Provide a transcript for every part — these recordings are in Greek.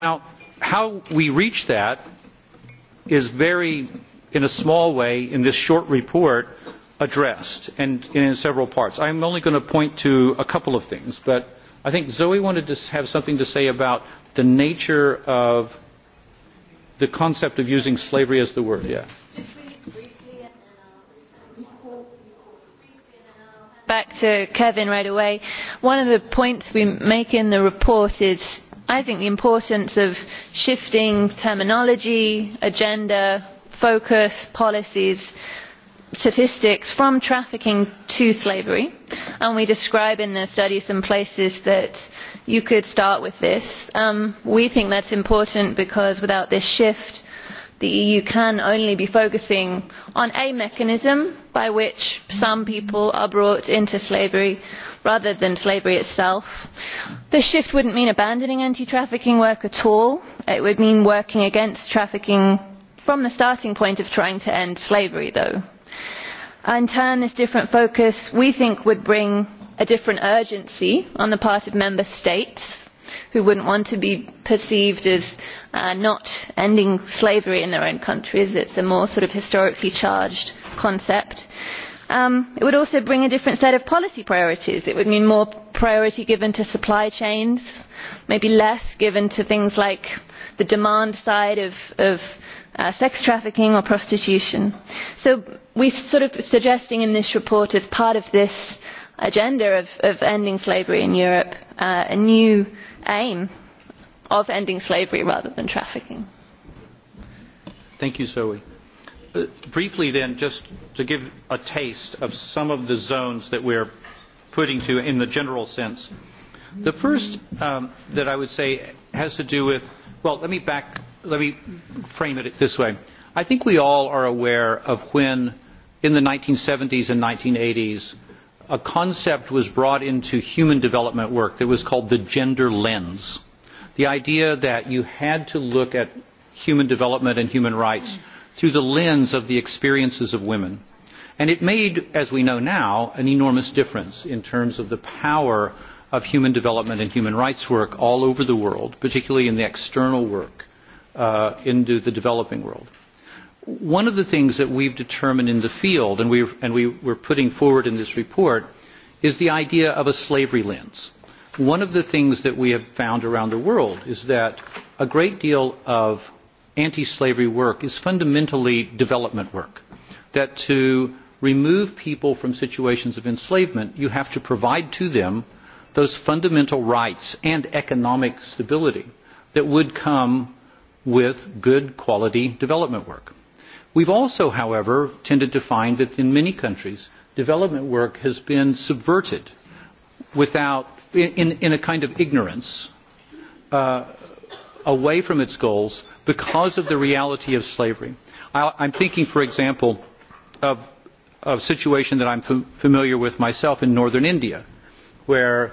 Now, how we reach that is very, in a small way, in this short report, addressed and in several parts. I'm only going to point to a couple of things, but I think Zoe wanted to have something to say about the nature of the concept of using slavery as the word. Yeah. Back to Kevin right away. One of the points we make in the report is I think the importance of shifting terminology, agenda, focus, policies, statistics from trafficking to slavery and we describe in the study some places that you could start with this. We think that's important because without this shift the EU can only be focusing on a mechanism by which some people are brought into slavery rather than slavery itself. This shift would not mean abandoning anti-trafficking work at all. It would mean working against trafficking from the starting point of trying to end slavery, though. In turn, this different focus, we think, would bring a different urgency on the part of member states who would not want to be perceived as not ending slavery in their own countries. It is a more sort of historically charged concept it would also bring a different set of policy priorities. it would mean more priority given to supply chains maybe less given to things like the demand side of sex trafficking or prostitution. so we are sort of suggesting in this report as part of this agenda of ending slavery in europe a new aim of ending slavery rather than trafficking. thank you briefly then just to give a taste of some of the zones that we are putting to in the general sense the first that i would say has to do with well let me back let me frame it this way i think we all are aware of when in the 1970s and 1980s a concept was brought into human development work that was called the gender lens the idea that you had to look at human development and human rights through the lens of the experiences of women. And it made, as we know now, an enormous difference in terms of the power of human development and human rights work all over the world, particularly in the external work into the developing world. One of the things that we've determined in the field, and we we're putting forward in this report, is the idea of a slavery lens. One of the things that we have found around the world is that a great deal of anti-slavery work is fundamentally development work. That to remove people from situations of enslavement, you have to provide to them those fundamental rights and economic stability that would come with good quality development work. We've also, however, tended to find that in many countries, development work has been subverted without in a kind of ignorance away from its goals because of the reality of slavery. I'm thinking, for example, of a situation that I'm familiar with myself in northern India, where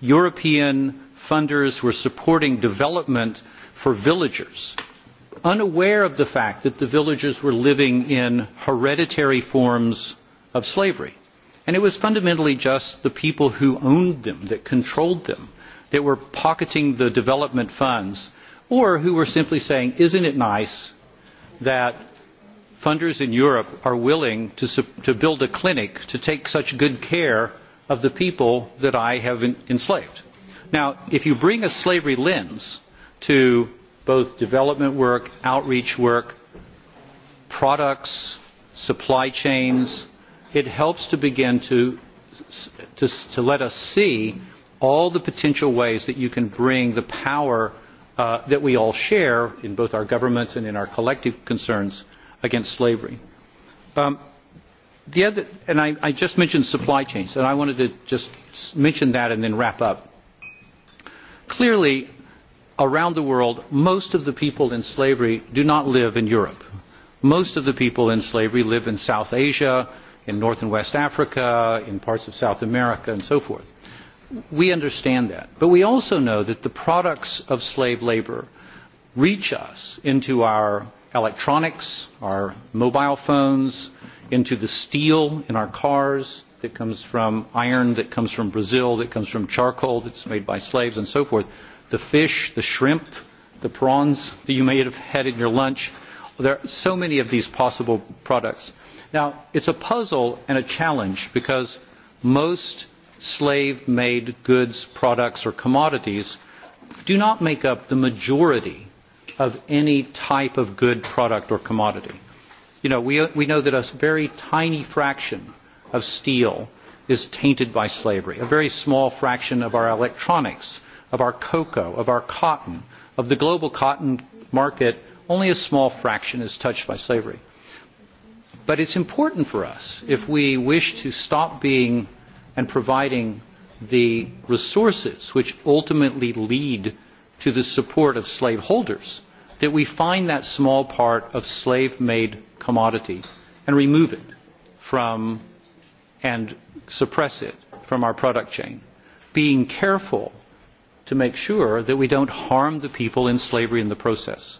European funders were supporting development for villagers, unaware of the fact that the villagers were living in hereditary forms of slavery. And it was fundamentally just the people who owned them that controlled them that were pocketing the development funds or who were simply saying, isn't it nice that funders in Europe are willing to build a clinic to take such good care of the people that I have enslaved. Now, if you bring a slavery lens to both development work, outreach work, products, supply chains, it helps to begin to let us see all the potential ways that you can bring the power that we all share in both our governments and in our collective concerns against slavery. The other, and I just mentioned supply chains, and I wanted to just mention that and then wrap up. Clearly, around the world, most of the people in slavery do not live in Europe. Most of the people in slavery live in South Asia, in North and West Africa, in parts of South America, and so forth we understand that but we also know that the products of slave labor reach us into our electronics our mobile phones into the steel in our cars that comes from iron that comes from brazil that comes from charcoal that's made by slaves and so forth the fish the shrimp the prawns that you may have had in your lunch there are so many of these possible products now it's a puzzle and a challenge because most slave made goods products or commodities do not make up the majority of any type of good product or commodity you know we we know that a very tiny fraction of steel is tainted by slavery a very small fraction of our electronics of our cocoa of our cotton of the global cotton market only a small fraction is touched by slavery but it's important for us if we wish to stop being and providing the resources which ultimately lead to the support of slaveholders, that we find that small part of slave-made commodity and remove it from and suppress it from our product chain, being careful to make sure that we don't harm the people in slavery in the process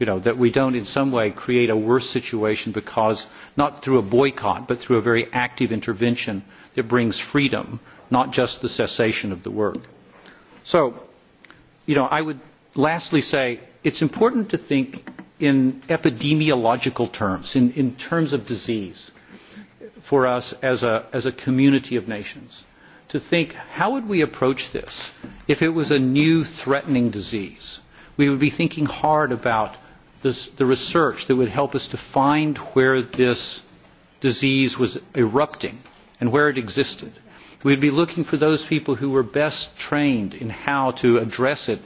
you know that we don't in some way create a worse situation because not through a boycott but through a very active intervention that brings freedom not just the cessation of the work so you know i would lastly say it's important to think in epidemiological terms in in terms of disease for us as a as a community of nations to think how would we approach this if it was a new threatening disease we would be thinking hard about the research that would help us to find where this disease was erupting and where it existed. We'd be looking for those people who were best trained in how to address it,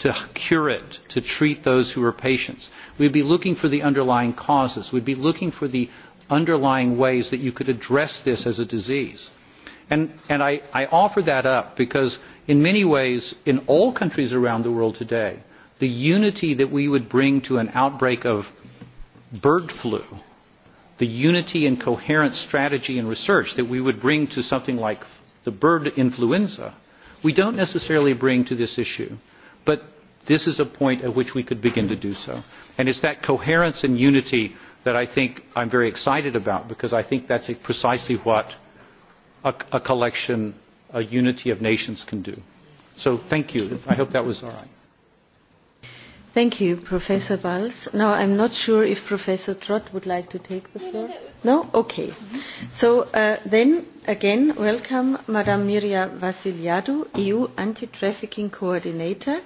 to cure it, to treat those who were patients. We'd be looking for the underlying causes. We'd be looking for the underlying ways that you could address this as a disease. And I offer that up because in many ways, in all countries around the world today, the unity that we would bring to an outbreak of bird flu, the unity and coherent strategy and research that we would bring to something like the bird influenza, we don't necessarily bring to this issue. But this is a point at which we could begin to do so. And it's that coherence and unity that I think I'm very excited about because I think that's precisely what a collection, a unity of nations can do. So thank you. I hope that was all right. Thank you, Professor Valls. Now, I'm not sure if Professor Trott would like to take the floor. No? Okay. So then, again, welcome Madame Miria Vassiliadou, EU Anti-Trafficking Coordinator.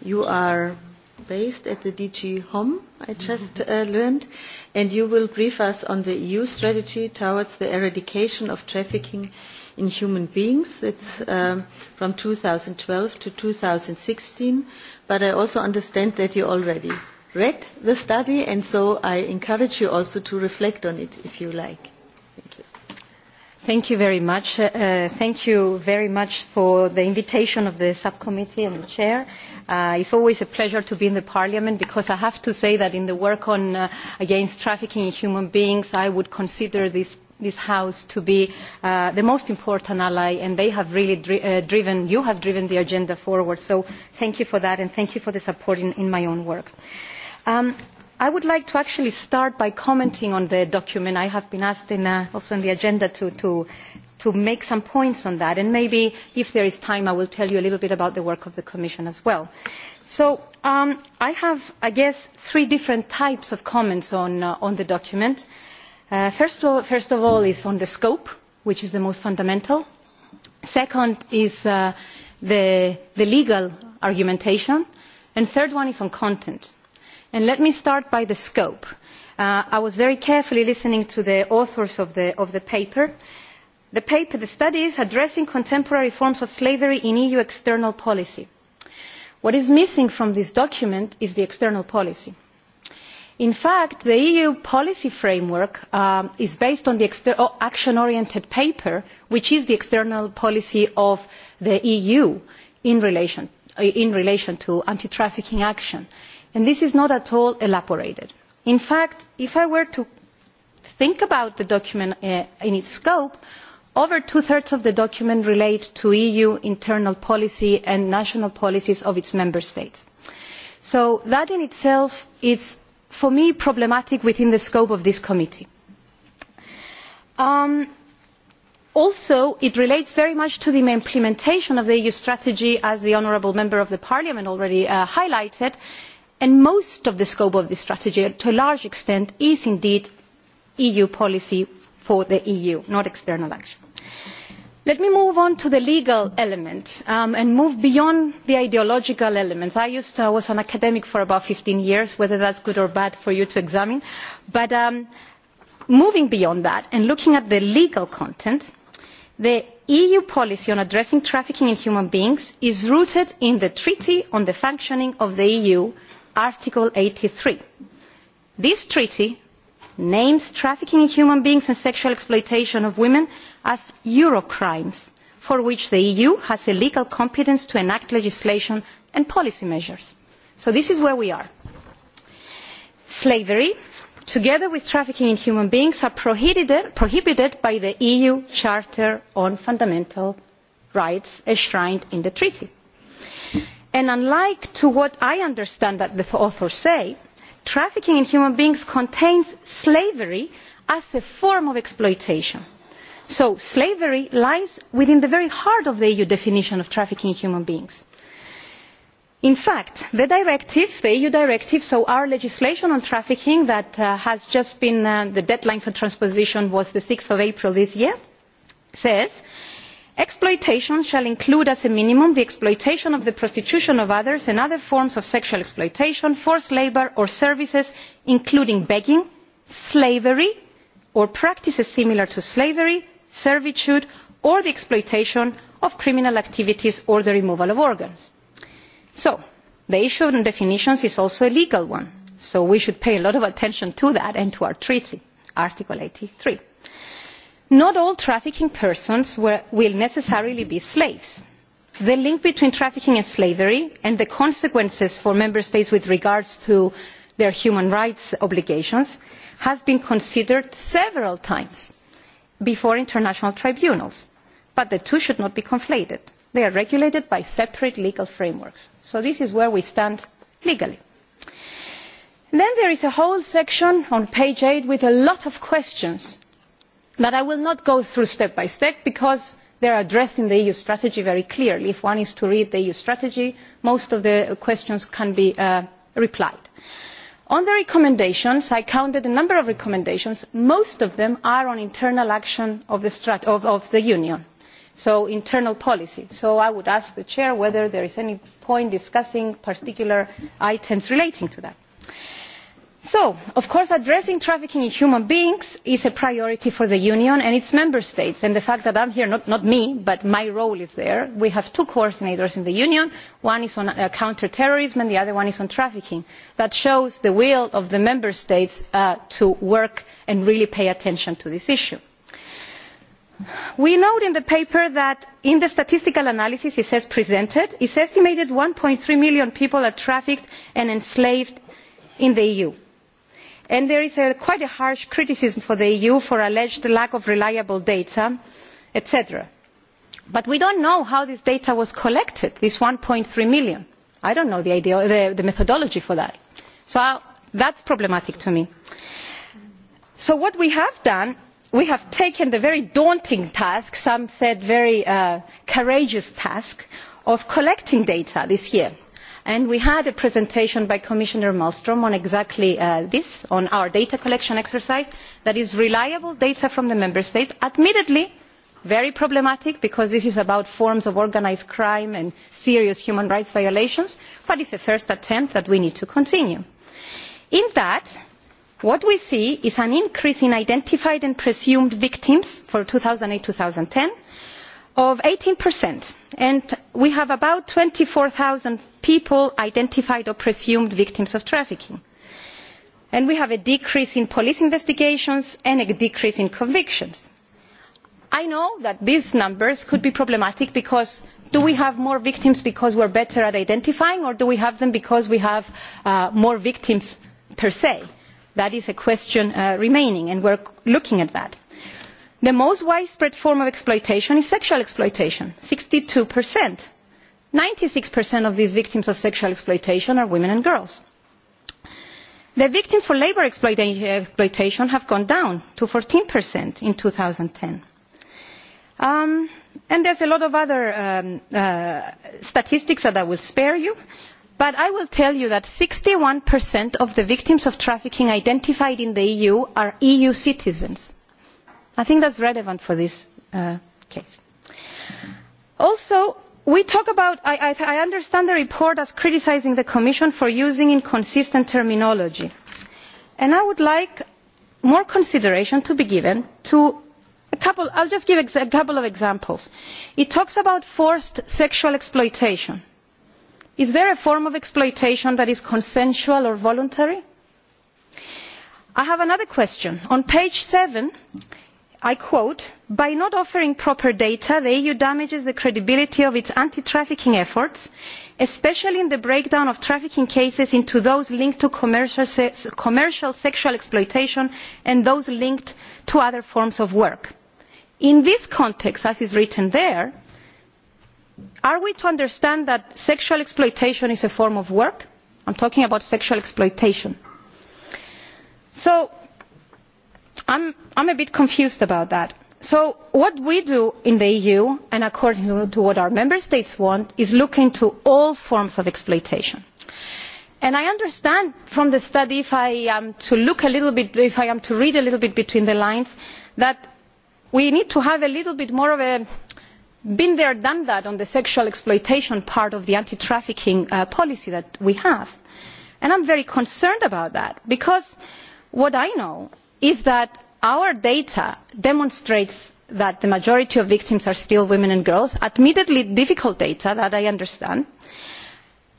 You are based at the DG Home, I just learned, and you will brief us on the EU strategy towards the eradication of trafficking in human beings. It's from 2012 to 2016 but I also understand that you already read the study, and so I encourage you also to reflect on it if you like. Thank you. Thank you very much. Thank you very much for the invitation of the subcommittee and the chair. It's always a pleasure to be in the Parliament because I have to say that in the work on against trafficking in human beings, I would consider this this house to be the most important ally and they have really driven you have driven the agenda forward so thank you for that and thank you for the support in my own work. i would like to actually start by commenting on the document. i have been asked also in the agenda to make some points on that and maybe if there is time i will tell you a little bit about the work of the commission as well. so i have i guess three different types of comments on the document. First of all is on the scope, which is the most fundamental. Second is the legal argumentation. And third one is on content. And let me start by the scope. I was very carefully listening to the authors of the paper. The paper, the study is addressing contemporary forms of slavery in EU external policy. What is missing from this document is the external policy in fact the eu policy framework is based on the action oriented paper which is the external policy of the eu in relation to anti trafficking action and this is not at all elaborated. in fact if i were to think about the document in its scope over two thirds of the document relate to eu internal policy and national policies of its member states so that in itself is for me problematic within the scope of this committee. Also, it relates very much to the implementation of the EU strategy, as the honourable member of the Parliament already highlighted, and most of the scope of this strategy, to a large extent, is indeed EU policy for the EU, not external action let me move on to the legal element and move beyond the ideological elements. i used was an academic for about 15 years whether that's good or bad for you to examine but moving beyond that and looking at the legal content the eu policy on addressing trafficking in human beings is rooted in the treaty on the functioning of the eu article 83 this treaty names trafficking in human beings and sexual exploitation of women as euro crimes for which the eu has a legal competence to enact legislation and policy measures. so this is where we are. slavery together with trafficking in human beings are prohibited by the eu charter on fundamental rights enshrined in the treaty. and unlike what i understand that the authors say trafficking in human beings contains slavery as a form of exploitation. So slavery lies within the very heart of the EU definition of trafficking in human beings. In fact, the directive, the EU directive, so our legislation on trafficking that has just been, the deadline for transposition was the 6 April this year, says exploitation shall include as a minimum the exploitation of the prostitution of others and other forms of sexual exploitation forced labour or services including begging slavery or practices similar to slavery servitude or the exploitation of criminal activities or the removal of organs. so the issue of definitions is also a legal one so we should pay a lot of attention to that and to our treaty article eighty three not all trafficking persons will necessarily be slaves. the link between trafficking and slavery and the consequences for member states with regard to their human rights obligations has been considered several times before international tribunals but the two should not be conflated. they are regulated by separate legal frameworks so this is where we stand legally. then there is a whole section on page eight with a lot of questions But i will not go through step by step because they are addressed in the eu strategy very clearly. if one is to read the eu strategy most of the questions can be replied. on the recommendations i counted a number of recommendations most of them are on internal action of the union so internal policy. so i would ask the chair whether there is any point discussing particular items relating to that so of course addressing trafficking in human beings is a priority for the union and its member states and the fact that i am here not me but my role is there we have two coordinators in the union one is on counter terrorism and the other one is on trafficking that shows the will of the member states to work and really pay attention to this issue. we note in the paper that in the statistical analysis it says presented it is estimated that. one three million people are trafficked and enslaved in the eu and there is quite a harsh criticism for the eu for alleged lack of reliable data etc. but we do not know how this data was collected this. one three million i do not know the methodology for that so that is problematic to me. so what we have done we have taken the very daunting task some said very courageous task of collecting data this year we had a presentation by commissioner Malmström on exactly this on our data collection exercise that is reliable data from the member states admittedly very problematic because this is about forms of organised crime and serious human rights violations but it is a first attempt that we need to continue. in that what we see is an increase in identified and presumed victims for two thousand eight ten of 18%, and we have about 24,000 people identified or presumed victims of trafficking. And we have a decrease in police investigations and a decrease in convictions. I know that these numbers could be problematic because do we have more victims because we are better at identifying or do we have them because we have more victims per se? That is a question remaining and we are looking at that. The most widespread form of exploitation is sexual exploitation, 62%. 96% of these victims of sexual exploitation are women and girls. The victims for labour exploitation have gone down to 14% in 2010. And there's a lot of other statistics that I will spare you, but I will tell you that 61% of the victims of trafficking identified in the EU are EU citizens. I think that's relevant for this case. Also, we talk about, I understand the report as criticising the Commission for using inconsistent terminology. And I would like more consideration to be given to a couple, I'll just give a couple of examples. It talks about forced sexual exploitation. Is there a form of exploitation that is consensual or voluntary? I have another question. On page 7, i quote by not offering proper data the eu damages the credibility of its anti trafficking efforts especially in the breakdown of trafficking cases into those linked to commercial sexual exploitation and those linked to other forms of work. in this context as is written there are we to understand that sexual exploitation is a form of work? i am talking about sexual exploitation. so I'm a bit confused about that. So what we do in the EU, and according to what our member states want, is look into all forms of exploitation. And I understand from the study, if I am to look a little bit, if I am to read a little bit between the lines, that we need to have a little bit more of a been there, done that on the sexual exploitation part of the anti-trafficking policy that we have. And I'm very concerned about that, because what I know is that our data demonstrates that the majority of victims are still women and girls admittedly difficult data that i understand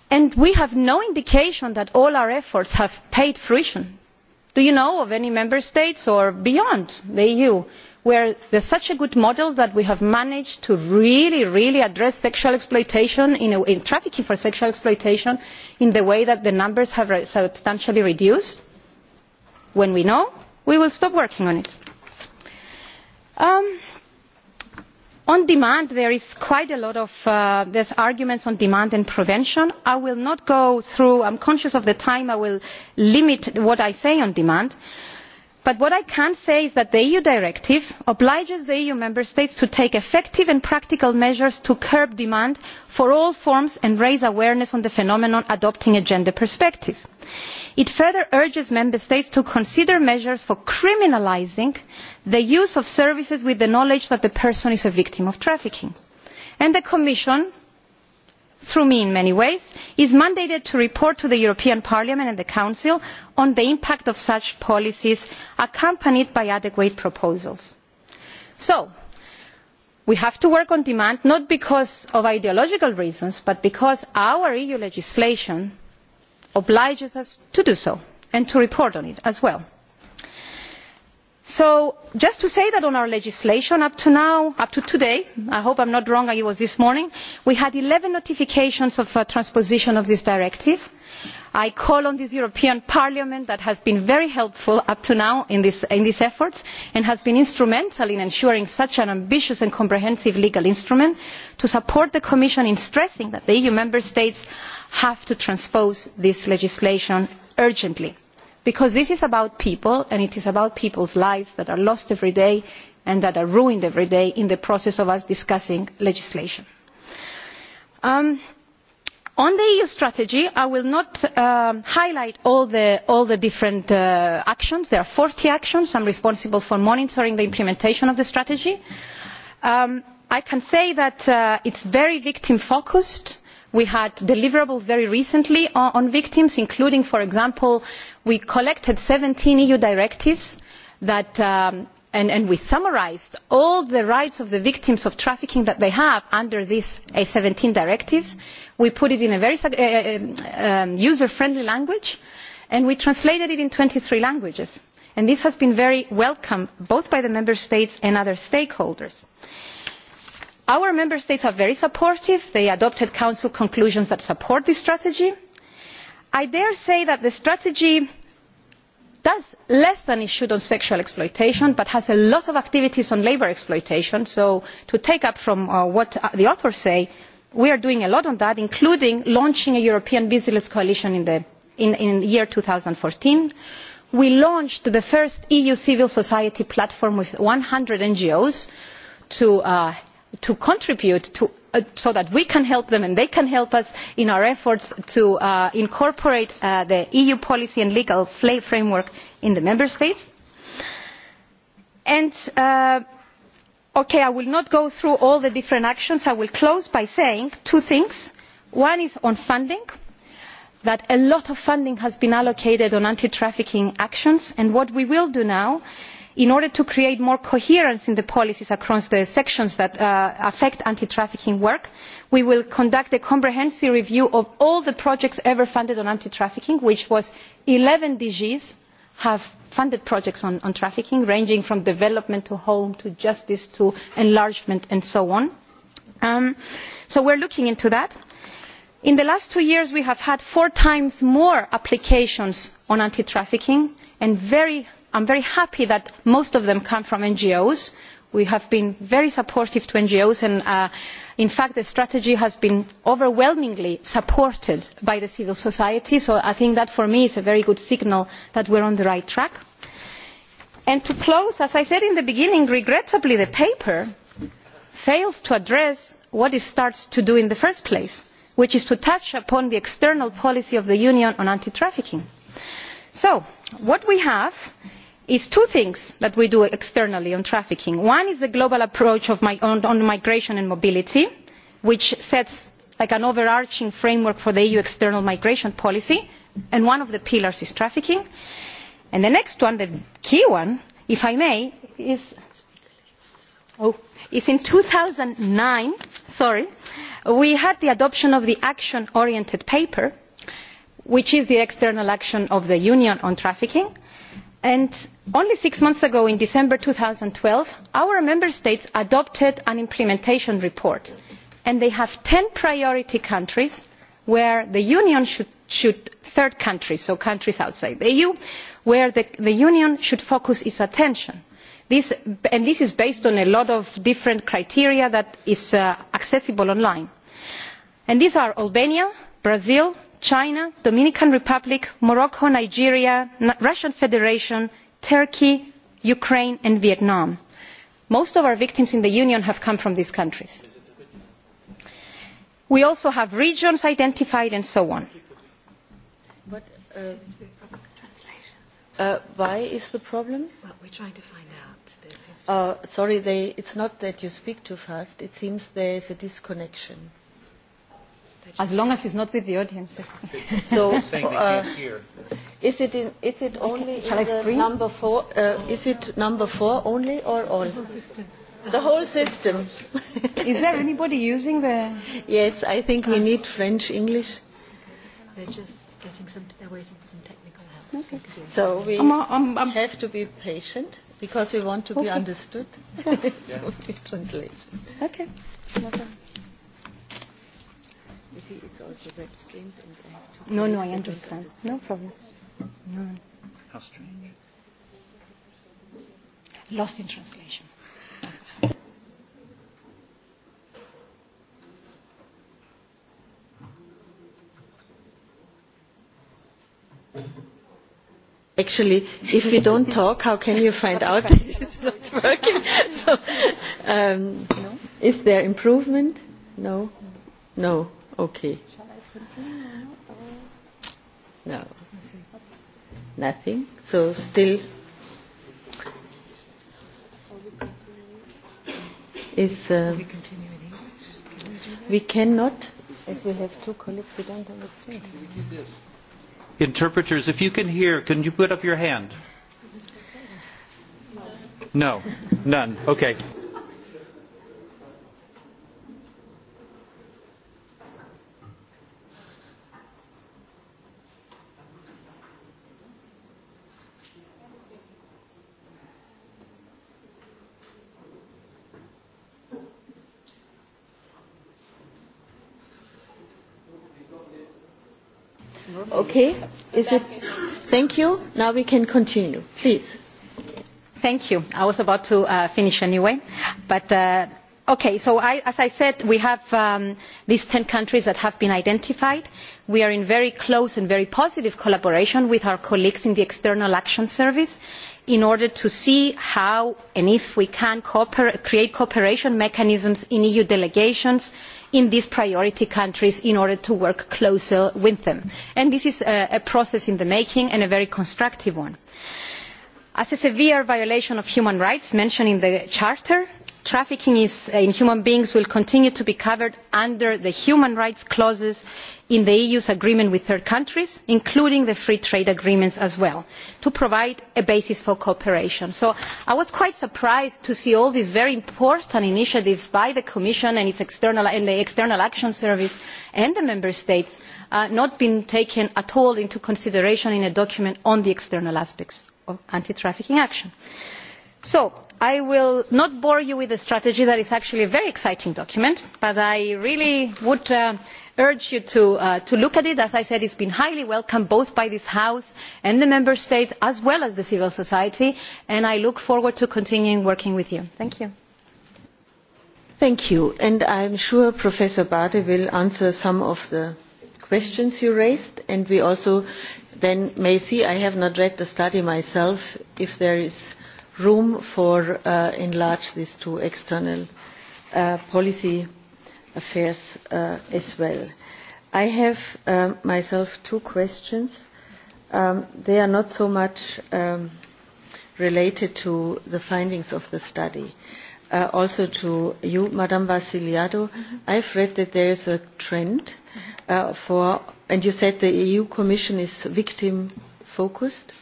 and we have no indication that all our efforts have paid fruition. do you know of any member states or beyond the eu where there is such a good model that we have managed to really really address sexual exploitation in trafficking for sexual exploitation in the way that the numbers have substantially reduced when we know we will stop working on it. On demand, there is quite a lot of arguments on demand and prevention. I will not go through, I am conscious of the time, I will limit what I say on demand but what i can say is that the eu directive obliges the eu member states to take effective and practical measures to curb demand for all forms and raise awareness on the phenomenon adopting a gender perspective. it further urges member states to consider measures for criminalising the use of services with the knowledge that the person is a victim of trafficking and the commission through me in many ways is mandated to report to the european parliament and the council on the impact of such policies accompanied by adequate proposals. so we have to work on demand not because of ideological reasons but because our eu legislation obliges us to do so and to report on it as well so just to say that on our legislation up to now up to today i hope i am not wrong it was this morning we had eleven notifications of transposition of this directive. i call on this european parliament that has been very helpful up to now in these efforts and has been instrumental in ensuring such an ambitious and comprehensive legal instrument to support the commission in stressing that the eu member states have to transpose this legislation urgently because this is about people and it is about people's lives that are lost every day and that are ruined every day in the process of us discussing legislation. On the EU strategy, I will not highlight all the different actions. There are 40 actions. am responsible for monitoring the implementation of the strategy. I can say that it is very victim-focused we had deliverables very recently on victims including for example we collected 17 eu directives and we summarised all the rights of the victims of trafficking that they have under these 17 directives. We put it in a very user-friendly language and we translated it in 23 languages. And this has been very welcomed, both by the member states and other stakeholders. Our member states are very supportive. They adopted council conclusions that support this strategy. I dare say that the strategy does less than it should on sexual exploitation but has a lot of activities on labour exploitation so to take up from what the authors say we are doing a lot on that including launching a european business coalition in the year. 2014. fourteen we launched the first eu civil society platform with one hundred ngos to to contribute so that we can help them and they can help us in our efforts to incorporate the eu policy and legal framework in the member states. i will not go through all the different actions. i will close by saying two things. one is on funding that a lot of funding has been allocated on anti trafficking actions and what we will do now in order to create more coherence in the policies across the sections that affect anti trafficking work we will conduct a comprehensive review of all the projects ever funded on anti trafficking which was 11 dgs have funded projects on trafficking ranging from development to home to justice to enlargement and so on. so we are looking into that. in the last two years we have had four times more applications on anti trafficking and very i am very happy that most of them come from ngos. we have been very supportive to ngos and in fact the strategy has been overwhelmingly supported by the civil society so i think that for me is a very good signal that we are on the right track. And to close as i said in the beginning regrettably the paper fails to address what it starts to do in the first place which is to touch upon the external policy of the union on anti trafficking. so what we have is two things that we do externally on trafficking. one is the global approach on migration and mobility which sets an overarching framework for the eu external migration policy and one of the pillars is trafficking. and the next one the key one if i may is in two thousand and nine we had the adoption of the action oriented paper which is the external action of the union on trafficking and only six months ago in december 2012, twelve our member states adopted an implementation report and they have ten priority countries where the union should third countries so countries outside the eu where the union should focus its attention and this is based on a lot of different criteria that is accessible online and these are albania brazil china dominican republic morocco nigeria russian federation turkey ukraine and vietnam. most of our victims in the union have come from these countries. we also have regions identified and so on. why is the problem? sorry it's not that you speak too fast it seems there is a disconnection. As long as he's not with the audience. So, is it in, is it only in number four? is it number four only or all? The whole system. is there anybody using the? Yes, I think we need French English. They're just getting some. They're waiting for some technical help. So we have to be patient because we want to be understood. so we translate. Okay. You see, it's also and No, no, I understand. No problem. How strange. Lost in translation. Actually, if we don't talk, how can you find out if it's not working? So, um, is there improvement? No. No. Okay. No. Nothing. So still is we continue in English. We cannot, as we have two colleagues we don't understand. Interpreters, if you can hear, can you put up your hand? No, none. Okay. okay? Is it? Thank you. Now we can continue. Please. Thank you. I was about to finish anyway. But, okay, so as I said, we have these 10 countries that have been identified. We are in very close and very positive collaboration with our colleagues in the External Action Service in order to see how and if we can create cooperation mechanisms in EU delegations in these priority countries in order to work closer with them. This is a process in the making and a very constructive one as a severe violation of human rights mentioned in the charter trafficking in human beings will continue to be covered under the human rights clauses in the eu's agreement with third countries including the free trade agreements as well to provide a basis for cooperation. so i was quite surprised to see all these very important initiatives by the commission and the external action service and the member states not being taken at all into consideration in a document on the external aspects anti trafficking action. so i will not bore you with a strategy that is actually a very exciting document but i really would urge you to look at it. as i said it has been highly welcomed both by this house and the member states as well as the civil society and i look forward to continuing working with you. thank you. thank you and i am sure professor Bade will answer some of the questions you raised and we also Then, see I have not read the study myself, if there is room for enlarge this to external policy affairs as well. I have myself two questions. They are not so much related to the findings of the study. Also to you, Madame Vassiliadou, I've read that there is a trend for and you said the EU Commission is victim focused,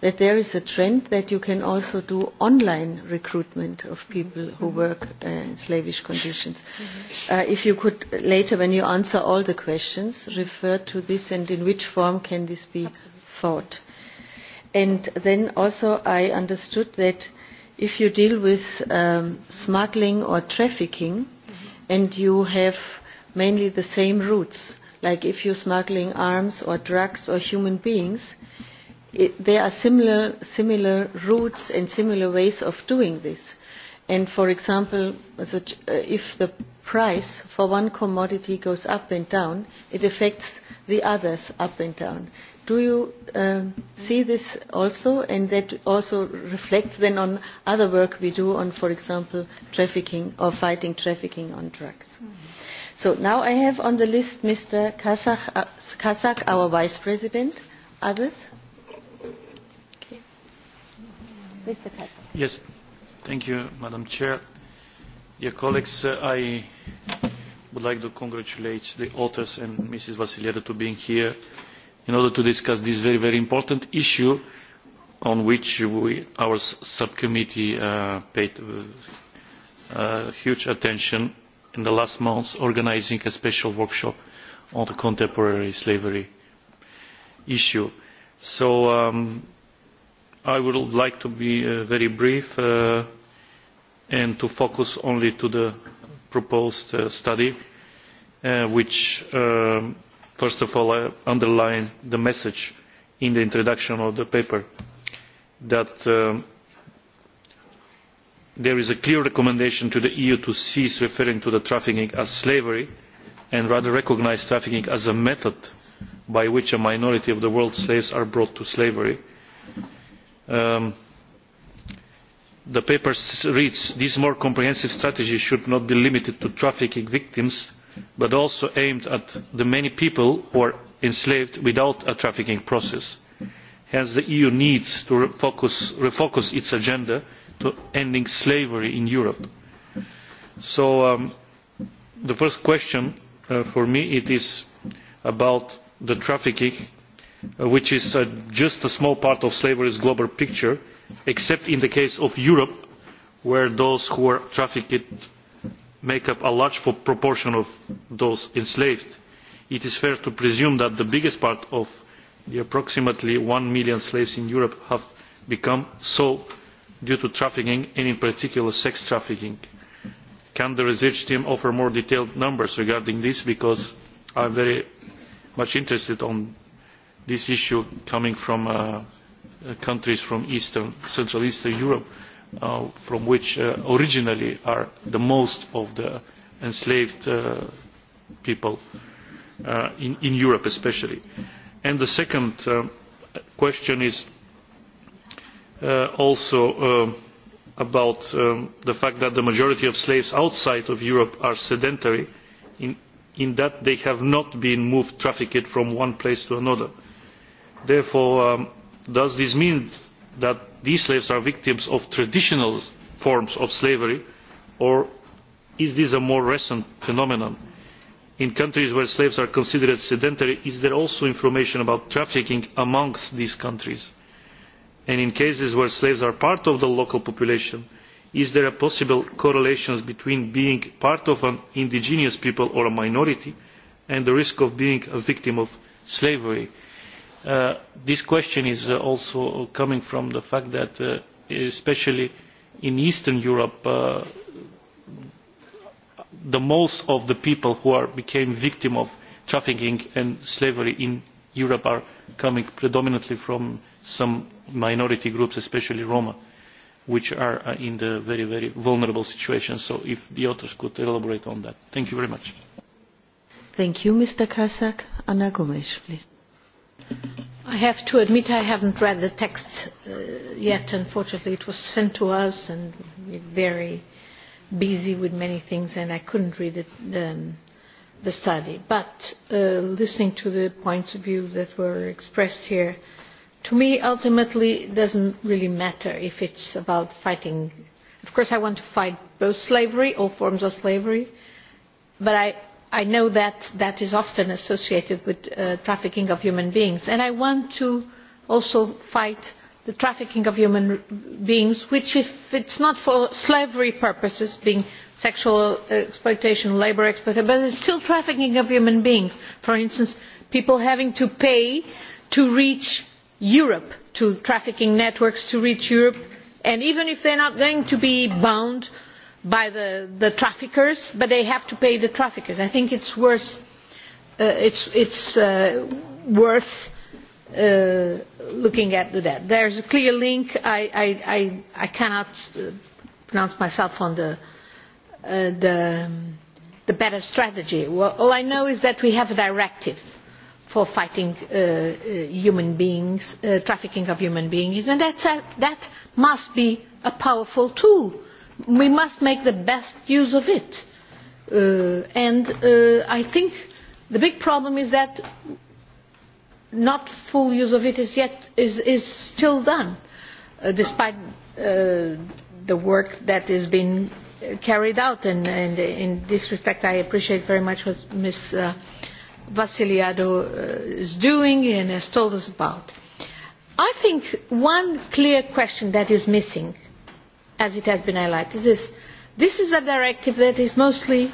that there is a trend that you can also do online recruitment of people who work in slavish conditions. If you could later, when you answer all the questions, refer to this and in which form can this be thought. And then also I understood that if you deal with smuggling or trafficking and you have mainly the same routes, like if you're smuggling arms or drugs or human beings, there are similar similar routes and similar ways of doing this. And for example, if the price for one commodity goes up and down, it affects the others up and down. Do you see this also, and that also reflects then on other work we do on, for example, trafficking or fighting trafficking on drugs? So now I have on the list Mr. Kazak, our Vice President. Others? Mr. Kazak. Yes, thank you, Madam Chair. Dear colleagues, I would like to congratulate the authors and Mrs. Vasilieva to being here in order to discuss this very, very important issue on which our subcommittee paid huge attention in the last months organising a special workshop on the contemporary slavery issue. So I would like to be very brief and to focus only to the proposed study, which first of all underline the message in the introduction of the paper that there is a clear recommendation to the eu to cease referring to trafficking as slavery and rather recognise trafficking as a method by which a minority of the world's slaves are brought to slavery. the paper reads this more comprehensive strategy should not be limited to trafficking victims but also aimed at the many people who are enslaved without a trafficking process. hence the eu needs to refocus its agenda to ending slavery in Europe. So the first question for me it is about the trafficking, which is just a small part of slavery's global picture, except in the case of Europe, where those who are trafficked make up a large proportion of those enslaved. It is fair to presume that the biggest part of the approximately 1 million slaves in Europe have become so due to trafficking and in particular sex trafficking. Can the research team offer more detailed numbers regarding this because I am very much interested on this issue coming from countries from Eastern, Central Eastern Europe from which originally are the most of the enslaved people in Europe especially. And the second question is also about the fact that the majority of slaves outside of Europe are sedentary, in that they have not been moved, trafficked from one place to another. Therefore, does this mean that these slaves are victims of traditional forms of slavery, or is this a more recent phenomenon? In countries where slaves are considered sedentary, is there also information about trafficking amongst these countries? and in cases where slaves are part of the local population is there a possible correlation between being part of an indigenous people or a minority and the risk of being a victim of slavery? this question is also coming from the fact that especially in eastern europe the most of the people who became victims of trafficking and slavery in europe are coming predominantly from some minority groups, especially Roma, which are in a very, very vulnerable situation. So if the authors could elaborate on that. Thank you very much. Thank you, Mr. Kasak. Anna Gomes, please. I have to admit I haven't read the text yet. Unfortunately, it was sent to us and very busy with many things and I couldn't read the study. But listening to the points of view that were expressed here, to me ultimately it does not really matter if it is about fighting of course i want to fight both slavery all forms of slavery but i know that that is often associated with trafficking of human beings and i want to also fight the trafficking of human beings which if it is not for slavery purposes being sexual exploitation labour exploitation but it is still trafficking of human beings for instance people having to pay to reach europe to trafficking networks to reach europe and even if they are not going to be bound by the traffickers but they have to pay the traffickers. i think it's is worth looking at that. there is a clear link i cannot pronounce myself on the better strategy. all i know is that we have a directive for fighting human beings, trafficking of human beings, and that must be a powerful tool. We must make the best use of it. And I think the big problem is that not full use of it is yet is still done, despite the work that has been carried out. And in this respect, I appreciate very much what Ms. Vassiliadou is doing and has told us about. I think one clear question that is missing, as it has been highlighted, is this. This is a directive that is mostly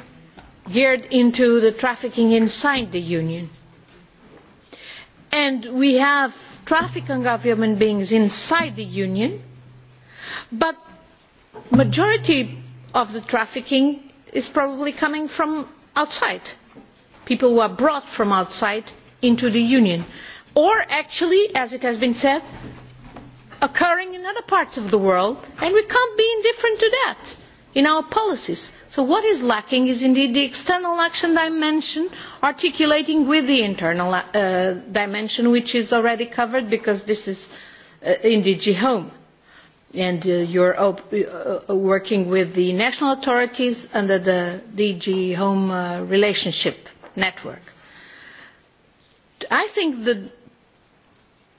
geared into the trafficking inside the Union. And we have trafficking of human beings inside the Union, but the majority of the trafficking is probably coming from outside people who are brought from outside into the union or actually as it has been said occurring in other parts of the world and we cannot be indifferent to that in our policies. so what is lacking is indeed the external action dimension articulating with the internal dimension which is already covered because this is in dg home and you are working with the national authorities under the dg home relationship network. I think the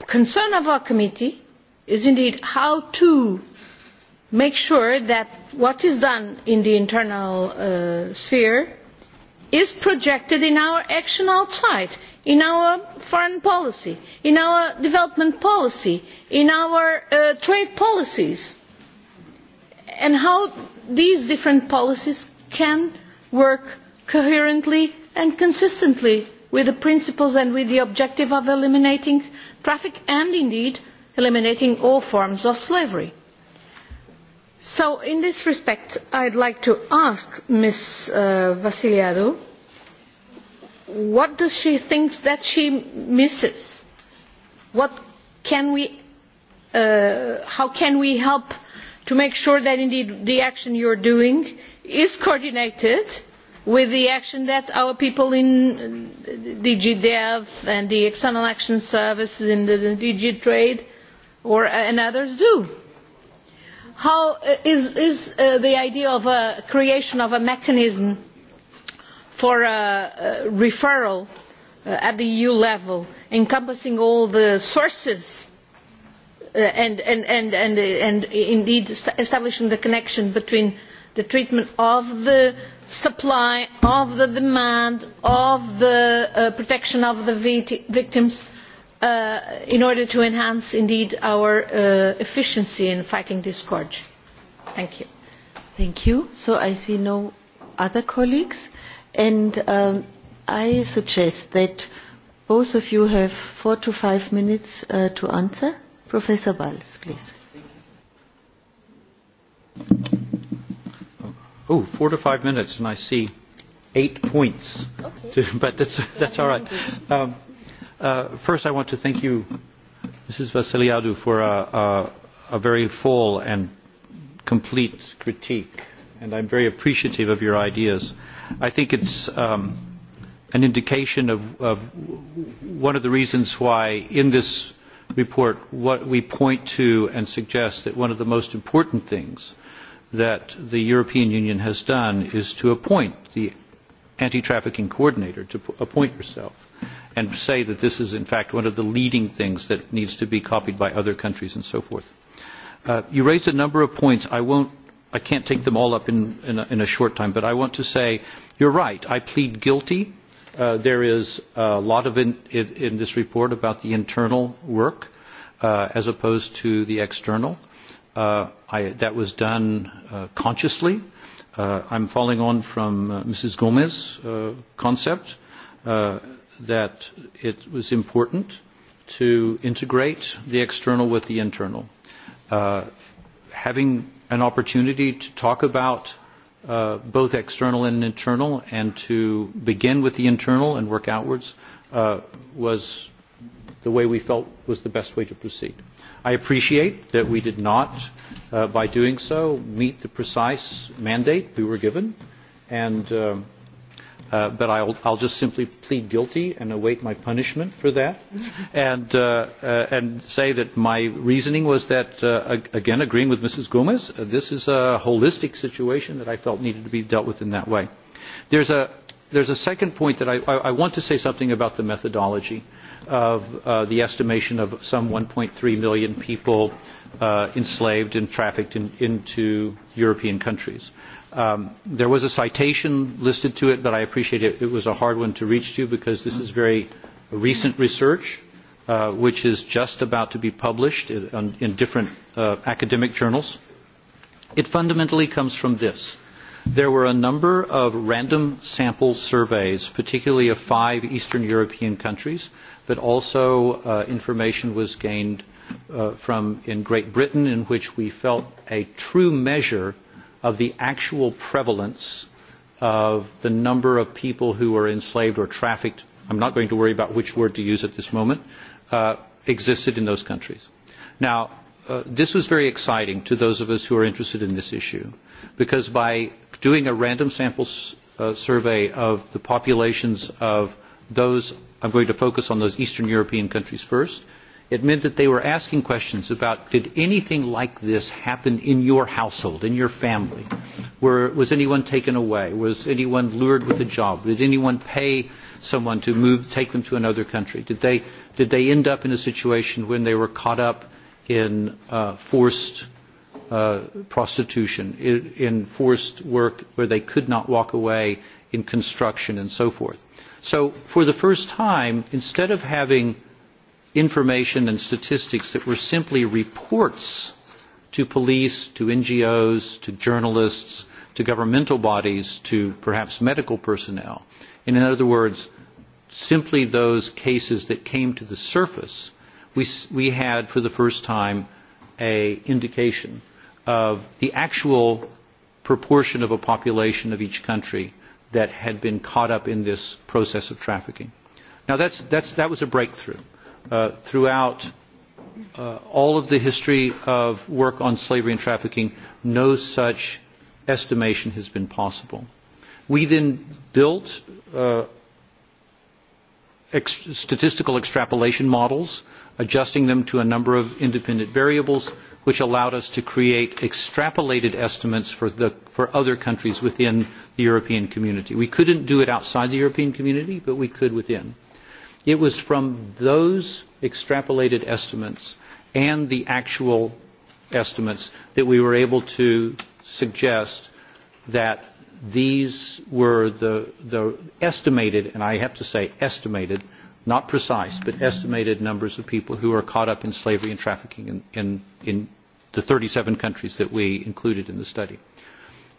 concern of our committee is indeed how to make sure that what is done in the internal sphere is projected in our action outside, in our foreign policy, in our development policy, in our trade policies, and how these different policies can work coherently and consistently with the principles and with the objective of eliminating traffic and indeed eliminating all forms of slavery. So in this respect I would like to ask Ms Vassiliadou what does she think that she misses? What can we how can we help to make sure that indeed the action you are doing is coordinated with the action that our people in DG Dev and the External Action Service in the DG Trade and others do. How is the idea of a creation of a mechanism for a referral at the EU level, encompassing all the sources and indeed establishing the connection between the treatment of the supply of the demand of the protection of the victims in order to enhance indeed our efficiency in fighting this scourge. Thank you. Thank you. So I see no other colleagues and I suggest that both of you have four to five minutes to answer. Professor Balz, please. Oh, four to five minutes, and I see eight points. But that's that's all right. First, I want to thank you, Mrs. Vassiliadou, for a a very full and complete critique, and I'm very appreciative of your ideas. I think it's um an indication of one of the reasons why in this report what we point to and suggest that one of the most important things that the European Union has done is to appoint the anti-trafficking coordinator, to appoint yourself, and say that this is in fact one of the leading things that needs to be copied by other countries and so forth. You raised a number of points. I won't, I can't take them all up in a short time, but I want to say you're right. I plead guilty. There is a lot of in this report about the internal work as opposed to the external. That was done consciously. I'm following on from Mrs. Gomez's concept that it was important to integrate the external with the internal. Having an opportunity to talk about both external and internal and to begin with the internal and work outwards was the way we felt was the best way to proceed. I appreciate that we did not, by doing so, meet the precise mandate we were given, and but I'll I'll just simply plead guilty and await my punishment for that, and and say that my reasoning was that, again, agreeing with Mrs. Gomez, this is a holistic situation that I felt needed to be dealt with in that way. There's a there's a second point that I I want to say something about the methodology of the estimation of some 1.3 million people enslaved and trafficked into European countries. There was a citation listed to it, but I appreciate it. It was a hard one to reach to because this is very recent research, which is just about to be published in different academic journals. It fundamentally comes from this. There were a number of random sample surveys, particularly of five Eastern European countries, but also information was gained from in Great Britain in which we felt a true measure of the actual prevalence of the number of people who were enslaved or trafficked I'm not going to worry about which word to use at this moment existed in those countries. Now this was very exciting to those of us who are interested in this issue because by doing a random sample survey of the populations of those I'm going to focus on those Eastern European countries first. It meant that they were asking questions about did anything like this happen in your household, in your family? Was anyone taken away? Was anyone lured with a job? Did anyone pay someone to move, take them to another country? Did they end up in a situation when they were caught up in forced prostitution, in forced work where they could not walk away in construction and so forth? So for the first time, instead of having information and statistics that were simply reports to police, to NGOs, to journalists, to governmental bodies, to perhaps medical personnel, in other words, simply those cases that came to the surface, we had for the first time an indication of the actual proportion of a population of each country that had been caught up in this process of trafficking. Now that was a breakthrough. Throughout all of the history of work on slavery and trafficking, no such estimation has been possible. We then built statistical extrapolation models, adjusting them to a number of independent variables which allowed us to create extrapolated estimates for other countries within the European community. We couldn't do it outside the European community, but we could within. It was from those extrapolated estimates and the actual estimates that we were able to suggest that these were the estimated, and I have to say estimated, not precise, but estimated numbers of people who are caught up in slavery and trafficking in the 37 countries that we included in the study.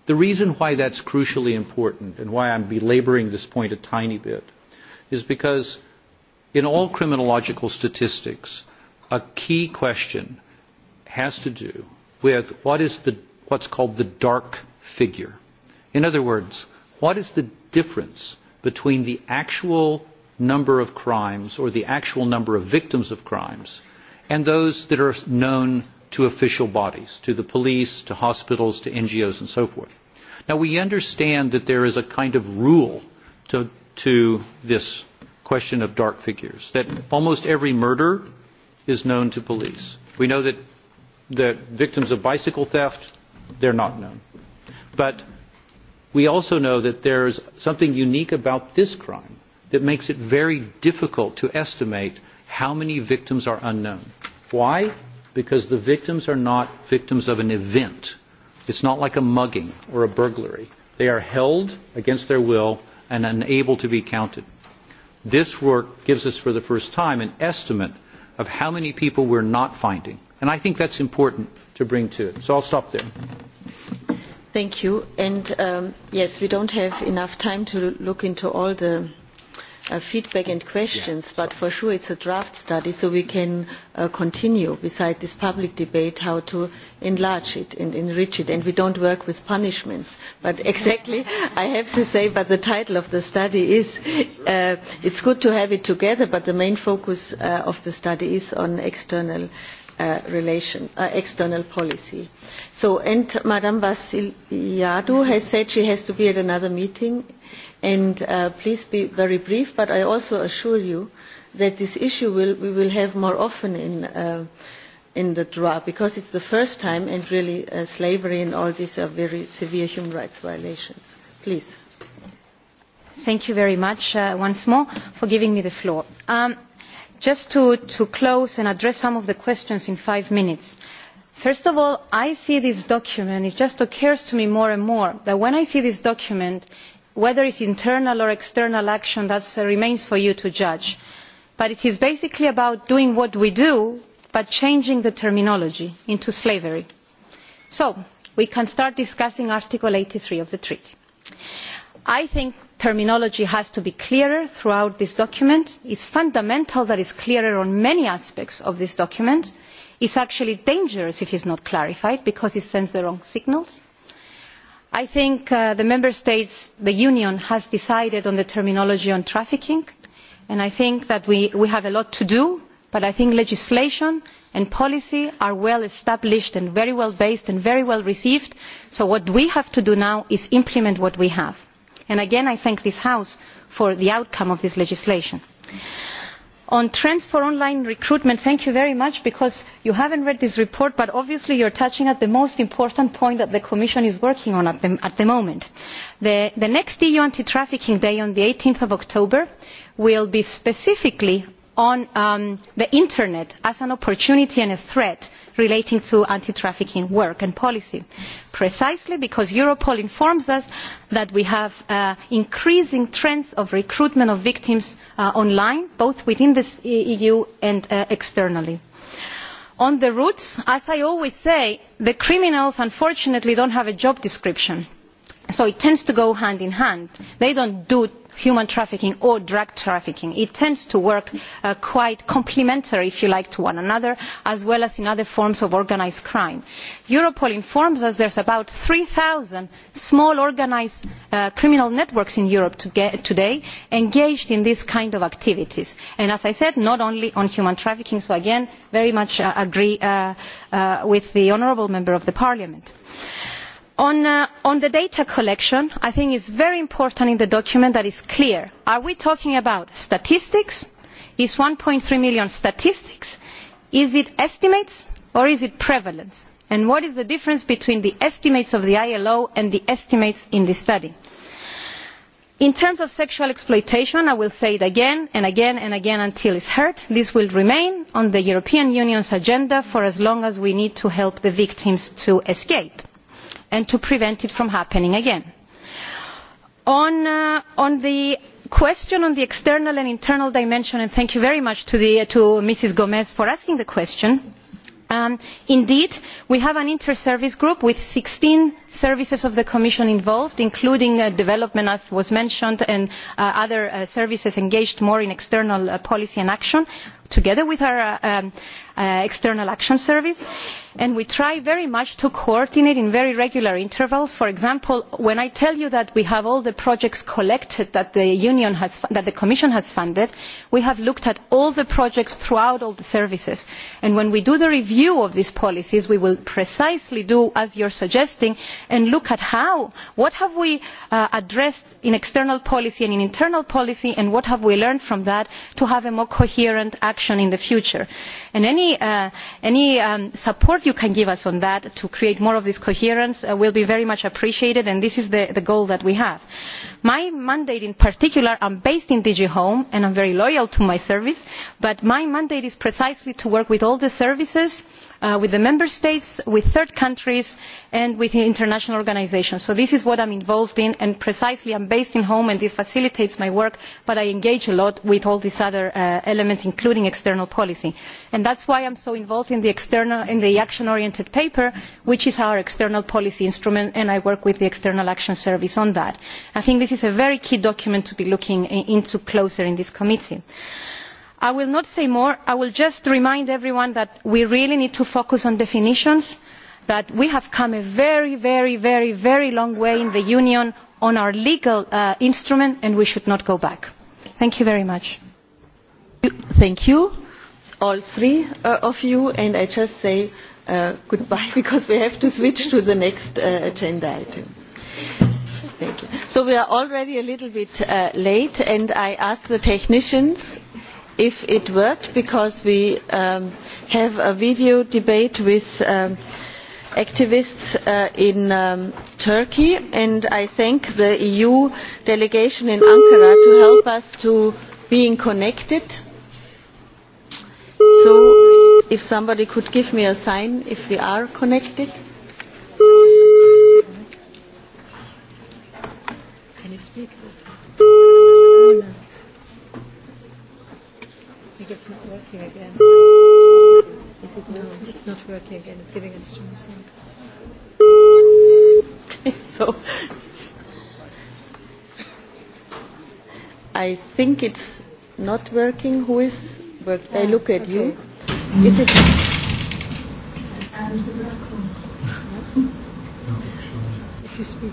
The reason why that's crucially important and why I'm belaboring this point a tiny bit is because in all criminological statistics, a key question has to do with what is the what's called the dark figure. In other words, what is the difference between the actual number of crimes or the actual number of victims of crimes and those that are known to official bodies, to the police, to hospitals, to NGOs and so forth. Now we understand that there is a kind of rule to this question of dark figures, that almost every murder is known to police. We know that the victims of bicycle theft, they're not known. But we also know that there is something unique about this crime that makes it very difficult to estimate how many victims are unknown. Why? Because the victims are not victims of an event. It's not like a mugging or a burglary. They are held against their will and unable to be counted. This work gives us for the first time an estimate of how many people we're not finding. And I think that's important to bring to it. So I'll stop there. Thank you. And yes, we don't have enough time to look into all the feedback and questions, but for sure it's a draft study, so we can continue beside this public debate how to enlarge it and enrich it. And we don't work with punishments, but exactly I have to say, but the title of the study is, it's good to have it together, but the main focus of the study is on external external policy. So, and Madame Vassiliadou has said she has to be at another meeting, and please be very brief. But I also assure you that this issue we will have more often in in the draw because it's the first time, and really slavery and all these are very severe human rights violations. Please. Thank you very much once more for giving me the floor just to close and address some of the questions in five minutes first of all i see this document it just occurs to me more and more that when i see this document whether it is internal or external action that remains for you to judge but it is basically about doing what we do but changing the terminology into slavery. so we can start discussing article eighty three of the treaty. i think terminology has to be clearer throughout this document. it is fundamental that it is clearer on many aspects of this document. it is actually dangerous if it is not clarified because it sends the wrong signals. i think the member states the union has decided on the terminology on trafficking and i think that we have a lot to do but i think legislation and policy are well established and very well based and very well received so what we have to do now is implement what we have and again i thank this house for the outcome of this legislation. on trends for online recruitment thank you very much because you have not read this report but obviously you are touching on the most important point that the commission is working on at the moment. the next eu anti trafficking day on eighteen october will be specifically on the internet as an opportunity and a threat relating to anti trafficking work and policy precisely because europol informs us that we have increasing trends of recruitment of victims online both within the eu and externally. on the routes as i always say the criminals unfortunately do not have a job description so it tends to go hand in hand. they do not human trafficking or drug trafficking. It tends to work quite complementary, if you like, to one another, as well as in other forms of organised crime. Europol informs us there's about 3,000 small organised criminal networks in Europe today engaged in this kind of activities. And as I said, not only on human trafficking, so again, very much agree with the Honourable Member of the Parliament on the data collection i think it is very important in the document that it is clear are we talking about statistics is. one three million statistics is it estimates or is it prevalence and what is the difference between the estimates of the ilo and the estimates in the study? in terms of sexual exploitation i will say it again and again and again until it is heard this will remain on the european union's agenda for as long as we need to help the victims to escape and to prevent it from happening again. On the question on the external and internal dimension, and thank you very much to Mrs. Gomez for asking the question, indeed we have an inter-service group with 16 services of the Commission involved, including development as was mentioned and other services engaged more in external policy and action, together with our external action service and we try very much to coordinate in very regular intervals. for example when i tell you that we have all the projects collected that the commission has funded we have looked at all the projects throughout all the services and when we do the review of these policies we will precisely do as you are suggesting and look at how what have we addressed in external policy and in internal policy and what have we learned from that to have a more coherent action in the future. any support What you can give us on that to create more of this coherence will be very much appreciated and this is the goal that we have. My mandate in particular, I am based in DG Home and I am very loyal to my service, but my mandate is precisely to work with all the services with the member states with third countries and with international organisations. so this is what i am involved in and precisely i am based in home and this facilitates my work but i engage a lot with all these other elements including external policy. that is why i am so involved in the action oriented paper which is our external policy instrument and i work with the external action service on that. i think this is a very key document to be looking into closer in this committee i will not say more i will just remind everyone that we really need to focus on definitions that we have come a very very very very long way in the union on our legal instrument and we should not go back. thank you very much. thank you all three of you and i just say goodbye because we have to switch to the next agenda item. so we are already a little bit late and i ask the technicians if it worked because we have a video debate with activists in Turkey and I thank the EU delegation in Ankara to help us to being connected. So if somebody could give me a sign if we are connected. you speak? it's not working again. Is it no, it's not working again. It's giving us strong sound. so I think it's not working. Who is working? I look at you. Is it? If you speak,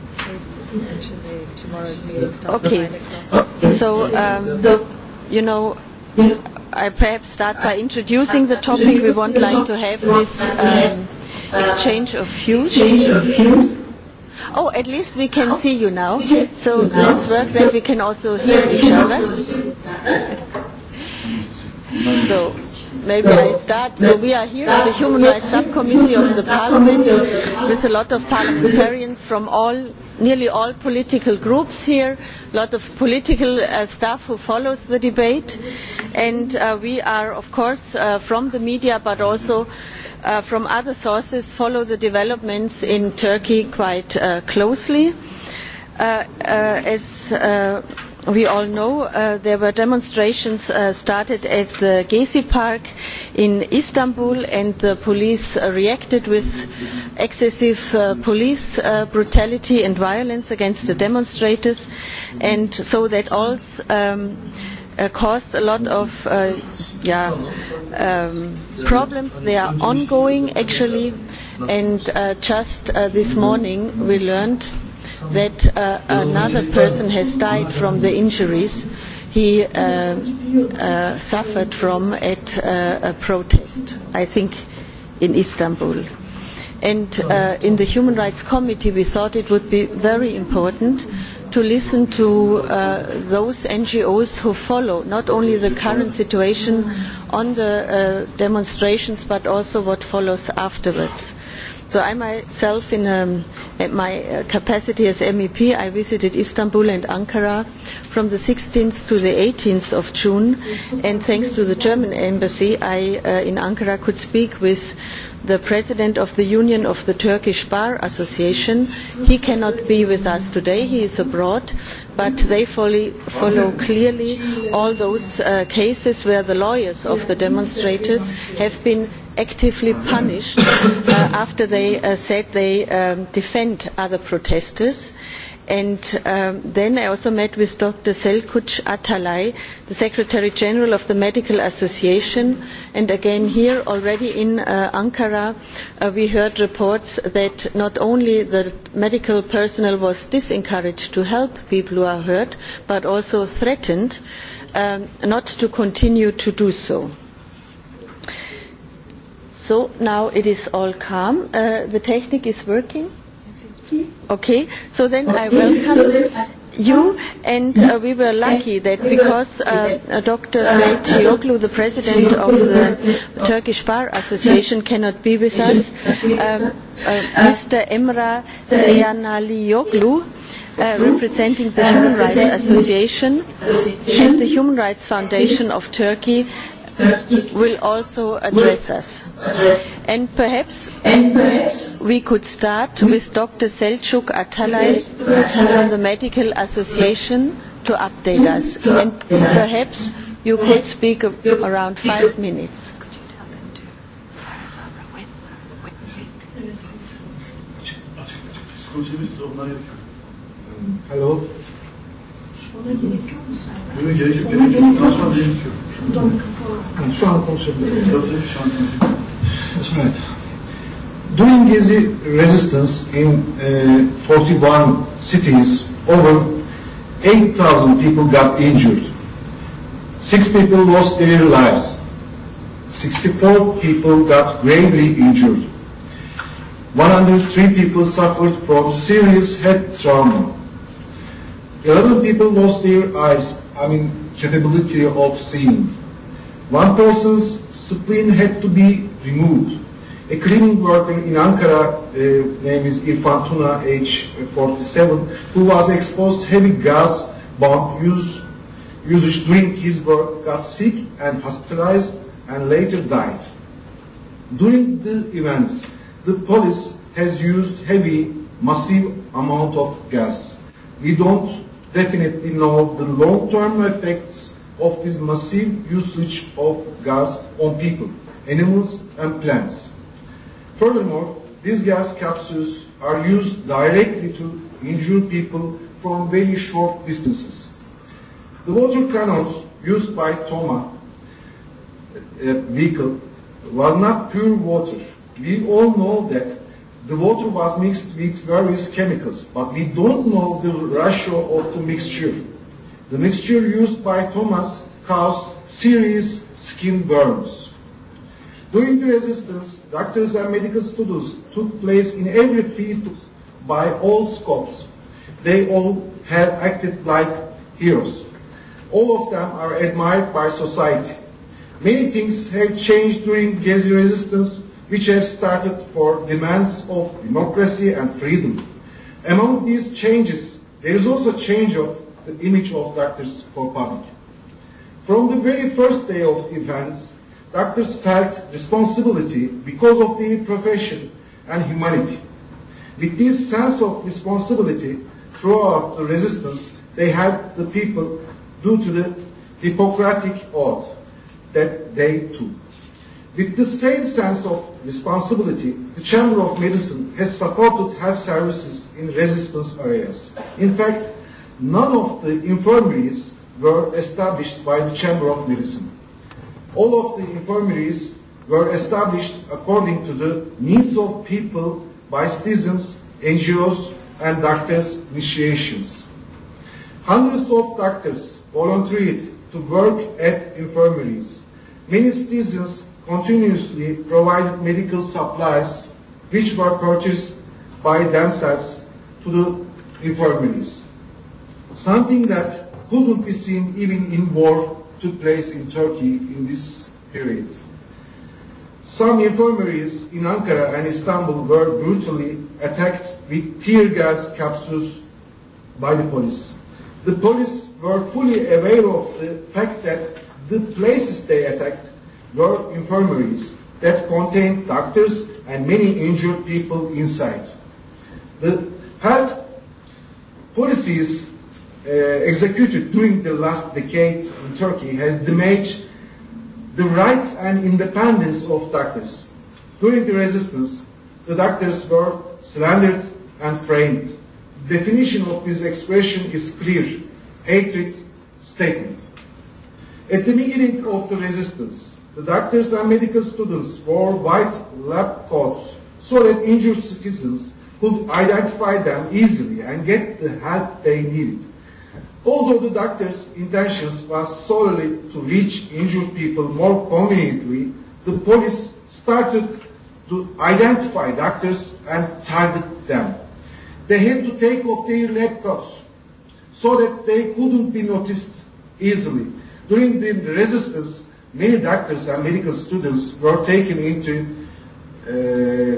tomorrow's meeting. Okay. So, um, so you know I perhaps start by introducing the topic. We would like to have this exchange of views. Oh, at least we can see you now. So let's work that we can also hear each other. So maybe I start. So we are here at the Human Rights Subcommittee of the Parliament with a lot of parliamentarians from all nearly all political groups here a lot of political staff who follows the debate and we are of course from the media but also from other sources follow the developments in turkey quite closely. as we all know there were demonstrations started at the gezi park in istanbul and the police reacted with excessive police brutality and violence against the demonstrators and so that all caused a lot of problems. They are ongoing actually and just this morning we learned that another person has died from the injuries he suffered from at a protest, I think in Istanbul. And in the Human Rights Committee we thought it would be very important to listen to those NGOs who follow not only the current situation on the demonstrations but also what follows afterwards So I myself, in my capacity as MEP, I visited Istanbul and Ankara from the 16th to the 18th of June, and thanks to the German embassy, I in Ankara could speak with the president of the union of the turkish bar association he cannot be with us today he is abroad but they follow clearly all those cases where the lawyers of the demonstrators have been actively punished after they said they defend other protesters. And then I also met with Dr. Selkuc Atalay, the Secretary General of the Medical Association. And again here, already in Ankara, we heard reports that not only the medical personnel was disencouraged to help people who are hurt, but also threatened not to continue to do so. So now it is all calm. The technique is working. Okay, so then I welcome you and we were lucky that because Dr. Zeyt the president of the Turkish Bar Association, cannot be with us, Mr. Emra uh representing the Human Rights Association and the Human Rights Foundation of Turkey, will also address us. And perhaps we could start with Dr. Selçuk Atalay from the Medical Association to update us. And perhaps you could speak around five minutes. That's right. During his resistance in 41 cities, over 8,000 people got injured. Six people lost their lives. 64 people got gravely injured. 103 people suffered from serious head trauma. 11 people lost their eyes. I mean, capability of seeing. One person's spleen had to be removed. A cleaning worker in Ankara, name is Irfan Tuna, age 47, who was exposed to heavy gas bomb use, usage during his work, got sick and hospitalized and later died. During the events, the police has used heavy, massive amount of gas. We don't definitely know the long-term effects of this massive usage of gas on people, animals and plants. Furthermore, these gas capsules are used directly to injure people from very short distances. The water cannons used by Toma vehicle was not pure water. We all know that the water was mixed with various chemicals, but we don't know the ratio of the mixture. The mixture used by Thomas caused serious skin burns. During the resistance, doctors and medical students took place in every field by all scopes. They all have acted like heroes. All of them are admired by society. Many things have changed during Gezi resistance which have started for demands of democracy and freedom. Among these changes, there is also a change of the image of doctors for public. From the very first day of events, doctors felt responsibility because of their profession and humanity. With this sense of responsibility throughout the resistance, they helped the people due to the Hippocratic oath that they took. With the same sense of responsibility, the Chamber of Medicine has supported health services in resistance areas. In fact, none of the infirmaries were established by the Chamber of Medicine. All of the infirmaries were established according to the needs of people by citizens, NGOs, and doctors' initiations. Hundreds of doctors volunteered to work at infirmaries. Many citizens continuously provided medical supplies which were purchased by themselves to the infirmaries. Something that couldn't be seen even in war took place in Turkey in this period. Some infirmaries in Ankara and Istanbul were brutally attacked with tear gas capsules by the police. The police were fully aware of the fact that the places they attacked were infirmaries that contain doctors and many injured people inside. The health policies executed during the last decade in Turkey has damaged the rights and independence of doctors. During the resistance, the doctors were slandered and framed. The definition of this expression is clear, hatred statement. At the beginning of the resistance, The doctors and medical students wore white lab coats so that injured citizens could identify them easily and get the help they needed. Although the doctor's intentions was solely to reach injured people more conveniently, the police started to identify doctors and target them. They had to take off their lab coats so that they couldn't be noticed easily. During the resistance, many doctors and medical students were taken into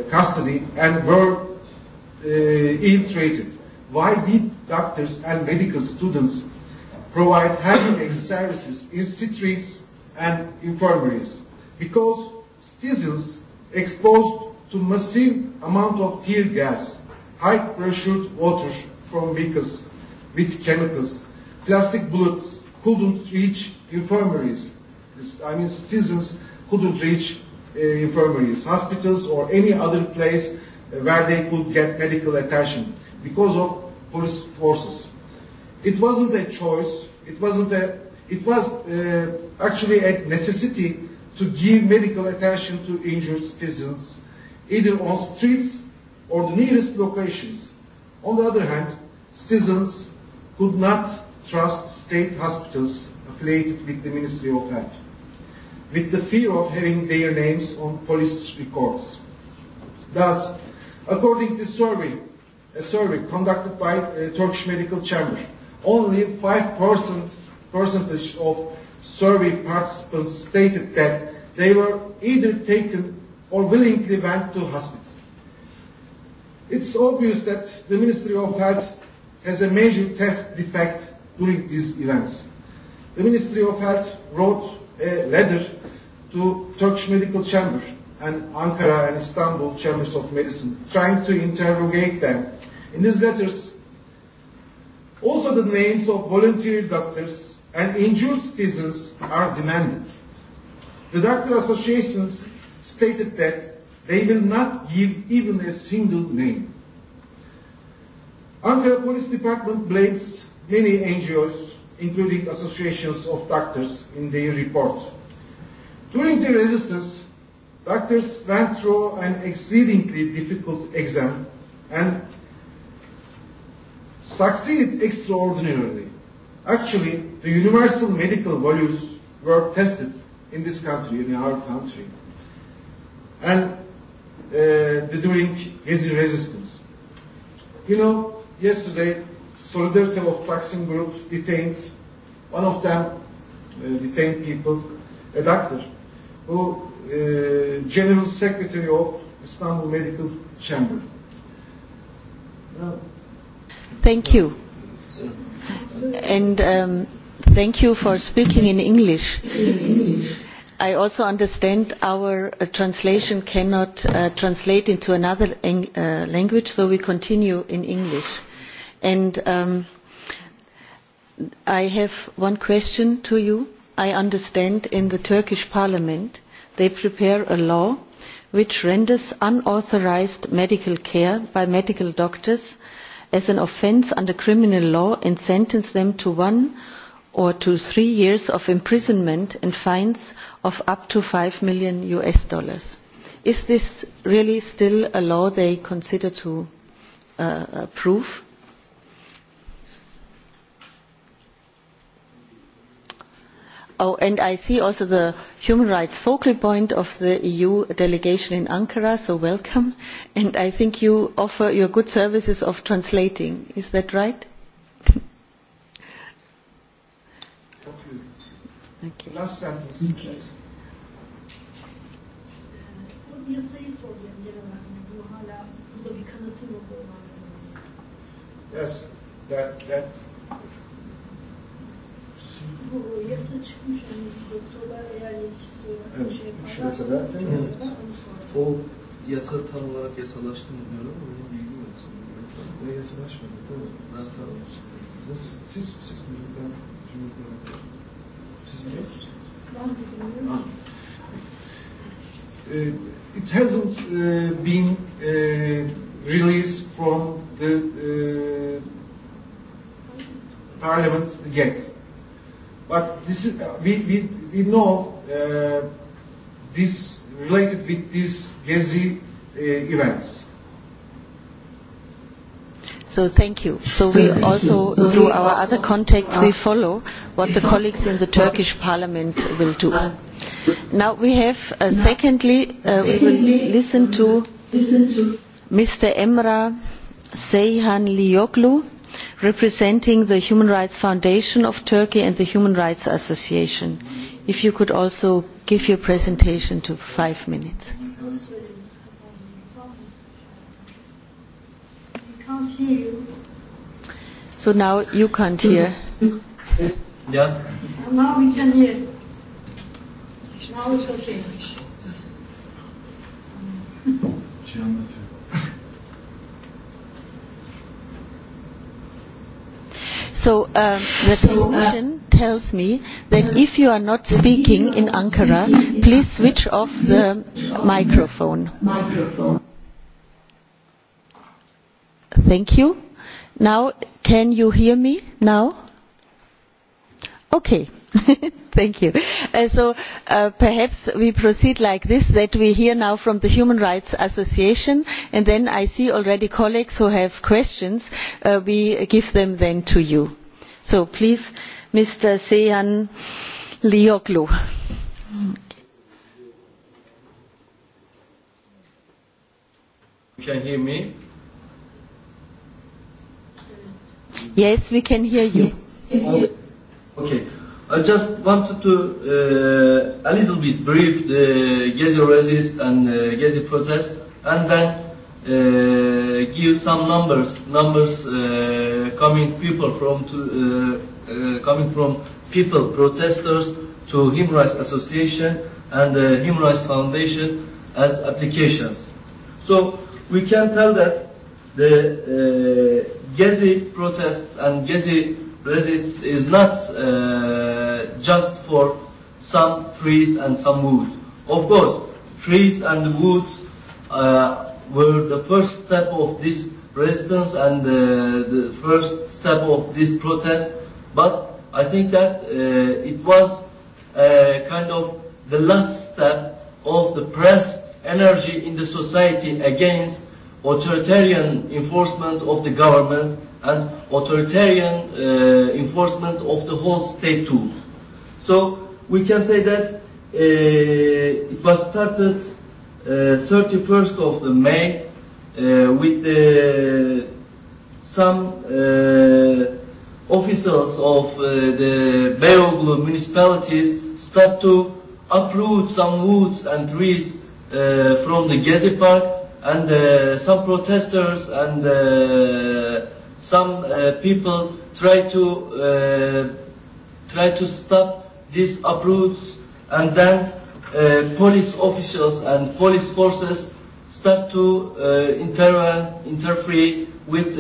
custody and were ill-treated. Why did doctors and medical students provide health services in streets and infirmaries? Because citizens exposed to massive amount of tear gas, high pressured water from vehicles with chemicals, plastic bullets couldn't reach infirmaries I mean citizens couldn't reach infirmaries, hospitals or any other place where they could get medical attention because of police forces. It wasn't a choice, it wasn't a, it was actually a necessity to give medical attention to injured citizens, either on streets or the nearest locations. On the other hand, citizens could not trust state hospitals affiliated with the Ministry of Health with the fear of having their names on police records. Thus, according to survey, a survey conducted by the Turkish Medical Chamber, only 5% percentage of survey participants stated that they were either taken or willingly went to hospital. It's obvious that the Ministry of Health has a major test defect during these events. The Ministry of Health wrote a letter to Turkish Medical Chamber and Ankara and Istanbul Chambers of Medicine, trying to interrogate them. In these letters, also the names of volunteer doctors and injured citizens are demanded. The doctor associations stated that they will not give even a single name. Ankara Police Department blames many NGOs, including associations of doctors, in their report. During the resistance, doctors went through an exceedingly difficult exam and succeeded extraordinarily. Actually, the universal medical values were tested in this country, in our country, and during his resistance. You know, yesterday, Solidarity of Taksim Group detained one of them, detained people, a doctor General Secretary of Istanbul Medical Chamber. Thank you. And thank you for speaking in English. I also understand our translation cannot translate into another language, so we continue in English. And I have one question to you I understand in the Turkish Parliament they prepare a law which renders unauthorised medical care by medical doctors as an offence under criminal law and sentence them to one or to three years of imprisonment and fines of up to five million US dollars. Is this really still a law they consider to approve? Oh, and I see also the human rights focal point of the EU delegation in Ankara, so welcome. And I think you offer your good services of translating. Is that right? Bu yasa çıkmış doktorlar eğer yetiştiriyor. Evet, şey O yasa olarak ama yasalaşmadı Siz, siz, Siz Ben bilmiyorum. it hasn't uh, been uh, released from the uh, parliament yet. But this is, we, we, we know this related with these Gezi events. So thank you. So we also, through our other contacts, we follow what the colleagues in the Turkish Parliament will do. Now we have, secondly, we will listen to Mr. Emra Seyhan Lioglu representing the Human Rights Foundation of Turkey and the Human Rights Association. If you could also give your presentation to five minutes. So now you can't hear. Yeah. Now we can hear. Now it's okay. So the resolution tells me that if you are not speaking in Ankara, please switch off the microphone. Thank you. Now, can you hear me now? Okay. Thank you. So perhaps we proceed like this, that we hear now from the Human Rights Association, and then I see already colleagues who have questions. We give them then to you. So please, Mr. Sehan Lioglu. You hear me? Yes, we can hear you. Okay. I just wanted to uh a little bit brief the Gezi resist and Gezi protest and then uh give some numbers numbers coming people from to coming from people protesters to Human Rights Association and the Human Rights Foundation as applications. So we can tell that the Gezi protests and Gezi Resist is not just for some trees and some woods. Of course, trees and woods were the first step of this resistance and the first step of this protest, but I think that it was kind of the last step of the pressed energy in the society against authoritarian enforcement of the government and authoritarian enforcement of the whole state too So we can say that it was started 31st of May with some officials of the Beoglu municipalities start to uproot some woods and trees from the Gezi Park and some protesters and some people try to try to stop these uproots and then police officials and police forces start to interfere with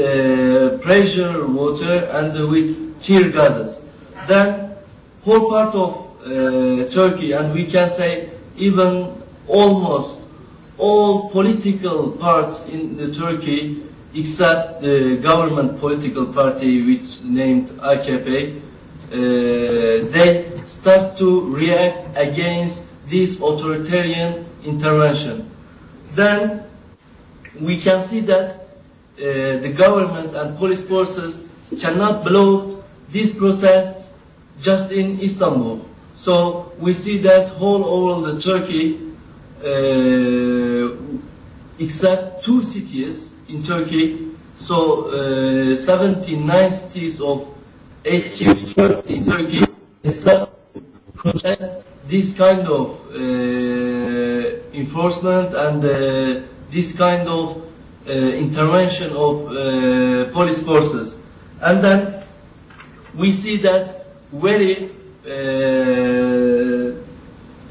pressure water and with tear gases. Then whole part of Turkey and we can say even almost all political parts in Turkey the government political party which named AKP, they start to react against this authoritarian intervention. Then we can see that the government and police forces cannot blow these protests just in Istanbul. So we see that all over the Turkey, except two cities, in Turkey. So uh, 1790s of 80 s in Turkey protest this kind of uh, enforcement and uh, this kind of uh, intervention of uh, police forces. And then we see that very, uh,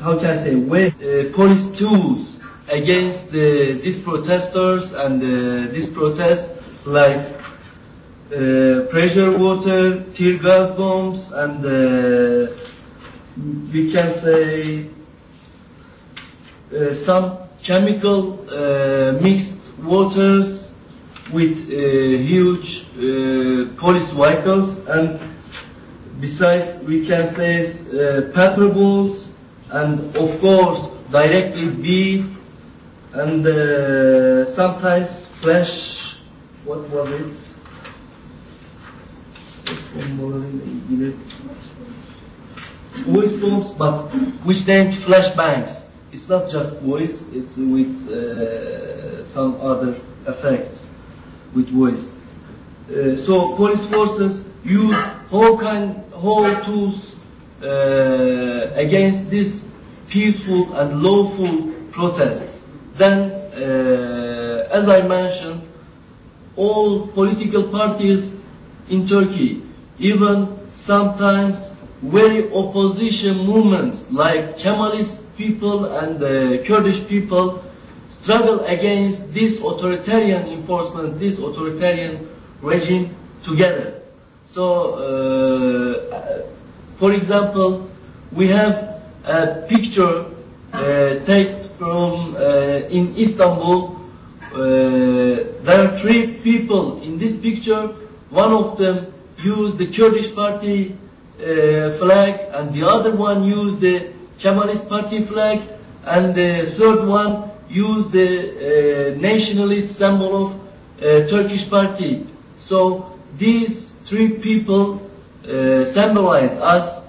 how can I say, very, uh, police tools against these protesters and these protests like pressure water, tear gas bombs and we can say some chemical mixed waters with huge police vehicles and besides we can say pepper balls and of course directly beat and sometimes flash what was it voice bombs, but which named flashbangs it's not just voice it's with some other effects with voice so police forces use whole kind whole tools against this peaceful and lawful protests Then, as I mentioned, all political parties in Turkey, even sometimes very opposition movements like Kemalist people and the Kurdish people struggle against this authoritarian enforcement, this authoritarian regime together. So, for example, we have a picture uh, taken from in Istanbul. There are three people in this picture. One of them used the Kurdish party flag, and the other one used the Kemalist party flag, and the third one used the nationalist symbol of Turkish party. So these three people symbolize us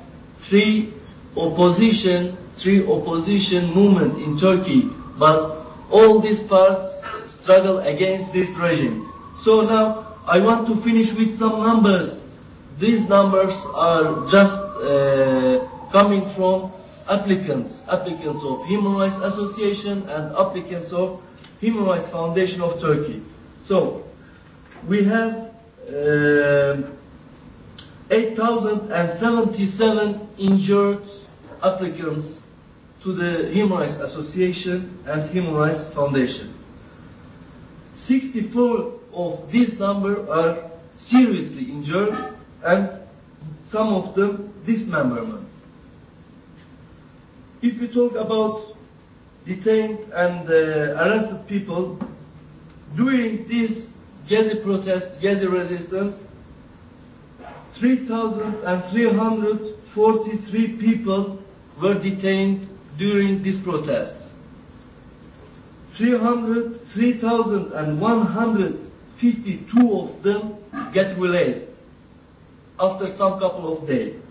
three opposition three opposition movement in Turkey, but all these parts struggle against this regime. So now I want to finish with some numbers. These numbers are just coming from applicants, applicants of Human Rights Association and applicants of Human Rights Foundation of Turkey. So we have 8,077 injured applicants to the Human Rights Association and Human Rights Foundation. 64 of this number are seriously injured and some of them dismemberment. If we talk about detained and arrested people, during this Gezi protest, Gezi resistance, 3,343 people were detained during these protests. 3,152 of them get released after some couple of days.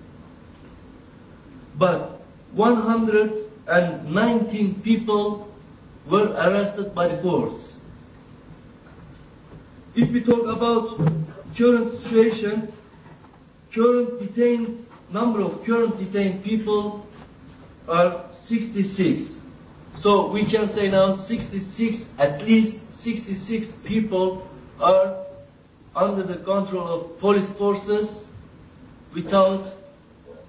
But 119 people were arrested by the courts. If we talk about current situation, current detained number of current detained people are 66. So we can say now 66, at least 66 people are under the control of police forces without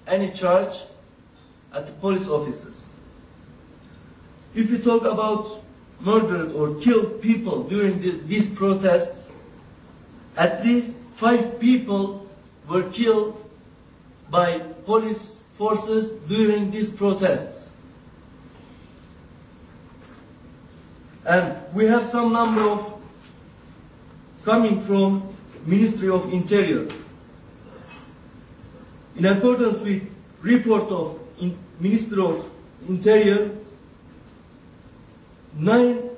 any charge at the police offices. If we talk about murdered or killed people during the, these protests, at least five people were killed by police forces during these protests. And we have some number of coming from Ministry of Interior. In accordance with report of Minister of Interior, nine,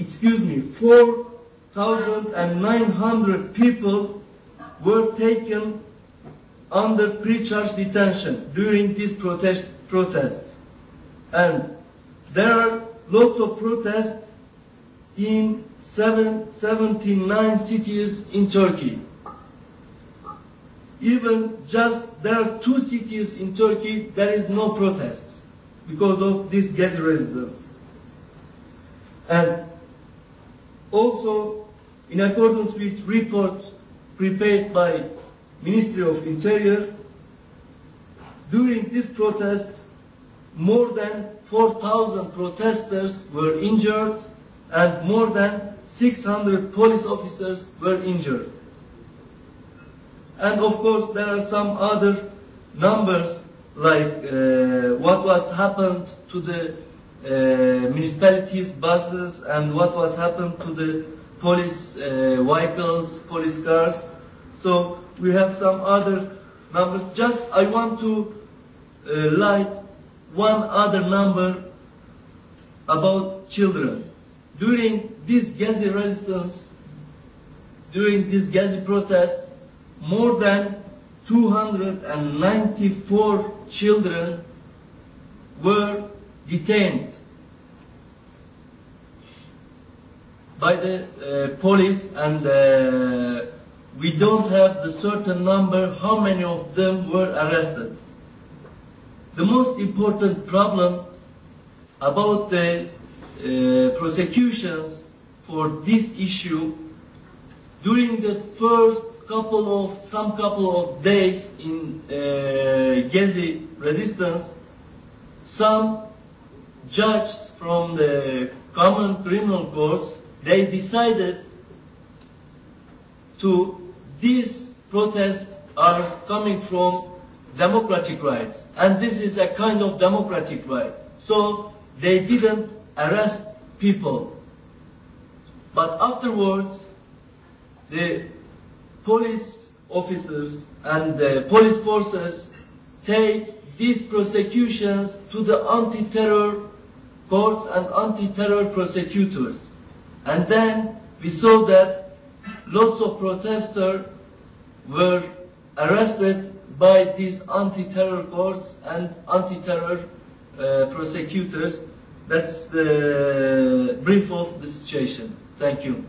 excuse me, 4,900 people were taken under pre-charge detention during these protest protests. And there are lots of protests in 79 cities in Turkey. Even just there are two cities in Turkey there is no protests because of these gas residents. And also in accordance with report prepared by Ministry of Interior. During this protest, more than 4,000 protesters were injured and more than 600 police officers were injured. And of course, there are some other numbers like what was happened to the municipalities, buses, and what was happened to the police vehicles, police cars. So we have some other numbers. Just I want to light one other number about children. During this Gazi resistance, during this Gazi protests, more than 294 children were detained by the police and we don't have the certain number how many of them were arrested. The most important problem about the prosecutions for this issue during the first couple of some couple of days in Gezi resistance some judges from the common criminal courts they decided to these protests are coming from democratic rights. And this is a kind of democratic right. So they didn't arrest people. But afterwards, the police officers and the police forces take these prosecutions to the anti-terror courts and anti-terror prosecutors. And then we saw that lots of protesters were arrested by these anti-terror courts and anti-terror prosecutors. That's the brief of the situation. Thank you.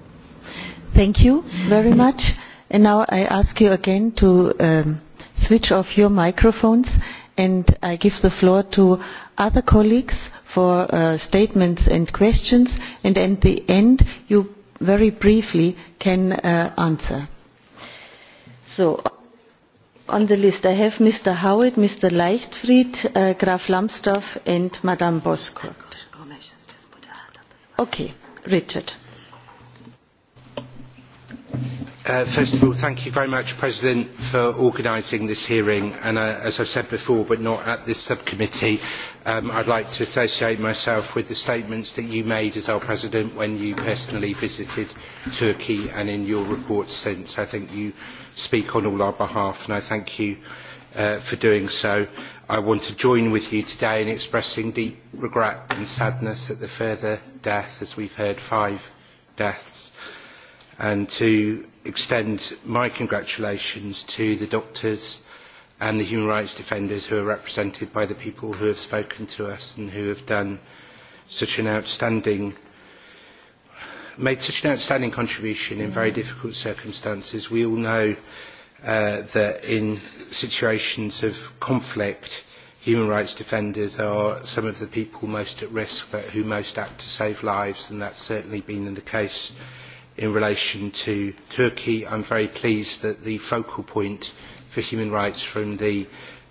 Thank you very much. And now I ask you again to switch off your microphones and I give the floor to other colleagues for statements and questions and at the end you very briefly can answer. So, on the list I have Mr. Howitt, Mr. Leichtfried, Graf Lambsdorff and Madame Boskurt. Okay, Richard. First of all, thank you very much, President, for organising this hearing. And as I said before, but not at this subcommittee, I'd like to associate myself with the statements that you made as our President when you personally visited Turkey and in your reports since. I think you speak on all our behalf, and I thank you for doing so. I want to join with you today in expressing deep regret and sadness at the further death, as we've heard, five deaths, and to extend my congratulations to the doctors and the human rights defenders who are represented by the people who have spoken to us and who have done such an outstanding made such an outstanding contribution in very difficult circumstances. We all know that in situations of conflict human rights defenders are some of the people most at risk but who most act to save lives and that's certainly been the case in relation to Turkey. I'm very pleased that the focal point for human rights from the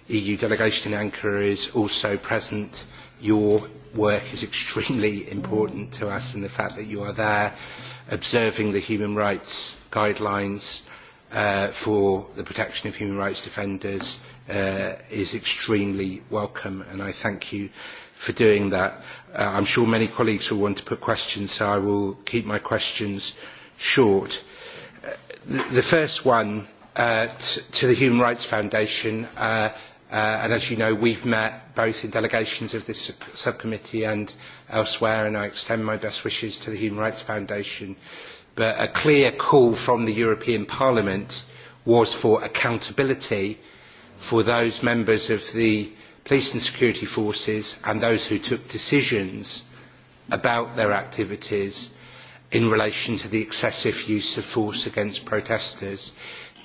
EU delegation in Ankara is also present. Your work is extremely important to us and the fact that you are there observing the human rights guidelines for the protection of human rights defenders is extremely welcome and I thank you for doing that. I'm sure many colleagues will want to put questions, so I will keep my questions short. The first one to the Human Rights Foundation, and as you know, we've met both in delegations of this subcommittee and elsewhere, and I extend my best wishes to the Human Rights Foundation. But a clear call from the European Parliament was for accountability for those members of the police and security forces and those who took decisions about their activities in relation to the excessive use of force against protesters.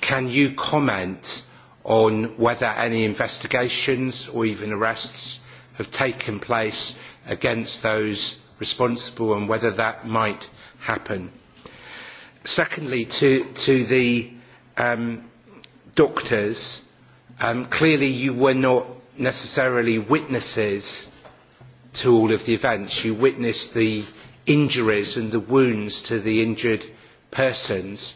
Can you comment on whether any investigations or even arrests have taken place against those responsible and whether that might happen? Secondly, to the doctors, clearly you were not necessarily witnesses to all of the events. You witness the injuries and the wounds to the injured persons.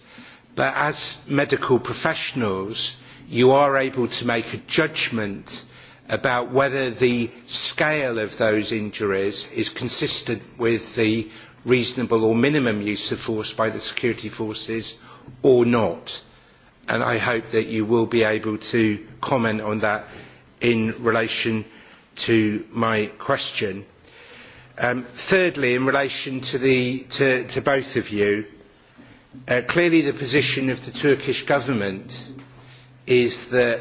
But as medical professionals, you are able to make a judgment about whether the scale of those injuries is consistent with the reasonable or minimum use of force by the security forces or not. And I hope that you will be able to comment on that in relation to my question. Thirdly, in relation to both of you, clearly the position of the Turkish government is that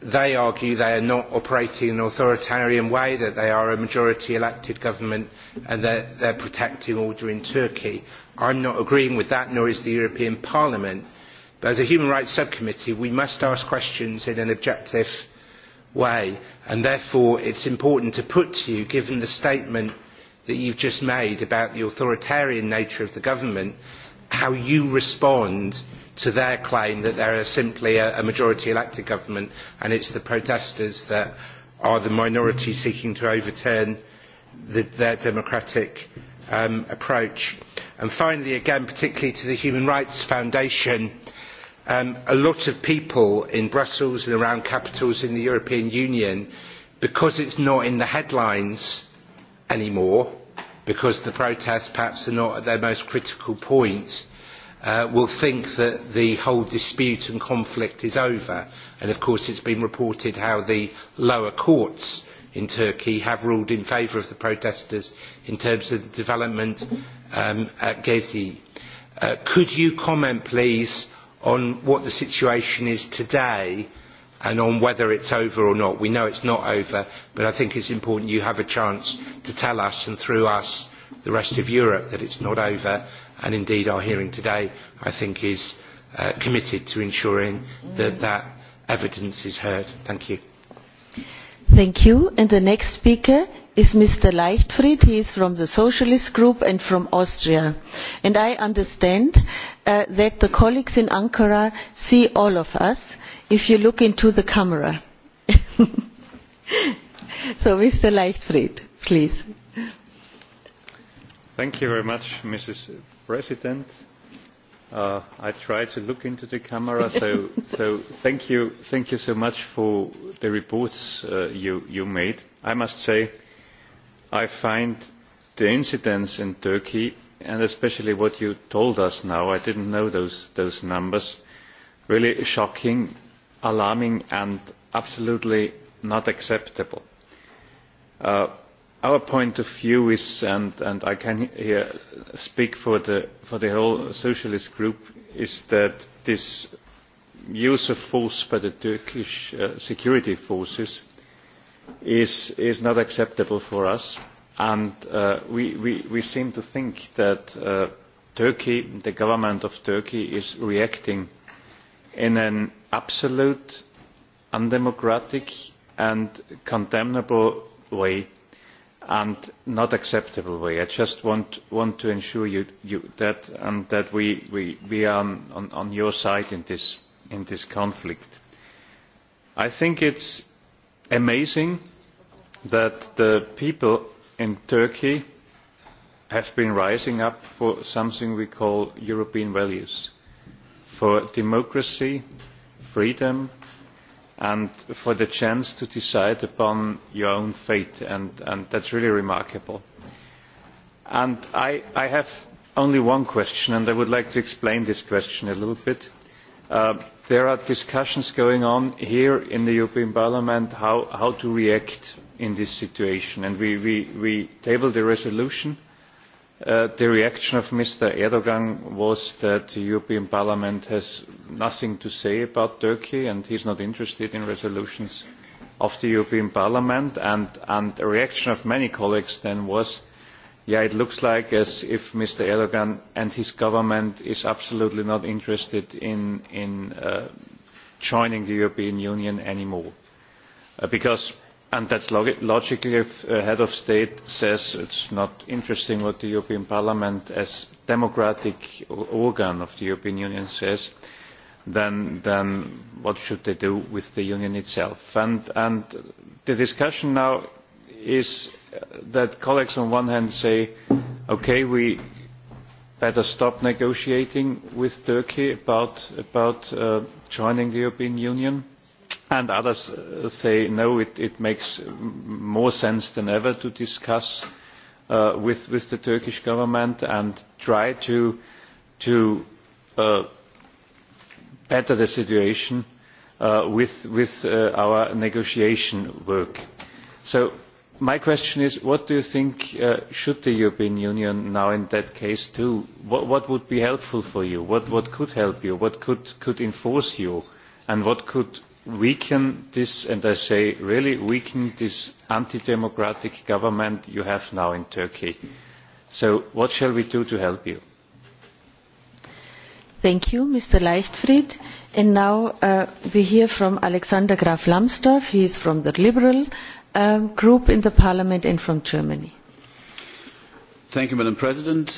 they argue they are not operating in an authoritarian way, that they are a majority elected government and that they are protecting order in Turkey. I'm not agreeing with that, nor is the European Parliament. But as a Human Rights Subcommittee, we must ask questions in an objective way and therefore it is important to put to you given the statement that you have just made about the authoritarian nature of the government how you respond to their claim that they are simply a majority elected government and it is the protesters that are the minority seeking to overturn their democratic approach. and finally again particularly to the human rights foundation a lot of people in brussels and around capitals in the european union because it's not in the headlines anymore because the protests perhaps are not at their most critical point will think that the whole dispute and conflict is over and of course it's been reported how the lower courts in turkey have ruled in favour of the protesters in terms of the development at gezi. could you comment please on what the situation is today and on whether it's over or not. We know it's not over, but I think it's important you have a chance to tell us and through us, the rest of Europe, that it's not over. And indeed our hearing today, I think, is committed to ensuring that that evidence is heard. Thank you. Thank you. And the next speaker is Mr. Leichtfried. He is from the Socialist Group and from Austria. And I understand that the colleagues in Ankara see all of us if you look into the camera. So, Mr. Leichtfried, please. Thank you very much, Mrs. President. I try to look into the camera, so thank you so much for the reports you made. I must say I find the incidents in Turkey, and especially what you told us now, I did not know those numbers, really shocking, alarming and absolutely not acceptable. Our point of view is, and I can here speak for the whole socialist group, is that this use of force by the Turkish security forces is not acceptable for us and we seem to think that turkey the government of turkey is reacting in an absolute undemocratic and condemnable way and not acceptable way. i just want to ensure you that and that we are on your side in this conflict. i think it's amazing that the people in Turkey have been rising up for something we call European values, for democracy, freedom, and for the chance to decide upon your own fate, and is really remarkable. I have only one question, and I would like to explain this question a little bit There are discussions going on here in the European Parliament how to react in this situation, and we tabled the resolution. The reaction of Mr. Erdogan was that the European Parliament has nothing to say about Turkey and he is not interested in resolutions of the European Parliament. And the reaction of many colleagues then was yeah it looks like as if mr erdogan and his government is absolutely not interested in joining the european union anymore because and that's logical if a head of state says it's not interesting what the european parliament as democratic organ of the european union says then what should they do with the union itself and the discussion now is that colleagues on one hand say, okay, we better stop negotiating with Turkey about joining the European Union, and others say, no, it makes more sense than ever to discuss with the Turkish government and try to better the situation with our negotiation work. So My question is, what do you think should the European Union now in that case do? What would be helpful for you? What could help you? What could enforce you? And what could weaken this, and I say really weaken this anti-democratic government you have now in Turkey? So what shall we do to help you? Thank you, Mr. Leichtfried. And now we hear from Alexander Graf Lambsdorff. He is from the Liberal group in the parliament and from germany. madam president.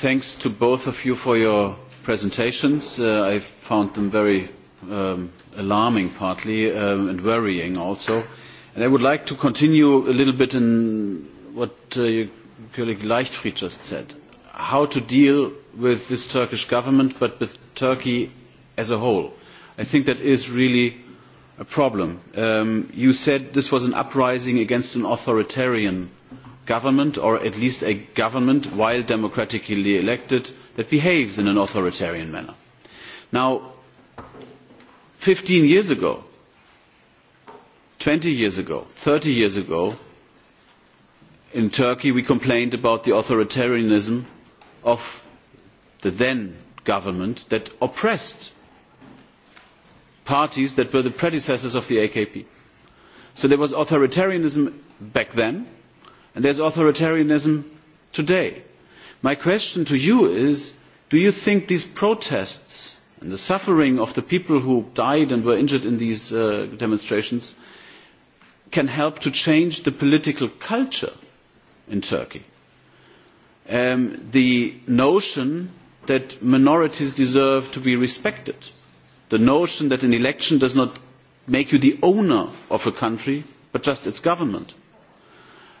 thanks to both of you for your presentations. i found them very alarming partly and worrying also. and i would like to continue a little bit in what your colleague leichtfried just said how to deal with this turkish government but with turkey as a whole. i think that is really a problem. You said this was an uprising against an authoritarian government, or at least a government, while democratically elected, that behaves in an authoritarian manner. Now, 15 years ago, 20 years ago, 30 years ago, in Turkey we complained about the authoritarianism of the then government that oppressed parties that were the predecessors of the AKP. So there was authoritarianism back then, and there's authoritarianism today. My question to you is, do you think these protests and the suffering of the people who died and were injured in these demonstrations can help to change the political culture in Turkey? The notion that minorities deserve to be respected the notion that an election does not make you the owner of a country but just its government.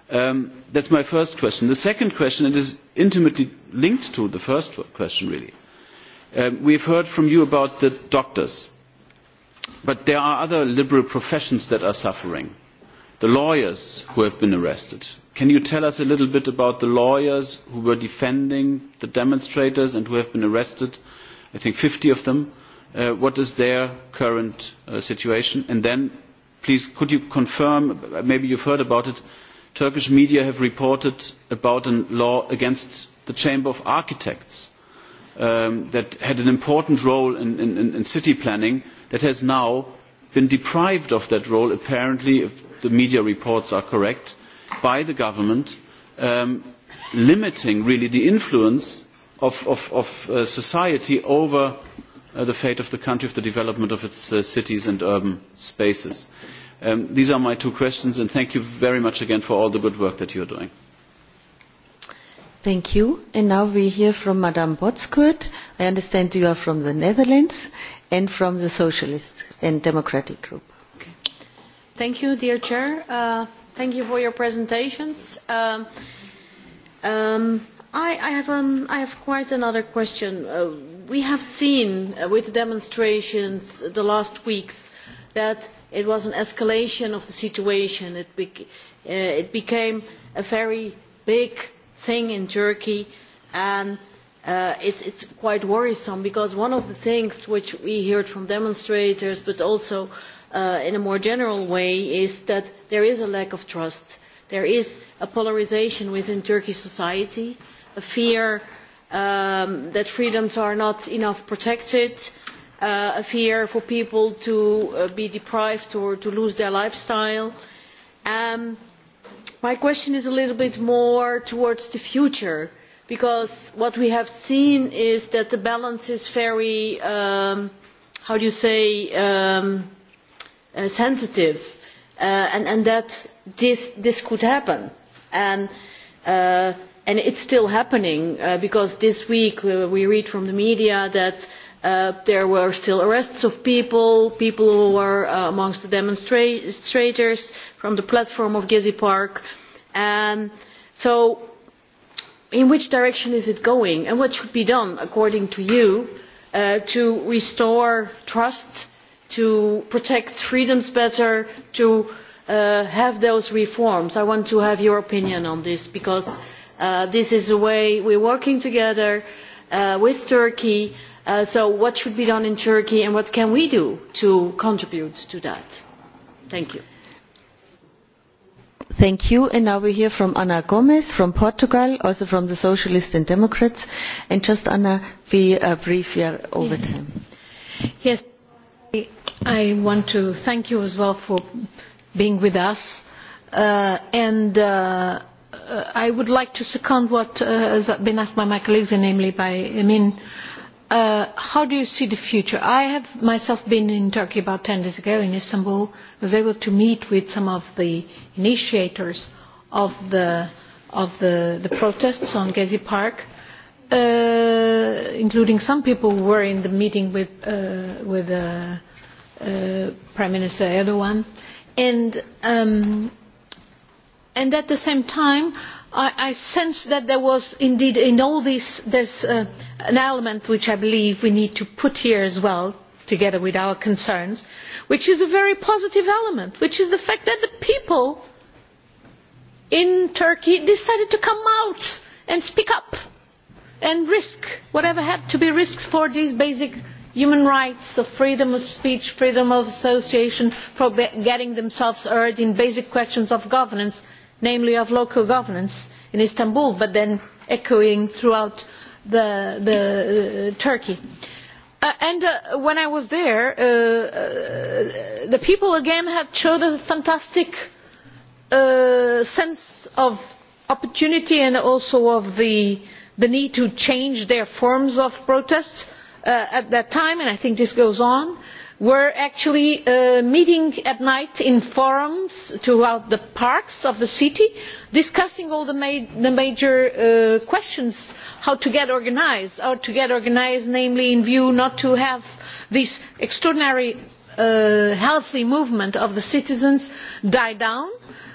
That's my first question. The second question, and is intimately linked to the first question really. have heard from you about the doctors, but there are other liberal professions that are suffering. The lawyers who have been arrested. Can you tell us a little bit about the lawyers who were defending the demonstrators and who have been arrested? I think 50 of them what is their current situation? And then, please, could you confirm, maybe you've heard about it, Turkish media have reported about a law against the Chamber of Architects that had an important role in city planning that has now been deprived of that role, apparently, if the media reports are correct, by the government, limiting really the influence of society over the fate of the country, of the development of its cities and urban spaces. These are my two questions, and thank you very much again for all the good work that you are doing. Thank you. And now we hear from Madame Botskurt. I understand you are from the Netherlands and from the Socialist and Democratic Group. Thank you, dear Chair. Thank you for your presentations. I have quite another question. We have seen with the demonstrations the last weeks that it was an escalation of the situation. It became a very big thing in Turkey and it it's quite worrisome because one of the things which we heard from demonstrators but also in a more general way is that there is a lack of trust. There is a polarisation within Turkish society A fear that freedoms are not enough protected, a fear for people to be deprived or to lose their lifestyle. My question is a little bit more towards the future, because what we have seen is that the balance is very, how do you say, sensitive, and that this could happen. And and is still happening because this week we read from the media that there were still arrests of people people who were amongst the demonstrators from the platform of gezi park and so in which direction is it going and what should be done according to you to restore trust to protect freedoms better to have those reforms i want to have your opinion on this because This is the way we are working together with Turkey. So what should be done in Turkey and what can we do to contribute to that? Thank you. Thank you. And now we hear from Ana Gómez from Portugal, also from the Socialists and Democrats. And just, Ana, be brief. We over time. Yes. I want to thank you as well for being with us. And I would like to second what has been asked by my colleagues, namely by Emin. How do you see the future? I have myself been in Turkey about 10 days ago in Istanbul. I was able to meet with some of the initiators of the protests on Gezi Park, including some people who were in the meeting with Prime Minister Erdogan. And and at the same time i sense that there was indeed in all this an element which i believe we need to put here as well together with our concerns which is a very positive element which is the fact that the people in turkey decided to come out and speak up and risk whatever had to be risked for these basic human rights of freedom of speech freedom of association for getting themselves heard in basic questions of governance namely of local governance in Istanbul, but then echoing throughout Turkey. And when I was there, the people again had showed a fantastic sense of opportunity and also of the need to change their forms of protest at that time, and I think this goes on were actually meeting at night in forums throughout the parks of the city discussing all the major questions how to get organised how to get organised namely in view not to have this extraordinary healthy movement of the citizens die down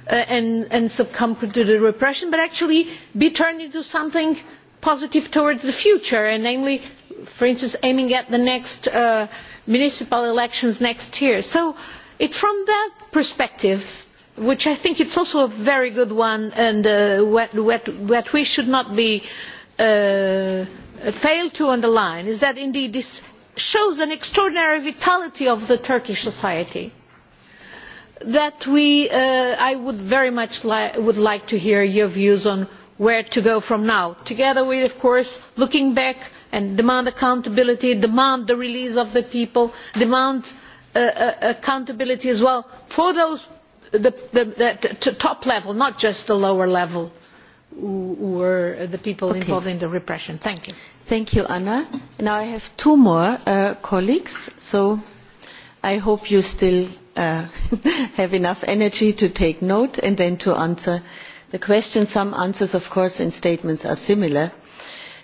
and succumb to the repression but actually be turned into something positive towards the future and namely for instance aiming at the next municipal elections next year. So is from that perspective, which I think is also a very good one and what we should not fail to underline, is that indeed this shows an extraordinary vitality of the Turkish society that I would very much would like to hear your views on where to go from now, together with, of course, looking back and demand accountability demand the release of the people demand accountability as well for those the top level not just the lower level who were the people involved in the repression. Thank you. Thank you, Anna. Now I have two more colleagues, so I hope you still have enough energy to take note and then to answer the questions. Some answers, of course, in statements are similar.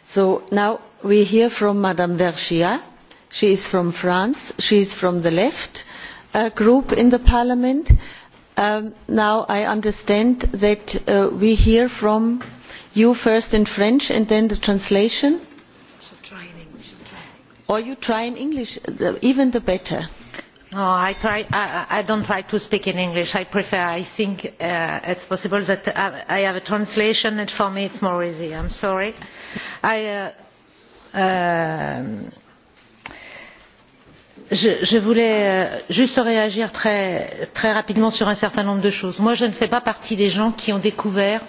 So now we hear from Madame Vergia. She is from France. She is from the left group in the Parliament. Now I understand that we hear from you first in French and then the translation. Or you try in English, even the better. No, I try. I don't try to speak in English. I prefer. I think it's possible that I have a translation, and for me it's more easy. I'm sorry. I je voulais juste réagir très rapidement sur un certain nombre de choses. je ne fais pas partie des gens qui ont découvert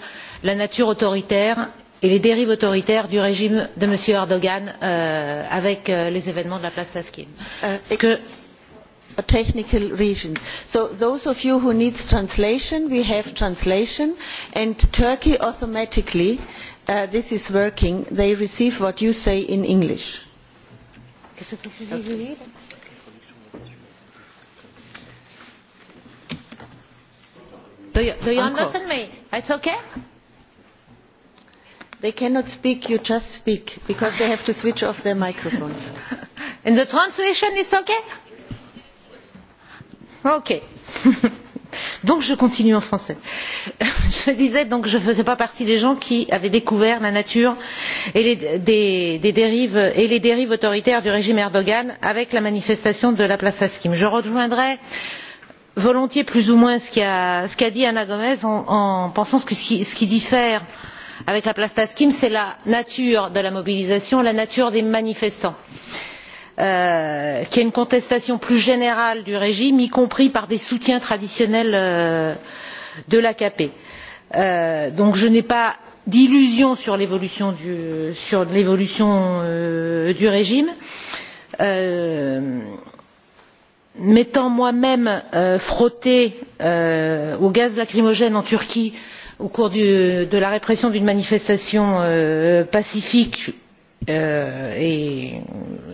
la nature autoritaire et les dérives autoritaires du régime de m. Erdogan avec les événements de la place taksim. A technical So those of you who need translation, we have translation, and Turkey automatically this is working they receive what you say in english do you understand me it's okay they cannot speak you just speak because they have to switch off their microphones and the translation is okay okay donc je continue en français je disais donc je ne faisais pas partie des gens qui avaient découvert la nature des dérives et les dérives autoritaires du régime erdogan avec la manifestation de la place taksim. je rejoindrais volontiers plus ou moins ce qu'a dit Anna gomes en pensant que ce qui diffère avec la place taksim c'est la nature de la mobilisation la nature des manifestants qu'il y a une contestation plus générale du régime y compris par des soutiens traditionnels de l'akp. donc je n'ai pas d'illusions sur l'évolution du régime. m'étant moi même frottée au gaz lacrymogène en turquie au cours de la répression d'une manifestation pacifique et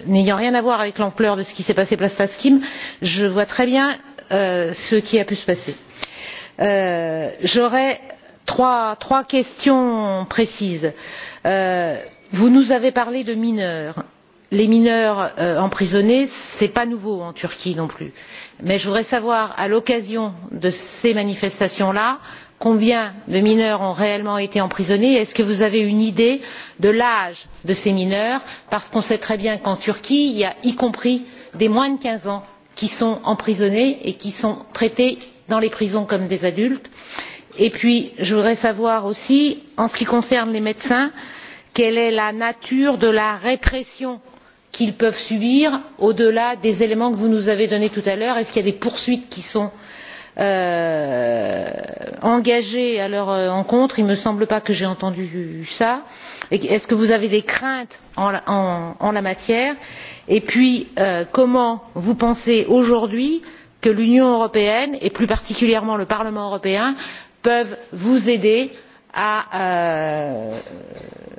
n'ayant rien à voir avec l'ampleur de ce qui s'est passé place Taskim, je vois très bien ce qui a pu se passer. J'aurais trois questions précises. Vous nous avez parlé de mineurs. Les mineurs emprisonnés, ce n'est pas nouveau en Turquie non plus. Mais je voudrais savoir, à l'occasion de ces manifestations-là, combien de mineurs ont réellement été emprisonnés et est ce que vous avez une idée de l'âge de ces mineurs parce qu'on sait très bien qu'en turquie il y a y compris des moins de quinze ans qui sont emprisonnés et qui sont traités dans les prisons comme des adultes? et puis je voudrais savoir aussi en ce qui concerne les médecins quelle est la nature de la répression qu'ils peuvent subir au delà des éléments que vous nous avez donnés tout à l'heure? est ce qu'il y a des poursuites qui sont engagés à leur encontre il ne me semble pas que j'ai entendu cela. est ce que vous avez des craintes en la matière et puis comment vous pensez aujourd'hui que l'union européenne et plus particulièrement le parlement européen peuvent vous aider à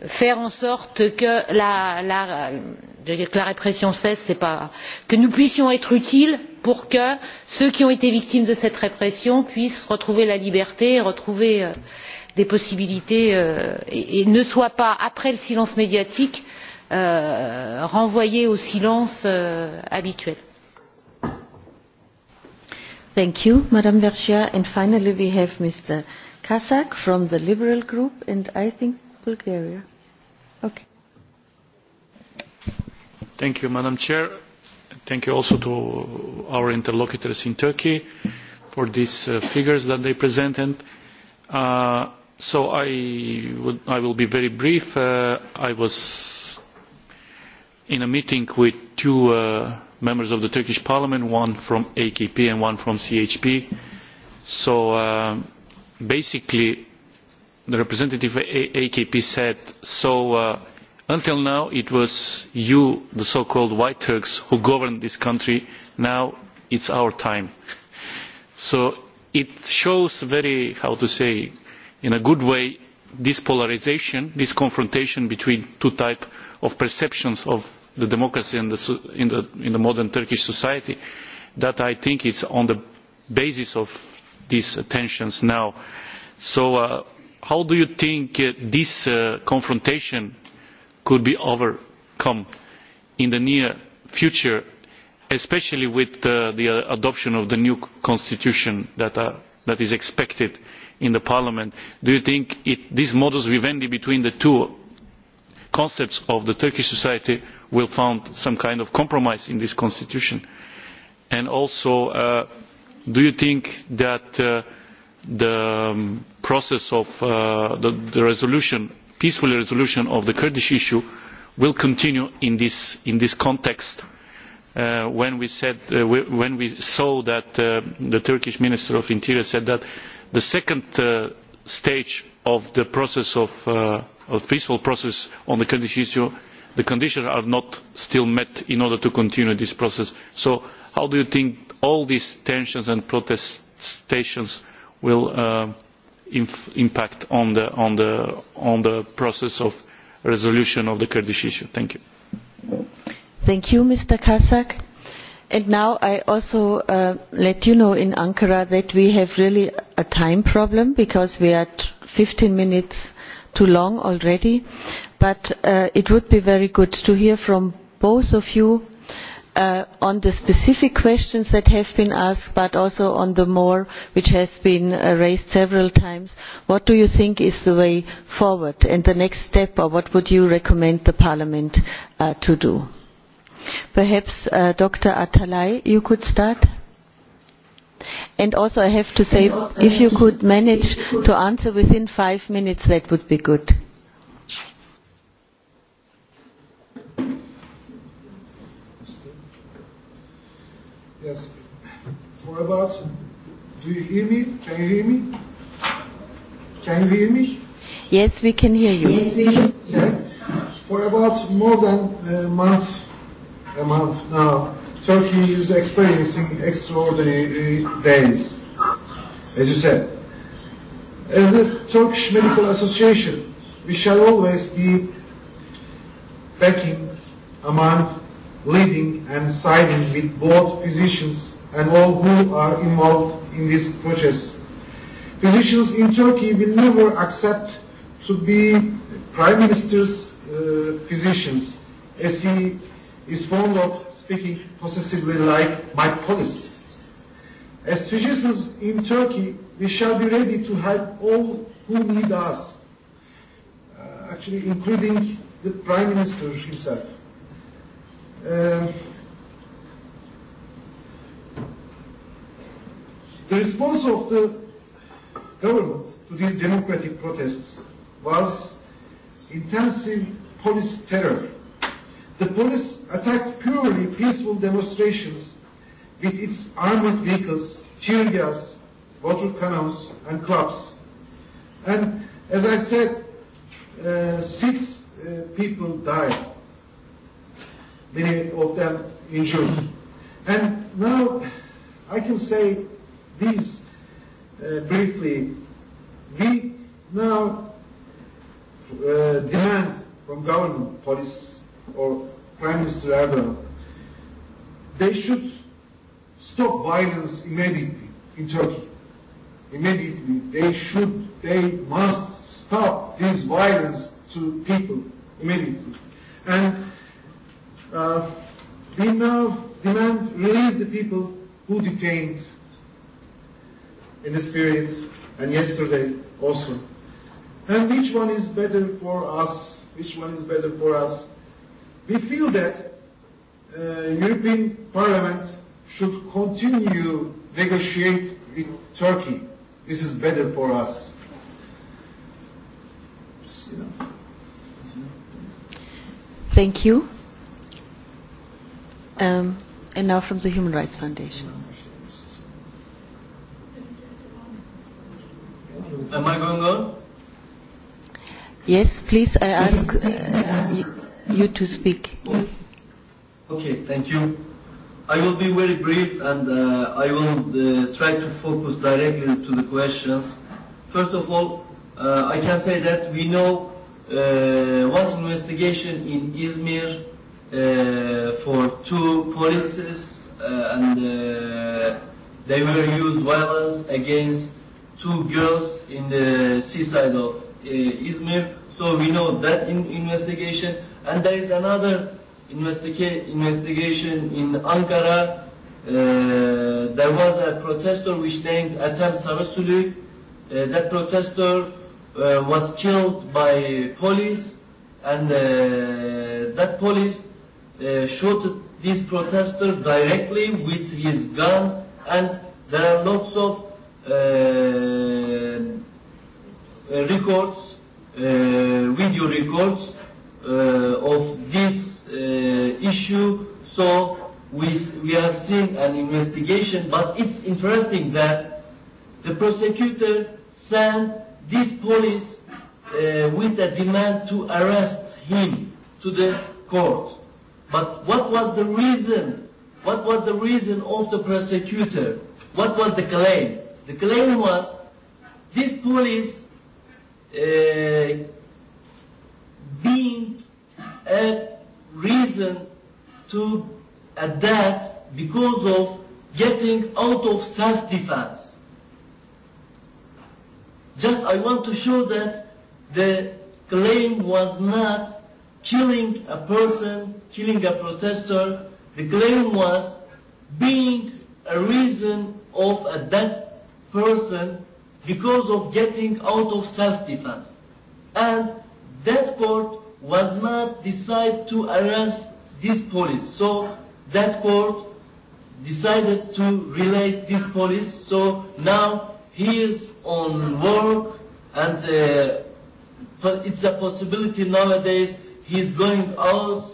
faire en sorte que la répression cesse que nous puissions être utiles pour que ceux qui ont été victimes de cette répression puissent retrouver la liberté retrouver des possibilités et ne soient pas après le silence médiatique renvoyés au silence habituel. Thank Thank you also to our interlocutors in Turkey for these figures that they presented. So I will be very brief. I was in a meeting with two members of the Turkish Parliament, one from AKP and one from CHP. So basically the representative of AKP said, so Until now it was you, the so called White Turks, who governed this country. Now it's our time. So it shows very how to say in a good way this polarisation, this confrontation between two types of perceptions of the democracy in the modern Turkish society that I think is on the basis of these tensions now. So how do you think this confrontation could be overcome in the near future, especially with the adoption of the new constitution that is expected in Parliament. Do you think this modus vivendi between the two concepts of the Turkish society will find some kind of compromise in this constitution? And also, do you think that the process of the resolution peaceful resolution of the Kurdish issue will continue in this context when we saw that the Turkish Minister of Interior said that the second stage of the process of peaceful process on the Kurdish issue, the conditions are not still met in order to continue this process. So how do you think all these tensions and protestations will impact on the on the on the process of resolution of the Kurdish issue. Thank you. Thank you, Mr. Kasak. And now I also let you know in Ankara that we have really a time problem because we are 15 minutes too long already. But it would be very good to hear from both of you on the specific questions that have been asked but also on the more which has been raised several times what do you think is the way forward and the next step or what would you recommend the parliament to do? perhaps dr atalay you could start and also i have to say if you could manage to answer within five minutes that would be good. Yes. For about, do you hear me? Can you hear me? Can you hear me? Yes, we can hear you. Yes, For about more than a month, a month now, Turkey is experiencing extraordinary days, as you said. As the Turkish Medical Association, we shall always be backing among leading and siding with both physicians and all who are involved in this process. Physicians in Turkey will never accept to be Prime Minister's physicians, as he is fond of speaking possessively like my police. As physicians in Turkey, we shall be ready to help all who need us, actually including the Prime Minister himself. The response of the government to these democratic protests was intensive police terror. The police attacked purely peaceful demonstrations with its armored vehicles, tear gas, water cannons and clubs. And as I said, six people died many of them injured. And now I can say this briefly. We now demand from government, police or Prime Minister Erdogan, they should stop violence immediately in Turkey. Immediately. They should, they must stop this violence to people immediately. And we now demand release the people who detained in this period and yesterday also. And which one is better for us? Which one is better for us? We feel that European Parliament should continue negotiate with Turkey. This is better for us. Thank you. Um, and now from the Human Rights Foundation. Am I going on? Yes, please, I ask uh, you, to speak. Okay, thank you. I will be very brief and uh, I will uh, try to focus directly to the questions. First of all, uh, I can say that we know uh, one investigation in Izmir for two uh and they were used violence against two girls in the seaside of Izmir. So we know that in investigation. And there is another investigation in Ankara. There was a protester which named Atem Sarasulu. That protester was killed by police and that police shot this protester directly with his gun and there are lots of records, video records of this issue. So we we have seen an investigation, but it's interesting that the prosecutor sent this police with a demand to arrest him to the court. But what was the reason? What was the reason of the prosecutor? What was the claim? The claim was this police uh, being a reason to adapt because of getting out of self-defense. Just I want to show that the claim was not killing a person killing a protester, the claim was being a reason of a dead person because of getting out of self-defense. And that court was not decide to arrest this police. So that court decided to release this police. So now he is on work and uh, it's a possibility nowadays he's going out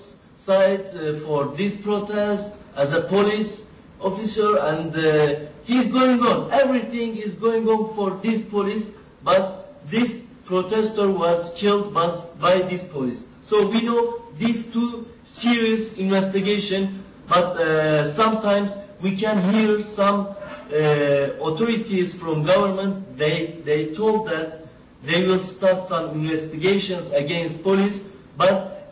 site for this protest as a police officer and he's going on. Everything is going on for this police, but this protester was killed by this police. So we know these two serious investigation, but sometimes we can hear some authorities from government, they, they told that they will start some investigations against police, but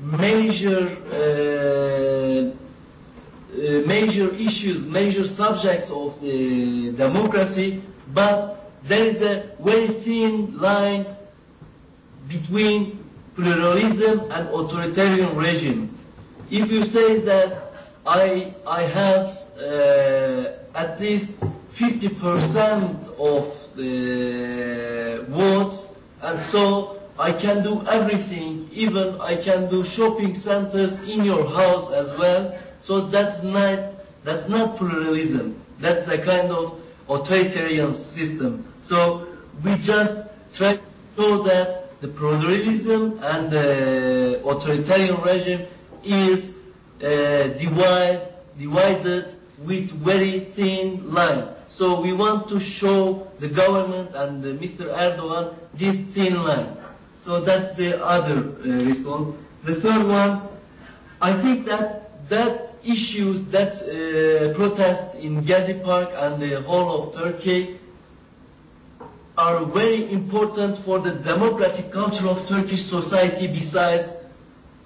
major major issues, major subjects of the democracy, but there is a very thin line between pluralism and authoritarian regime. If you say that I, I have at least 50% of the votes, and so I can do everything, even I can do shopping centers in your house as well. So that's not that's not pluralism. That's a kind of authoritarian system. So we just try to show that the pluralism and the authoritarian regime is divide, divided with very thin line. So we want to show the government and Mr. Erdogan this thin line So that's the other response. The third one, I think that that issue, that protest in Gazi Park and the whole of Turkey are very important for the democratic culture of Turkish society. Besides,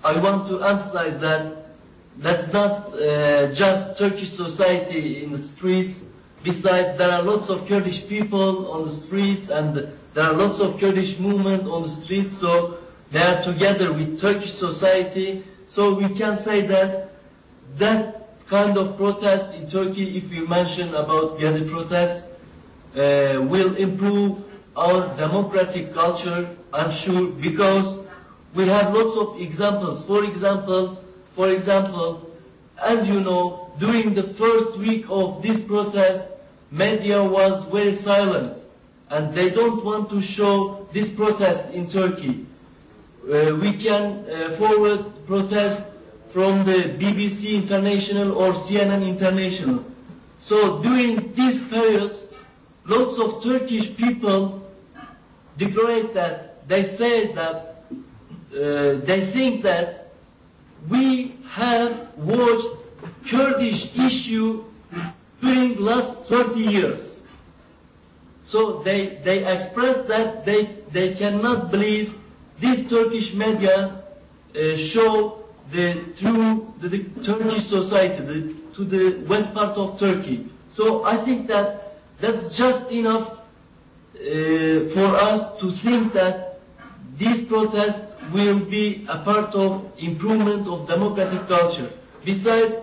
I want to emphasize that that's not just Turkish society in the streets. Besides, there are lots of Kurdish people on the streets and There are lots of Kurdish movement on the streets, so they are together with Turkish society. So we can say that that kind of protest in Turkey, if we mention about Gezi protests, will improve our democratic culture, I'm sure, because we have lots of examples. For example, for example, as you know, during the first week of this protest, media was very silent and they don't want to show this protest in Turkey. We can forward protest from the BBC International or CNN International. So during this period, lots of Turkish people declared that, they say that, they think that we have watched Kurdish issue during last 30 years. So they, they express that they, they cannot believe this Turkish media show the true the, the Turkish society the, to the west part of Turkey. So I think that that's just enough for us to think that this protest will be a part of improvement of democratic culture. Besides,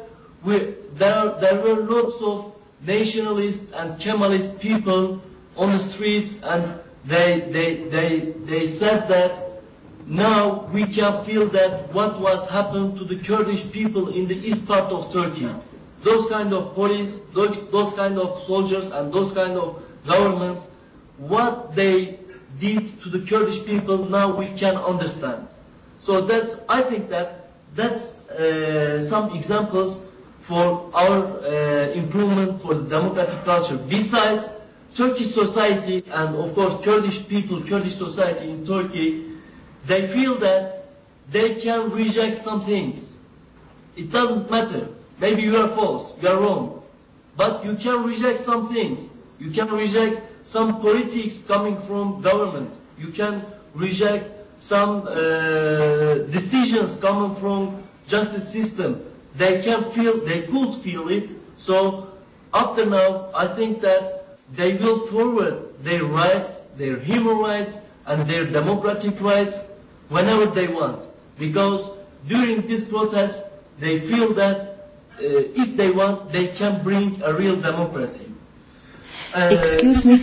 we, there, there were lots of nationalist and Kemalist people on the streets and they, they, they, they said that now we can feel that what was happened to the Kurdish people in the east part of Turkey. Those kind of police, those, those kind of soldiers and those kind of governments, what they did to the Kurdish people now we can understand. So that's, I think that that's some examples for our improvement for the democratic culture. Besides Turkish society and of course Kurdish people, Kurdish society in Turkey, they feel that they can reject some things. It doesn't matter. Maybe you are false, you are wrong. But you can reject some things. You can reject some politics coming from government. You can reject some decisions coming from justice system. They can feel, they could feel it. So after now, I think that they will forward their rights, their human rights, and their democratic rights whenever they want. Because during this protest, they feel that if they want, they can bring a real democracy. Excuse me.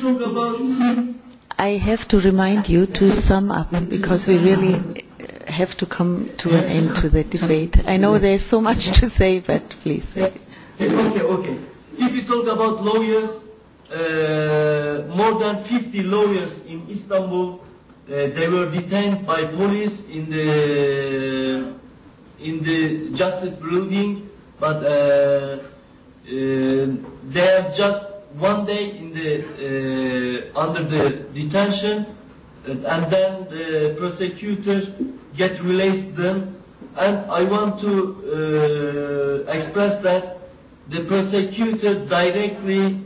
I have to remind you to sum up because we really have to come to an end to the debate. I know there's so much to say, but please. Okay, okay. If you talk about lawyers, more than 50 lawyers in Istanbul they were detained by police in the in the justice building but they have just one day in the under the detention and then the prosecutor get released them and I want to express that the prosecutor directly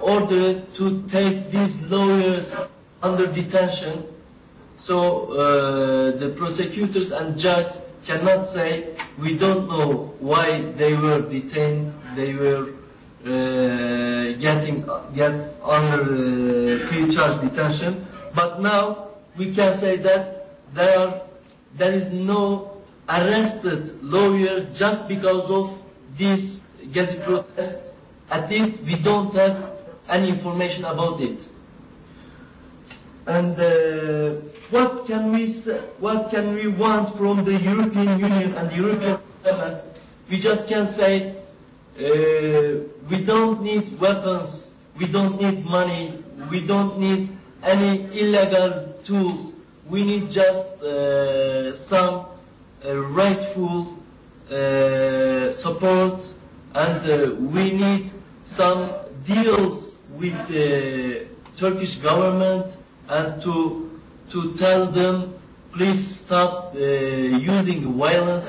ordered to take these lawyers under detention. So the prosecutors and judge cannot say we don't know why they were detained, they were getting get under pre-charge detention. But now we can say that there are there is no arrested lawyer just because of this Gazi protest, at least we don't have any information about it. And what can we what can we want from the European Union and the European Parliament? We just can say we don't need weapons, we don't need money, we don't need any illegal tools. We need just some rightful support and we need some deals with the Turkish government and to to tell them please stop using violence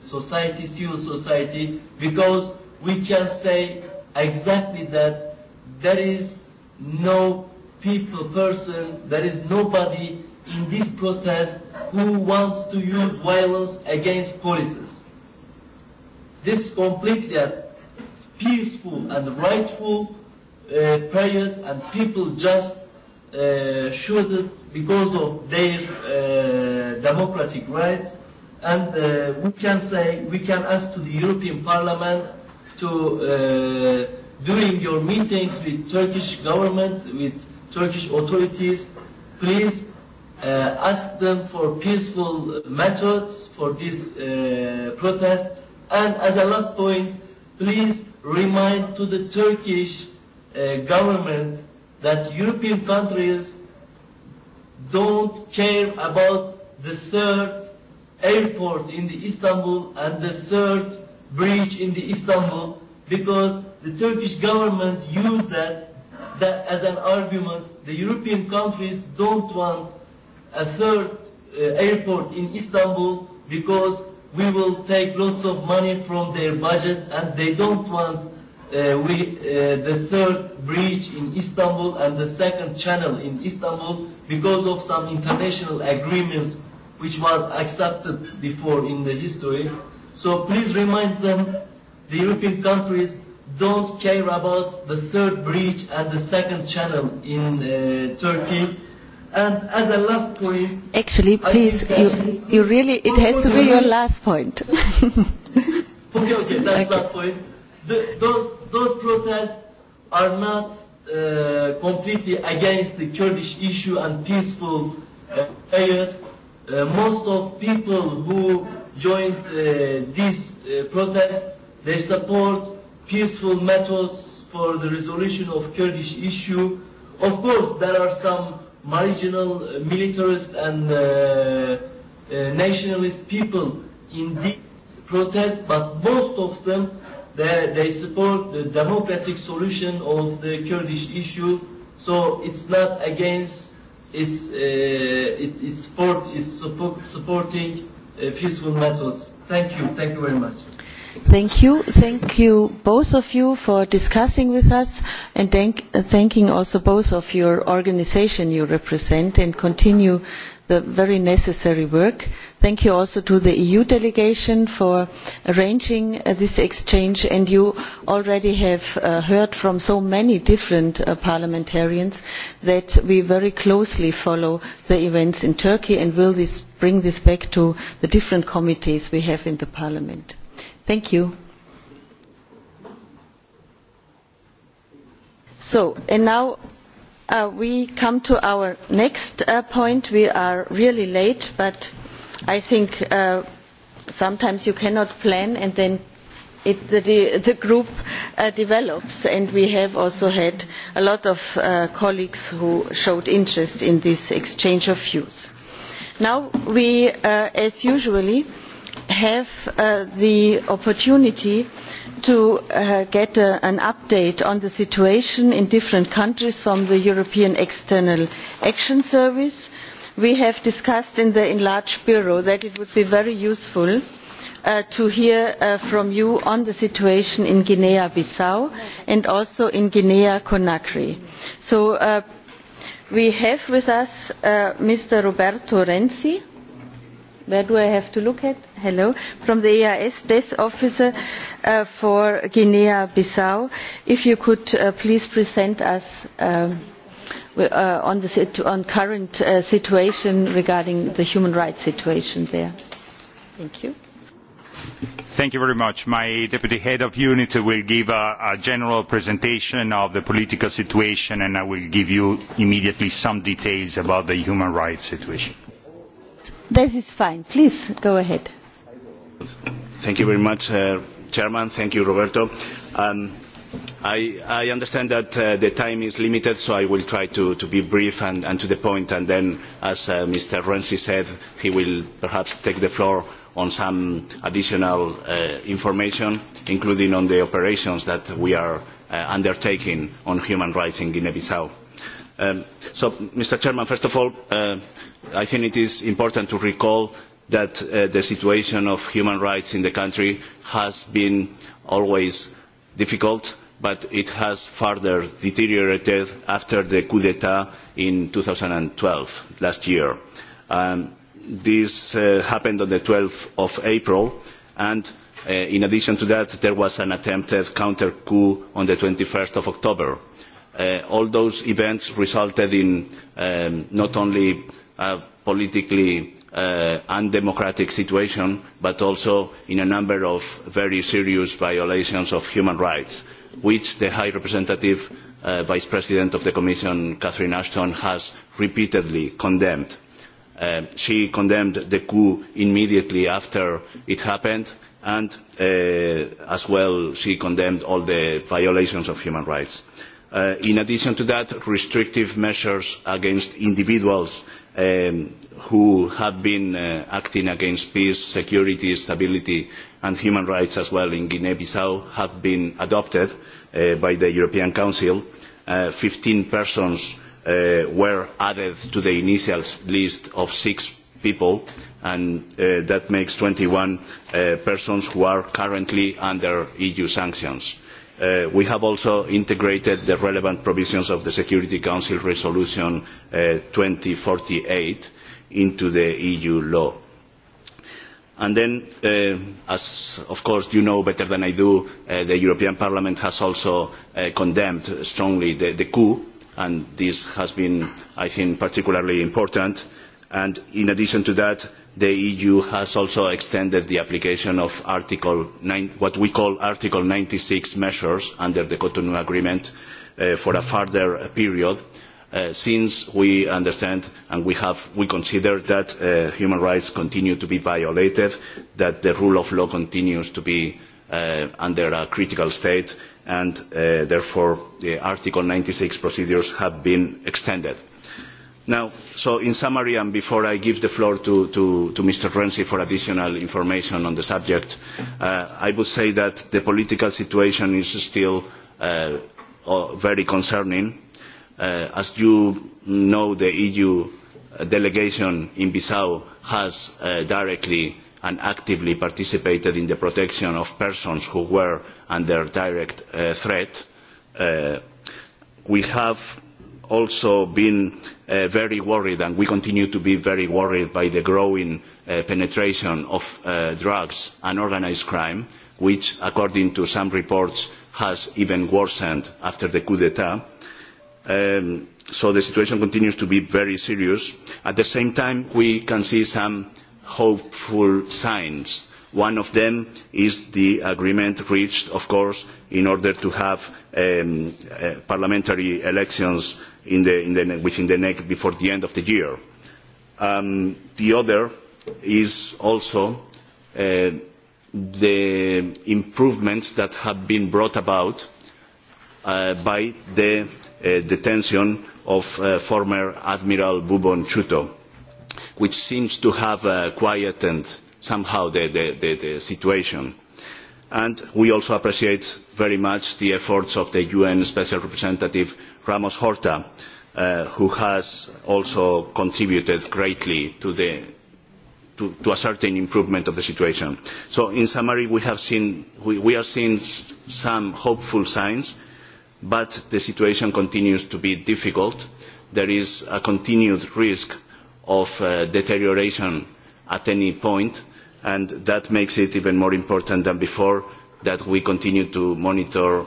society civil society because we can say exactly that there is no people person there is nobody in this protest who wants to use violence against policies this completely peaceful and rightful period and people just shoot because of their democratic rights and we can say we can ask to the European Parliament to during your meetings with Turkish government with Turkish authorities please ask them for peaceful methods for this protest And as a last point, please remind to the Turkish government that European countries don't care about the third airport in the Istanbul and the third bridge in the Istanbul because the Turkish government used that, that as an argument. The European countries don't want a third airport in Istanbul because we will take lots of money from their budget and they don't want we the third bridge in Istanbul and the second channel in Istanbul because of some international agreements which was accepted before in the history. So please remind them, the European countries don't care about the third bridge and the second channel in Turkey And as a last point, actually, please, you, you really, it has to be your last point. okay, okay, that's last point. those, those protests are not completely against the Kurdish issue and peaceful Uh most of people who joined this protest, they support peaceful methods for the resolution of Kurdish issue. Of course, there are some marginal militarist and nationalist people in this protest, but most of them they, they support the democratic solution of the Kurdish issue. So it's not against, it's uh, it, it's support, it's support, supporting peaceful methods. Thank you, thank you very much. Thank you. Thank you both of you for discussing with us and thanking also both of your organisation you represent and continue the very necessary work. Thank you also to the EU delegation for arranging this exchange and you already have heard from so many different parliamentarians that we very closely follow the events in Turkey and will bring this back to the different committees we have in the Parliament. Thank you. So, and now we come to our next point. We are really late, but I think sometimes you cannot plan and then the group develops and we have also had a lot of colleagues who showed interest in this exchange of views. Now we, as usually, have the opportunity to get an update on the situation in different countries from the European External Action Service. We have discussed in the enlarged Bureau that it would be very useful to hear from you on the situation in Guinea-Bissau and also in Guinea-Conakry. So we have with us Mr. Roberto Renzi where do I have to look at? Hello. From the EIS desk officer for Guinea-Bissau. If you could please present us on the current situation regarding the human rights situation there. Thank you. Thank you very much. My deputy head of unit will give a general presentation of the political situation and I will give you immediately some details about the human rights situation. This is fine. Please go ahead. Thank you very much, Chairman. Thank you, Roberto. I understand that the time is limited, so I will try to be brief and to the point, and then, as Mr. Renzi said, he will perhaps take the floor on some additional information, including on the operations that we are undertaking on human rights in Guinea-Bissau. So, Mr. Chairman, first of all, I think it is important to recall that the situation of human rights in the country has been always difficult, but it has further deteriorated after the coup d'etat in 2012, last year. This happened on the 12th of April, and in addition to that, there was an attempted counter coup on the 21st of October all those events resulted in not only a politically undemocratic situation but also in a number of very serious violations of human rights which the high representative vice president of the commission catherine ashton has repeatedly condemned. she condemned the coup immediately after it happened and as well she condemned all the violations of human rights. In addition to that, restrictive measures against individuals who have been acting against peace, security, stability and human rights as well in Guinea-Bissau have been adopted by the European Council. Fifteen persons were added to the initial list of six people and that makes 21 persons who are currently under EU sanctions We have also integrated the relevant provisions of the Security Council Resolution two thousand and forty eight into the EU law. And then, as of course you know better than I do, the European Parliament has also condemned strongly the coup, and this has been, I think, particularly important. And in addition to that, the eu has also extended the application of what we call article ninety six measures under the cotonou agreement for a further period since we understand and we consider that human rights continue to be violated that the rule of law continues to be under a critical state and therefore the article ninety six procedures have been extended. Now, so in summary, and before I give the floor to Mr. Renzi for additional information on the subject, I would say that the political situation is still very concerning. As you know, the EU delegation in Bissau has directly and actively participated in the protection of persons who were under direct threat. We have also been very worried and we continue to be very worried by the growing penetration of drugs and organised crime which according to some reports has even worsened after the coup d'etat. so the situation continues to be very serious. at the same time we can see some hopeful signs. one of them is the agreement reached of course in order to have parliamentary elections within the next before the end of the year. The other is also the improvements that have been brought about by the detention of former Admiral Bubon Chuto, which seems to have quietened somehow the situation. And we also appreciate very much the efforts of the UN Special Representative Ramos Horta, who has also contributed greatly to a certain improvement of the situation. So in summary, we are seeing some hopeful signs, but the situation continues to be difficult. There is a continued risk of deterioration at any point, and that makes it even more important than before that we continue to monitor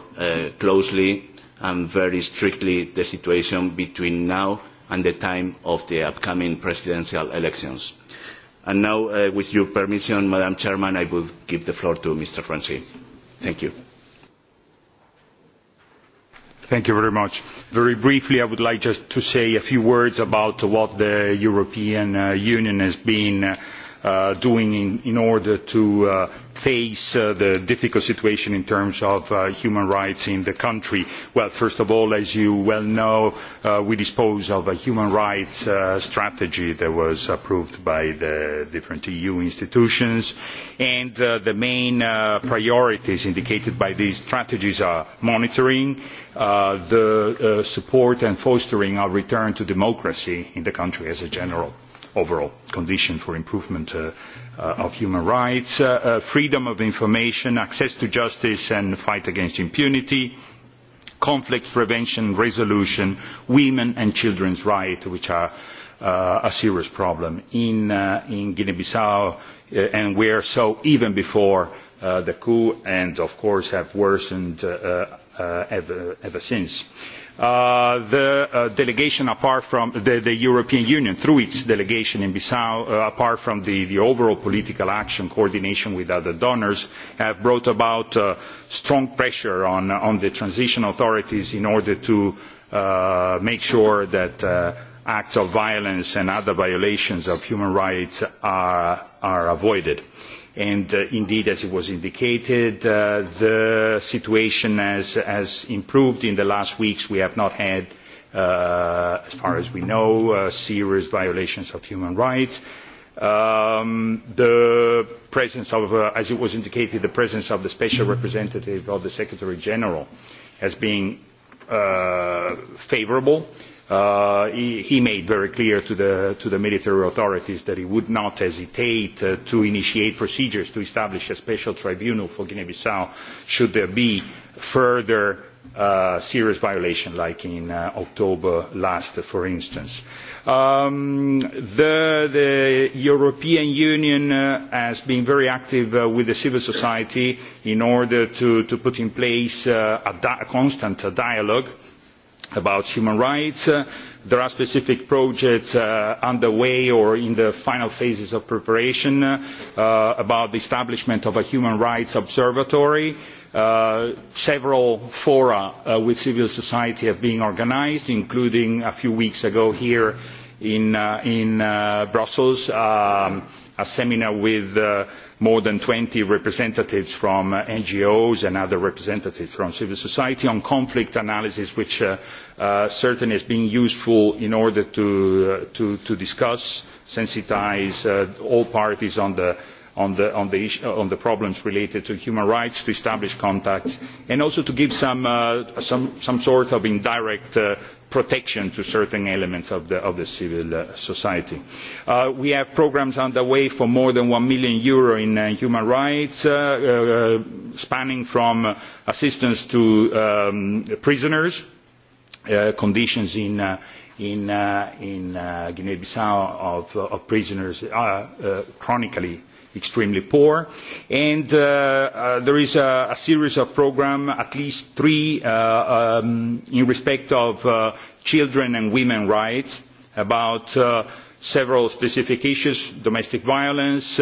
closely and very strictly the situation between now and the time of the upcoming presidential elections. And now, with your permission, Madam Chairman, I will give the floor to Mr. Franci. Thank you. Thank you very much. Very briefly, I would like just to say a few words about what the European Union has been doing in order to face the difficult situation in terms of human rights in the country. Well, first of all, as you well know, we dispose of a human rights strategy that was approved by the different EU institutions, and the main priorities indicated by these strategies are monitoring, the support and fostering of return to democracy in the country as a general overall condition for improvement of human rights, freedom of information, access to justice and fight against impunity, conflict prevention, resolution, women and children's rights, which are a serious problem in Guinea-Bissau and where so even before the coup and of course have worsened ever since the delegation apart from the European Union through its delegation in Bissau, apart from the overall political action coordination with other donors, have brought about strong pressure on the transition authorities in order to make sure that acts of violence and other violations of human rights are avoided and indeed as it was indicated the situation has improved in the last weeks we have not had as far as we know serious violations of human rights the presence of as it was indicated the presence of the special representative of the secretary general has been favourable he made very clear to the military authorities that he would not hesitate to initiate procedures to establish a special tribunal for guinea bissau should there be further serious violations like in october last for instance. the european union has been very active with civil society in order to put in place a constant dialogue about human rights. There are specific projects underway or in the final phases of preparation about the establishment of a human rights observatory. Several fora with civil society have been organised, including a few weeks ago here in Brussels, a seminar with more than 20 representatives from ngos and other representatives from civil society on conflict analysis which certainly has been useful in order to discuss sensitise all parties on the on the problems related to human rights to establish contacts and also to give some sort of indirect protection to certain elements of the civil society. We have programmes underway for more than 1 million euro in human rights, spanning from assistance to prisoners, conditions in Guinea-Bissau of prisoners are chronically extremely poor. And there is a series of programs, at least three, in respect of children and women rights, about several specific issues, domestic violence,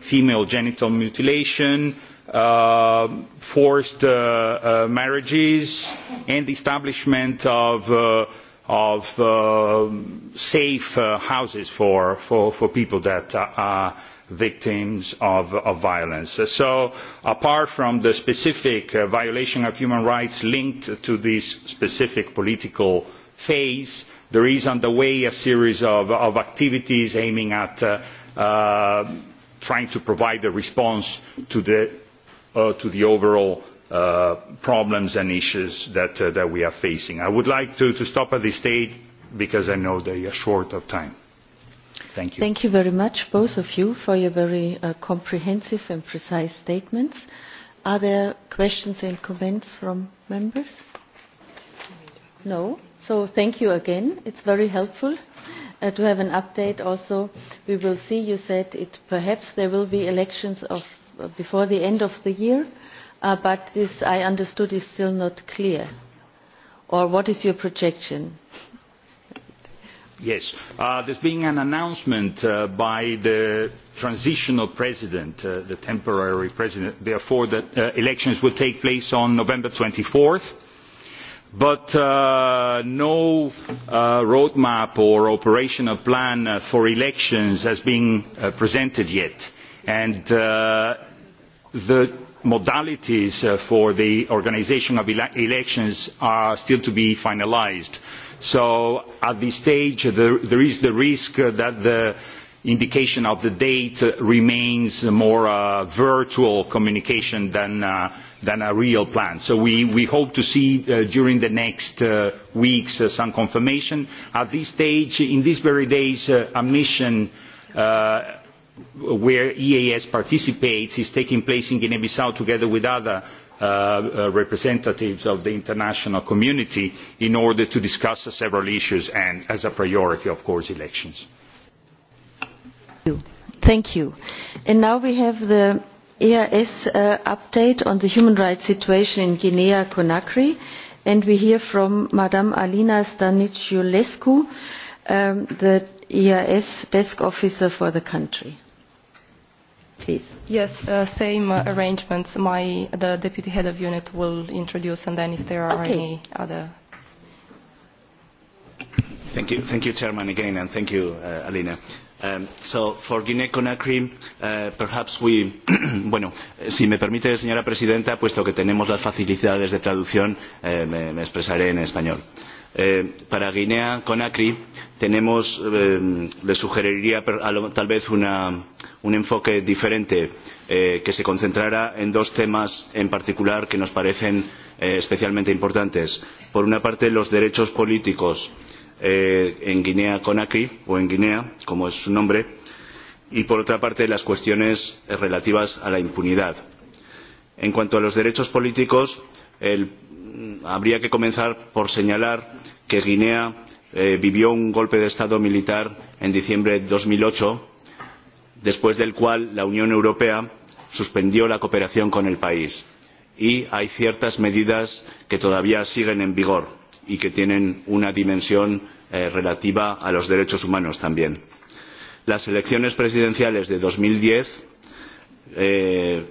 female genital mutilation, forced marriages, and the establishment of safe houses for people that are victims of violence. So apart from the specific violation of human rights linked to this specific political phase, there is underway a series of activities aiming at trying to provide a response to the overall problems and issues that we are facing. I would like to stop at this stage because I know they are short of time. Thank you. very much, both of you, for your very comprehensive and precise statements. Are there questions and comments from members? No? So thank you again. It's very helpful to have an update also. We will see, you said, it perhaps there will be elections of before the end of the year, but this, I understood, is still not clear. Or what is your projection? Yes. There's been an announcement by the transitional president, the temporary president, therefore that elections will take place on November 24th, but no roadmap or operational plan for elections has been presented yet. And the modalities for the organisation of elections are still to be finalised So at this stage there is the risk that the indication of the date remains more a virtual communication than a real plan. So we hope to see during the next weeks some confirmation. At this stage, in these very days, a mission where EAS participates is taking place in Guinea-Bissau together with other representatives of the international community in order to discuss several issues and as a priority of course elections. Thank you. And now we have the EAS update on the human rights situation in Guinea Conakry and we hear from Madame Alina Staniciulescu, the EAS desk officer for the country please. Yes, same arrangements. My the deputy head of unit will introduce, and then if there are any other. Thank you, thank you, Chairman, again, and thank you, Alina. So, for Guinea-Conakry, perhaps we, bueno, si me permite, señora presidenta, puesto que tenemos las facilidades de traducción, me expresaré en español para Guinea Conakry tenemos le sugeriría tal vez un enfoque diferente que se concentrara en dos temas en particular que nos parecen especialmente importantes por una parte los derechos políticos en Guinea Conakry o en Guinea como es su nombre y por otra parte las cuestiones relativas a la impunidad en cuanto a los derechos políticos el habría que comenzar por señalar que guinea vivió un golpe de estado militar en diciembre de 2008, después del cual la unión europea suspendió la cooperación con el país y hay ciertas medidas que todavía siguen en vigor y que tienen una dimensión relativa a los derechos humanos también. las elecciones presidenciales de 2010 mil diez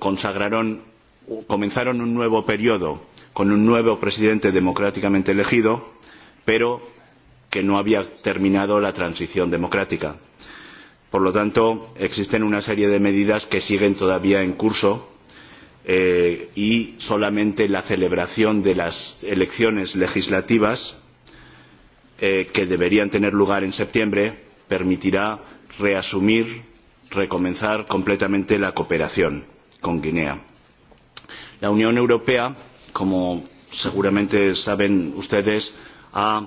comenzaron un nuevo periodo con un nuevo presidente democráticamente elegido, pero que no había terminado la transición democrática. Por lo tanto, existen una serie de medidas que siguen todavía en curso y solamente la celebración de las elecciones legislativas, que deberían tener lugar en septiembre, permitirá reasumir, recomenzar completamente la cooperación con Guinea. La Unión Europea como seguramente saben ustedes ha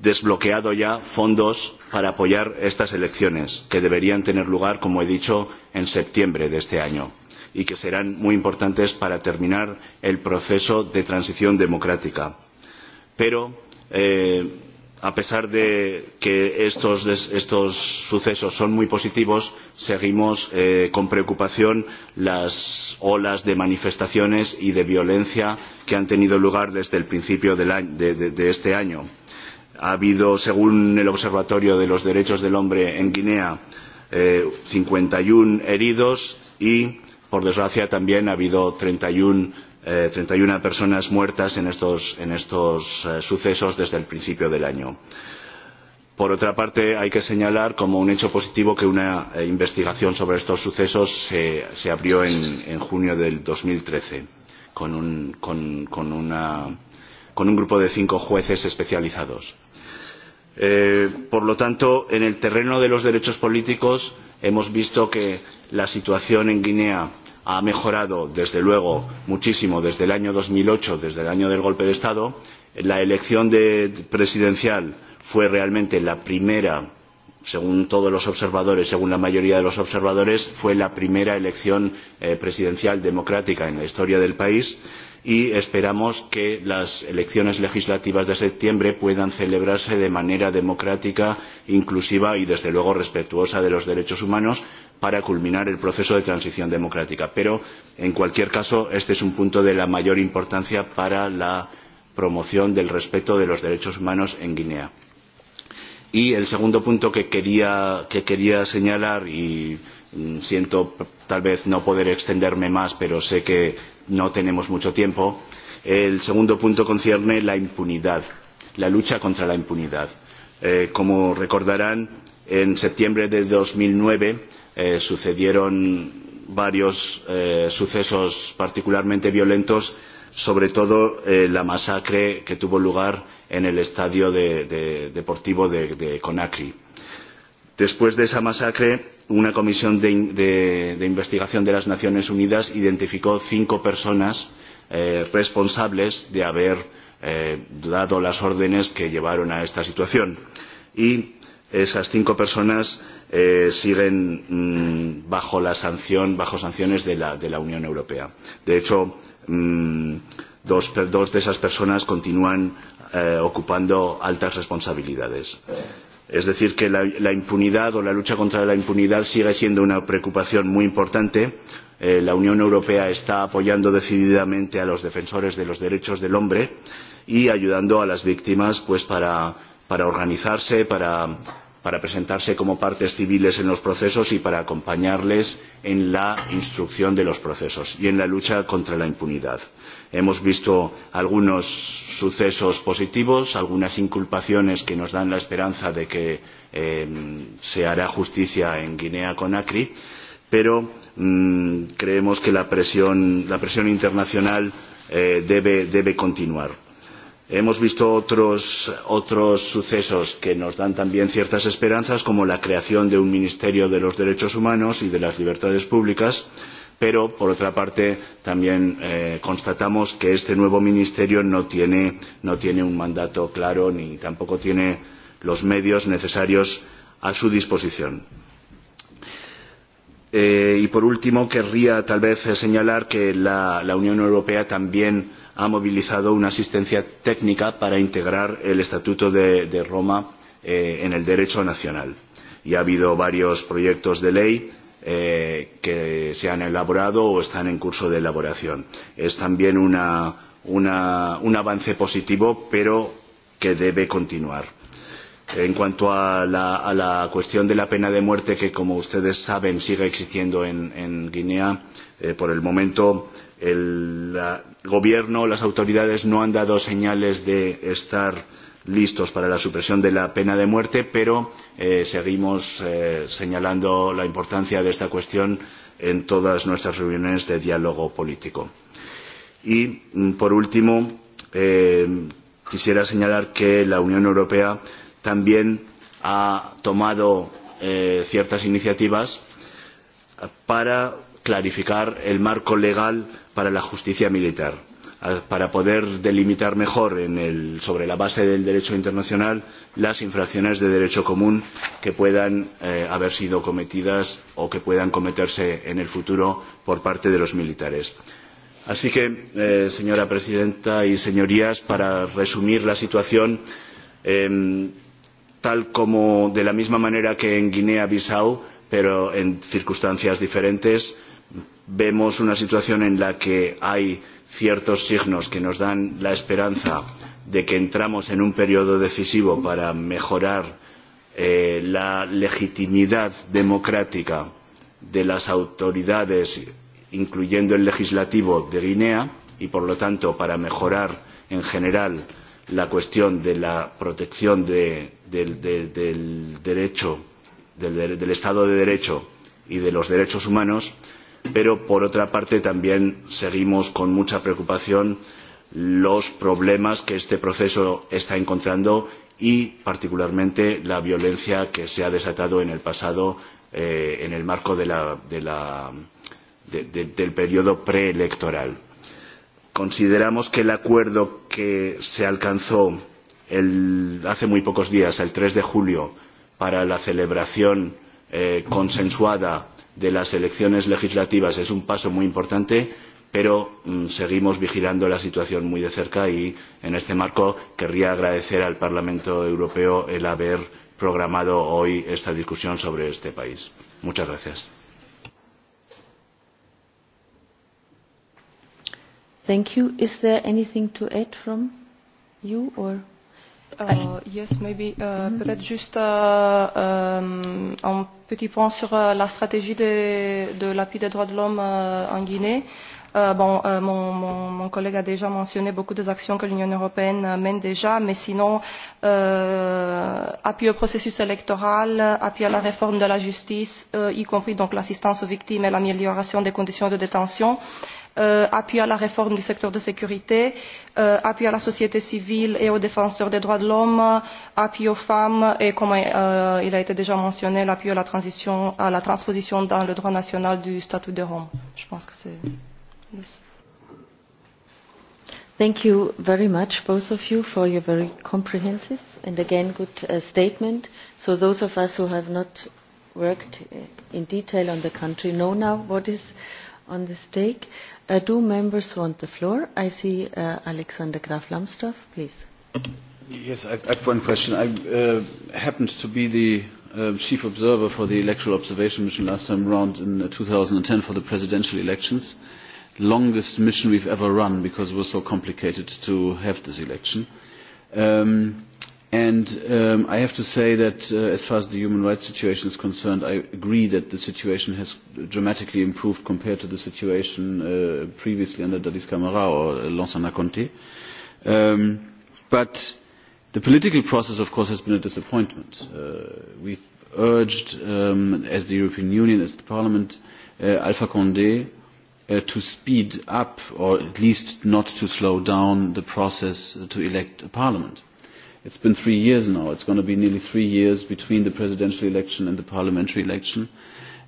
desbloqueado ya fondos para apoyar estas elecciones que deberían tener lugar como he dicho en septiembre de este año y que serán muy importantes para terminar el proceso de transición democrática pero a pesar de que estos sucesos son muy positivos seguimos con preocupación las olas de manifestaciones y de violencia que han tenido lugar desde el principio de este año. ha habido según el observatorio de los derechos del hombre en guinea cincuenta y uno heridos y por desgracia también ha habido 31 31 personas muertas en estos, sucesos desde el principio del año. Por otra parte, hay que señalar como un hecho positivo que una investigación sobre estos sucesos se, abrió en, junio del 2013 con un, con, un grupo de cinco jueces especializados. por lo tanto, en el terreno de los derechos políticos hemos visto que la situación en Guinea ha mejorado desde luego muchísimo desde el año 2008 desde el año del golpe de estado la elección presidencial fue realmente la primera según todos los observadores según la mayoría de los observadores fue la primera elección presidencial democrática en la historia del país y esperamos que las elecciones legislativas de septiembre puedan celebrarse de manera democrática inclusiva y desde luego respetuosa de los derechos humanos para culminar el proceso de transición democrática. Pero, en cualquier caso, este es un punto de la mayor importancia para la promoción del respeto de los derechos humanos en Guinea. Y el segundo punto que quería señalar, y siento tal vez no poder extenderme más, pero sé que no tenemos mucho tiempo, el segundo punto concierne la impunidad, la lucha contra la impunidad. Como recordarán, en septiembre de 2009, sucedieron varios sucesos particularmente violentos, sobre todo la masacre que tuvo lugar en el estadio deportivo de, Conakry. Después de esa masacre, una comisión de investigación de las Naciones Unidas identificó cinco personas responsables de haber dado las órdenes que llevaron a esta situación y esas cinco personas siguen bajo la sanciones de la Unión Europea de hecho dos de esas personas continúan ocupando altas responsabilidades es decir que la impunidad o la lucha contra la impunidad sigue siendo una preocupación muy importante la Unión Europea está apoyando decididamente a los defensores de los derechos del hombre y ayudando a las víctimas pues para para organizarse, para presentarse como partes civiles en los procesos y para acompañarles en la instrucción de los procesos y en la lucha contra la impunidad. Hemos visto algunos sucesos positivos, algunas inculpaciones que nos dan la esperanza de que se hará justicia en Guinea Conakry, pero creemos que la presión internacional debe continuar Hemos visto otros sucesos que nos dan también ciertas esperanzas como la creación de un ministerio de los derechos humanos y de las libertades públicas pero por otra parte también constatamos que este nuevo ministerio no tiene no tiene un mandato claro ni tampoco tiene los medios necesarios a su disposición. Y por último querría tal vez señalar que la Unión Europea también ha movilizado una asistencia técnica para integrar el Estatuto de Roma en el derecho nacional. Y ha habido varios proyectos de ley que se han elaborado o están en curso de elaboración. Es también un avance positivo, pero que debe continuar. En cuanto a la cuestión de la pena de muerte, que como ustedes saben sigue existiendo en Guinea, por el momento el gobierno las autoridades no han dado señales de estar listos para la supresión de la pena de muerte pero seguimos señalando la importancia de esta cuestión en todas nuestras reuniones de diálogo político. y por último quisiera señalar que la unión europea también ha tomado ciertas iniciativas para clarificar el marco legal para la justicia militar para poder delimitar mejor sobre la base del derecho internacional las infracciones de derecho común que puedan haber sido cometidas o que puedan cometerse en el futuro por parte de los militares. Así que, señora presidenta y señorías, para resumir la situación, tal como de la misma manera que en Guinea-Bissau, pero en circunstancias diferentes, vemos una situación en la que hay ciertos signos que nos dan la esperanza de que entramos en un periodo decisivo para mejorar la legitimidad democrática de las autoridades, incluyendo el legislativo de Guinea, y por lo tanto para mejorar en general la cuestión de la protección del derecho, del Estado de Derecho y de los derechos humanos, pero por otra parte también seguimos con mucha preocupación los problemas que este proceso está encontrando y particularmente la violencia que se ha desatado en el pasado en el marco del periodo preelectoral. Consideramos que el acuerdo que se alcanzó hace muy pocos días, el 3 de julio, para la celebración consensuada de las elecciones legislativas es un paso muy importante pero seguimos vigilando la situación muy de cerca y en este marco querría agradecer al parlamento europeo el haber programado hoy esta discusión sobre este país. muchas gracias. Yes, maybe. Peut-être juste un petit point sur la stratégie de l'appui des droits de l'homme en Guinée. Bon, mon collègue a déjà mentionné beaucoup des actions que l'Union européenne mène déjà, mais sinon, appui au processus électoral, appui à la réforme de la justice, y compris donc l'assistance aux victimes et l'amélioration des conditions de détention appui à la réforme du secteur de sécurité, appui à la société civile et aux défenseurs des droits de l'homme, appui aux femmes et, comme il a été déjà mentionné, appui à la transition, à la transposition dans le droit national du statut de Rome. Je pense que c'est Thank you very much, both of you, for your very comprehensive and again good statement. So those of us who have not worked in detail on the country know now what is on the stake. Do members want the floor? I see Alexander Graf Lambsdorff, please. Yes, I have one question. I happened to be the chief observer for the Electoral Observation Mission last time around in 2010 for the presidential elections. Longest mission we've ever run because it was so complicated to have this election. And I have to say that as far as the human rights situation is concerned, I agree that the situation has dramatically improved compared to the situation previously under Dadis Camara or Lansana Conte. But the political process, of course, has been a disappointment. We urged, as the European Union, as the Parliament, Alpha Condé to speed up or at least not to slow down the process to elect a parliament It's been three years now. It's going to be nearly three years between the presidential election and the parliamentary election.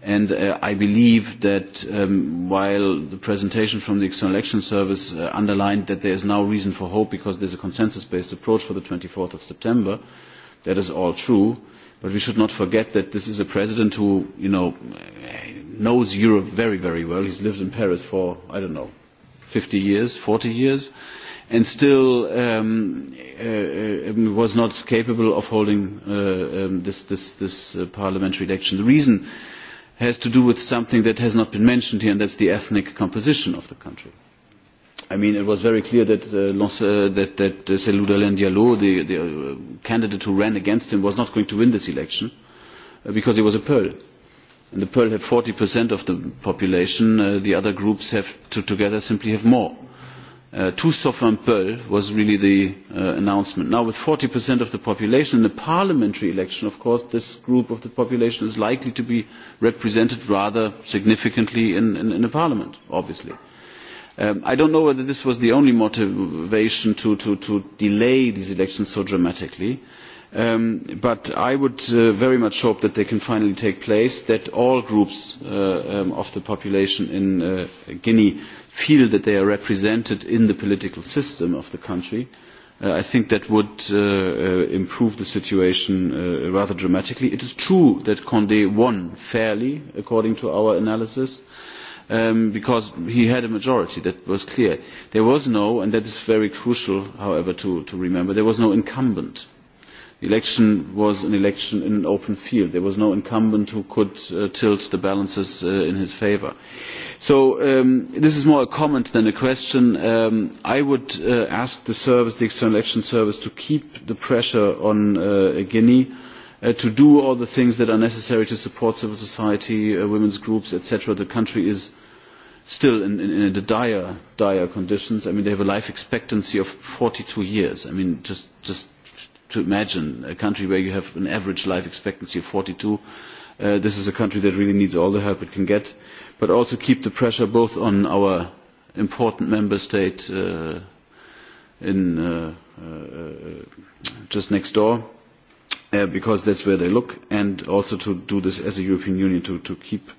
And I believe that while the presentation from the External Election Service underlined that there is now reason for hope because there's a consensus-based approach for the 24th of September, that is all true. But we should not forget that this is a president who, you know, knows Europe very, very well. He's lived in Paris for, I don't know, 50 years, 40 years and still was not capable of holding this parliamentary election. The reason has to do with something that has not been mentioned here, and that's the ethnic composition of the country. I mean, it was very clear that that Diallo, the candidate who ran against him, was not going to win this election because he was a Pearl. And the Pearl have 40% of the population. The other groups have together simply have more sauf un peu was really the announcement. Now, with 40% of the population in a parliamentary election, of course, this group of the population is likely to be represented rather significantly in a parliament, obviously. I do not know whether this was the only motivation to delay these elections so dramatically. But I would very much hope that they can finally take place, that all groups of the population in Guinea feel that they are represented in the political system of the country. I think that would improve the situation rather dramatically. It is true that Condé won fairly, according to our analysis, because he had a majority. That was clear. There was no, and that is very crucial, however, to remember, there was no incumbent The election was an election in an open field. There was no incumbent who could tilt the balances in his favour. So this is more a comment than a question. I would ask the service, the External Action Service, to keep the pressure on Guinea to do all the things that are necessary to support civil society, women's groups, etc. The country is still in dire, dire conditions. I mean, they have a life expectancy of 42 years. I mean, just to imagine a country where you have an average life expectancy of 42. This is a country that really needs all the help it can get, but also keep the pressure both on our important member state in just next door, because that's where they look, and also to do this as a European Union to keep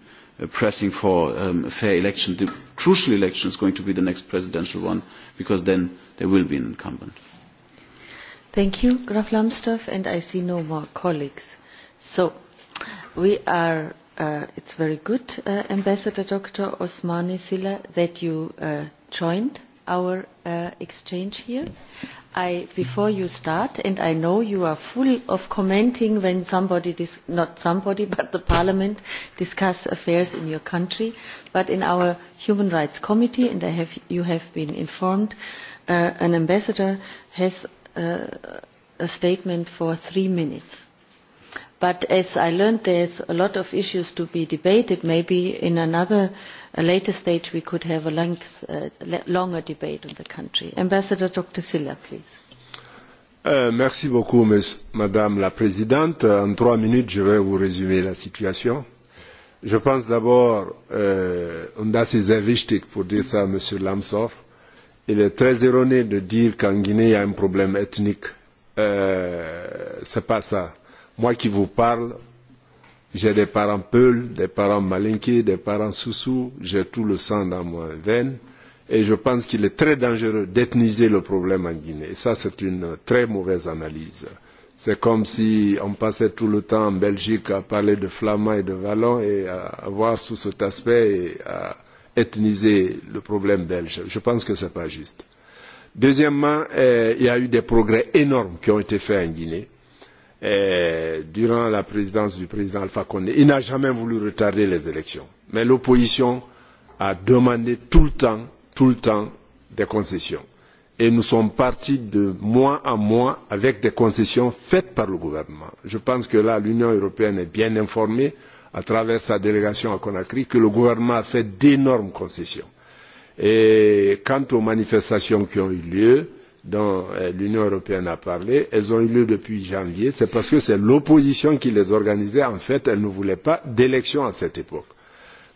pressing for a fair election. The crucial election is going to be the next presidential one, because then there will be an incumbent. Thank you, Graf Lambsdorff, and I see no more colleagues. So we are, it's very good, Ambassador Dr. Osmani Silla, that you joined our exchange here. I, before you start, and I know you are full of commenting when somebody, not somebody, but the Parliament discuss affairs in your country, but in our Human Rights Committee, and I have, you have been informed, an ambassador has a statement for three minutes. But as I learned, there's a lot of issues to be debated. Maybe in another later stage we could have a length longer debate on the country. Ambassador Dr. Silla, please. Merci beaucoup, Madame la Présidente. En trois minutes, je vais vous résumer la situation. Je pense d'abord, on a ces pour dire ça à Lamsoff, Lamsor il est très erroné de dire qu'en Guinée, il y a un problème ethnique. Ce n'est pas ça. Moi qui vous parle, j'ai des parents Peul, des parents Malinké, des parents Soussou, j'ai tout le sang dans mon veine. Et je pense qu'il est très dangereux d'ethniser le problème en Guinée. Ça, c'est une très mauvaise analyse. C'est comme si on passait tout le temps en Belgique à parler de flamands et de wallons et à voir sous cet aspect et à ethniser le problème belge. Je pense que ce n'est pas juste. Deuxièmement, il y a eu des progrès énormes qui ont été faits en Guinée durant la présidence du président Alpha Condé. Il n'a jamais voulu retarder les élections, mais l'opposition a demandé tout le temps, tout le temps, des concessions. Et nous sommes partis de mois en mois avec des concessions faites par le gouvernement. Je pense que là, l'Union européenne est bien informée à travers sa délégation à Conakry, que le gouvernement a fait d'énormes concessions. Et quant aux manifestations qui ont eu lieu, dont l'Union européenne a parlé, elles ont eu lieu depuis janvier, c'est parce que c'est l'opposition qui les organisait. En fait, elle ne voulait pas d'élection à cette époque.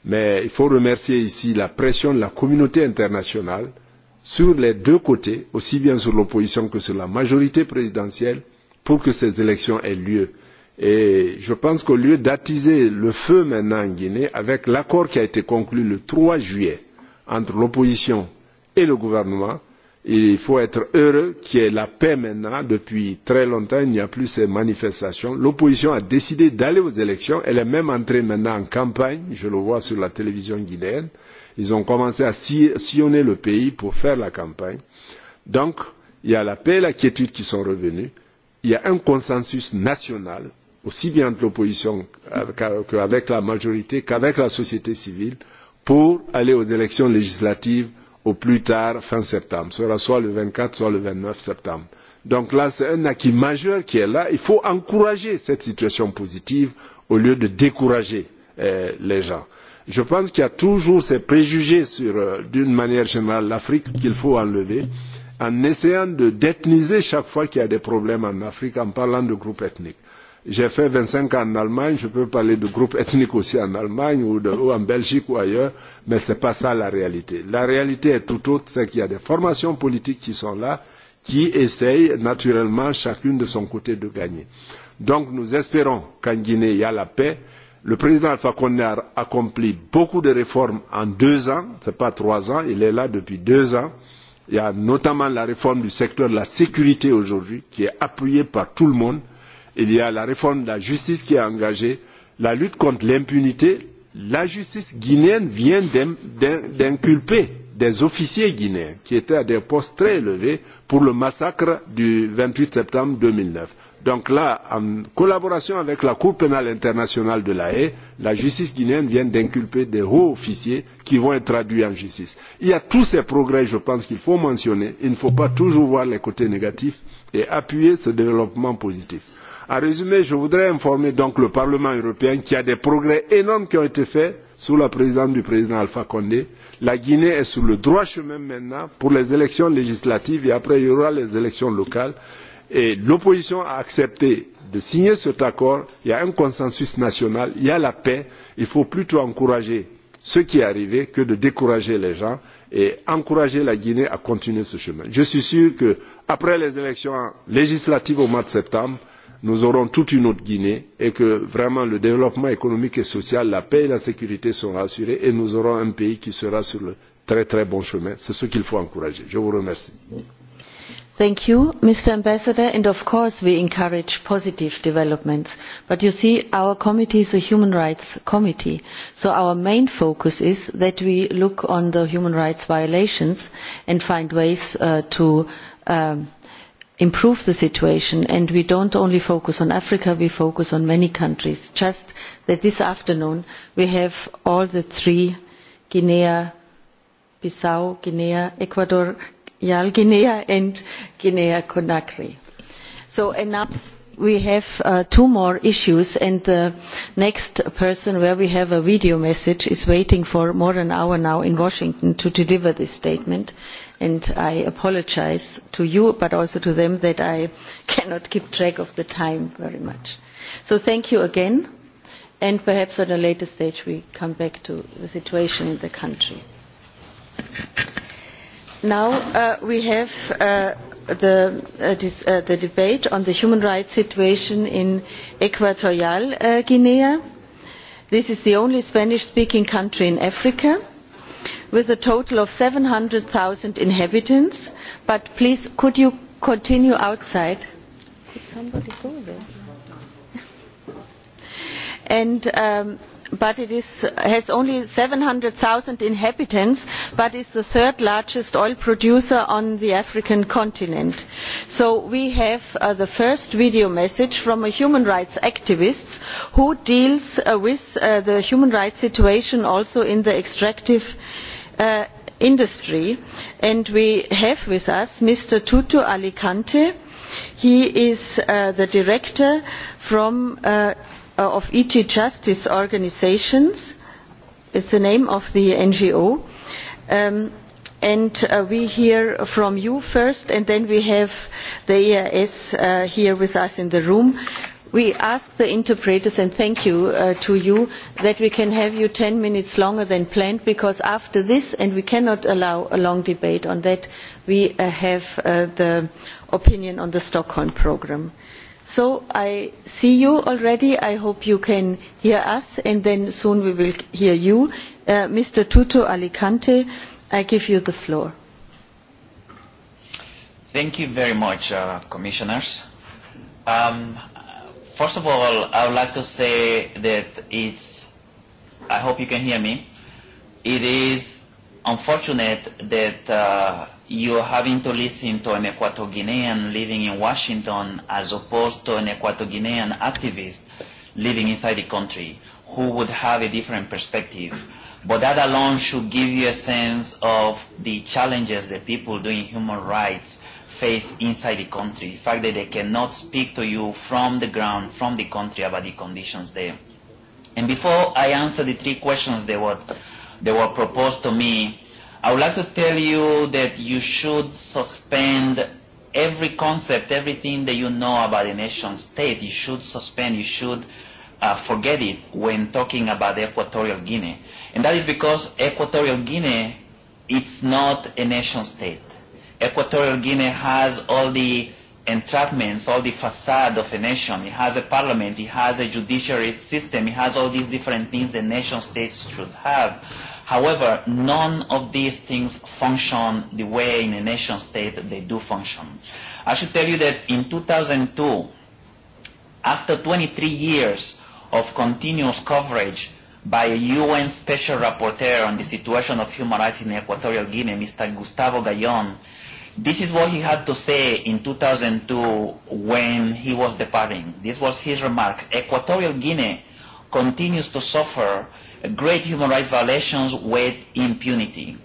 Mais il faut remercier ici la pression de la communauté internationale sur les deux côtés, aussi bien sur l'opposition que sur la majorité présidentielle, pour que ces élections aient lieu Et je pense qu'au lieu d'attiser le feu maintenant en Guinée, avec l'accord qui a été conclu le 3 juillet entre l'opposition et le gouvernement, il faut être heureux qu'il y ait la paix maintenant. Depuis très longtemps, il n'y a plus ces manifestations. L'opposition a décidé d'aller aux élections. Elle est même entrée maintenant en campagne. Je le vois sur la télévision guinéenne. Ils ont commencé à sillonner le pays pour faire la campagne. Donc, il y a la paix et la quiétude qui sont revenus. Il y a un consensus national aussi bien de l'opposition qu'avec la majorité, qu'avec la société civile, pour aller aux élections législatives au plus tard fin septembre. Ce sera soit le vingt quatre, soit le vingt-neuf septembre. Donc là, c'est un acquis majeur qui est là. Il faut encourager cette situation positive au lieu de décourager les gens. Je pense qu'il y a toujours ces préjugés sur, d'une manière générale, l'Afrique qu'il faut enlever en essayant de d'ethniser chaque fois qu'il y a des problèmes en Afrique en parlant de groupes ethniques. J'ai fait 25 ans en Allemagne, je peux parler de groupes ethniques aussi en Allemagne ou de en Belgique ou ailleurs, mais ce n'est pas ça la réalité. La réalité est tout autre, c'est qu'il y a des formations politiques qui sont là, qui essayent naturellement chacune de son côté de gagner. Donc nous espérons qu'en Guinée, il y a la paix. Le président Alpha Condé a accompli beaucoup de réformes en deux ans, ce n'est pas trois ans, il est là depuis deux ans. Il y a notamment la réforme du secteur de la sécurité aujourd'hui, qui est appuyée par tout le monde il y a la réforme de la justice qui est engagée, la lutte contre l'impunité. La justice guinéenne vient d'inculper des officiers guinéens qui étaient à des postes très élevés pour le massacre du 28 septembre 2009. Donc là, en collaboration avec la Cour pénale internationale de la Haye, la justice guinéenne vient d'inculper des hauts officiers qui vont être traduits en justice. Il y a tous ces progrès, je pense, qu'il faut mentionner. Il ne faut pas toujours voir les côtés négatifs et appuyer ce développement positif. En résumé, je voudrais informer donc le Parlement européen qu'il y a des progrès énormes qui ont été faits sous la présidence du président Alpha Condé. La Guinée est sur le droit chemin maintenant pour les élections législatives et après il y aura les élections locales. Et l'opposition a accepté de signer cet accord. Il y a un consensus national, il y a la paix. Il faut plutôt encourager ce qui est arrivé que de décourager les gens et encourager la Guinée à continuer ce chemin. Je suis sûr qu'après les élections législatives au mois de septembre, nous aurons toute une autre Guinée et que vraiment le développement économique et social, la paix et la sécurité seront assurés et nous aurons un pays qui sera sur le très très bon chemin. C'est ce qu'il faut encourager. Je vous remercie. Thank you, Mr. Ambassador. And of course we encourage positive developments. But you see, our committee is a human rights committee. So our main focus is that we look on the human rights violations and find ways to improve the situation and we don't only focus on africa we focus on many countries just that this afternoon we have all the three guinea bissau guinea equatorial guinea and guinea conakry so enough we have two more issues and the next person where we have a video message is waiting for more than an hour now in washington to deliver this statement and I apologise to you but also to them that I cannot keep track of the time very much. So thank you again and perhaps at a later stage we come back to the situation in the country. Now we have the debate on the human rights situation in Equatorial Guinea. This is the only Spanish-speaking country in Africa with a total of 700,000 inhabitants. But please, could you continue outside? but it has only 700,000 inhabitants, but is the third largest oil producer on the African continent. So we have the first video message from a human rights activist who deals with the human rights situation also in the extractive industry and we have with us mr tutu alicante he is the director of et justice organisations is the name of the ngo and we hear from you first and then we have the eas here with us in the room We ask the interpreters and thank you to you that we can have you 10 minutes longer than planned because after this and we cannot allow a long debate on that we have the opinion on the Stockholm programme. So I see you already. I hope you can hear us and then soon we will hear you. Mr. Tuto Alicante, I give you the floor. Thank you very much, Commissioners. First of all, I would like to say that it's, I hope you can hear me, it is unfortunate that uh, you are having to listen to an Equator Guinean living in Washington as opposed to an Equator Guinean activist living inside the country who would have a different perspective. But that alone should give you a sense of the challenges that people doing human rights face inside the country, the fact that they cannot speak to you from the ground, from the country about the conditions there. And before I answer the three questions that were, that were proposed to me, I would like to tell you that you should suspend every concept, everything that you know about a nation state, you should suspend, you should uh, forget it when talking about Equatorial Guinea. And that is because Equatorial Guinea, it's not a nation state Equatorial Guinea has all the entrapments, all the facade of a nation. It has a parliament, it has a judiciary system, it has all these different things that nation states should have. However, none of these things function the way in a nation state they do function. I should tell you that in 2002, after 23 years of continuous coverage by a UN Special Rapporteur on the situation of human rights in Equatorial Guinea, Mr. Gustavo Gallon This is what he had to say in 2002 when he was departing. This was his remarks. Equatorial Guinea continues to suffer great human rights violations with impunity.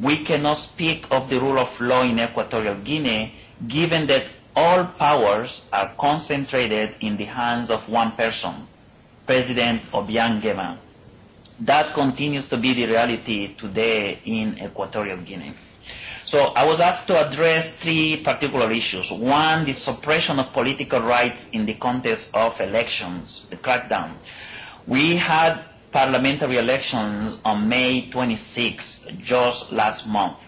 We cannot speak of the rule of law in Equatorial Guinea given that all powers are concentrated in the hands of one person, President Obiang Gema. That continues to be the reality today in Equatorial Guinea. So I was asked to address three particular issues. One, the suppression of political rights in the context of elections, the crackdown. We had parliamentary elections on May 26, just last month.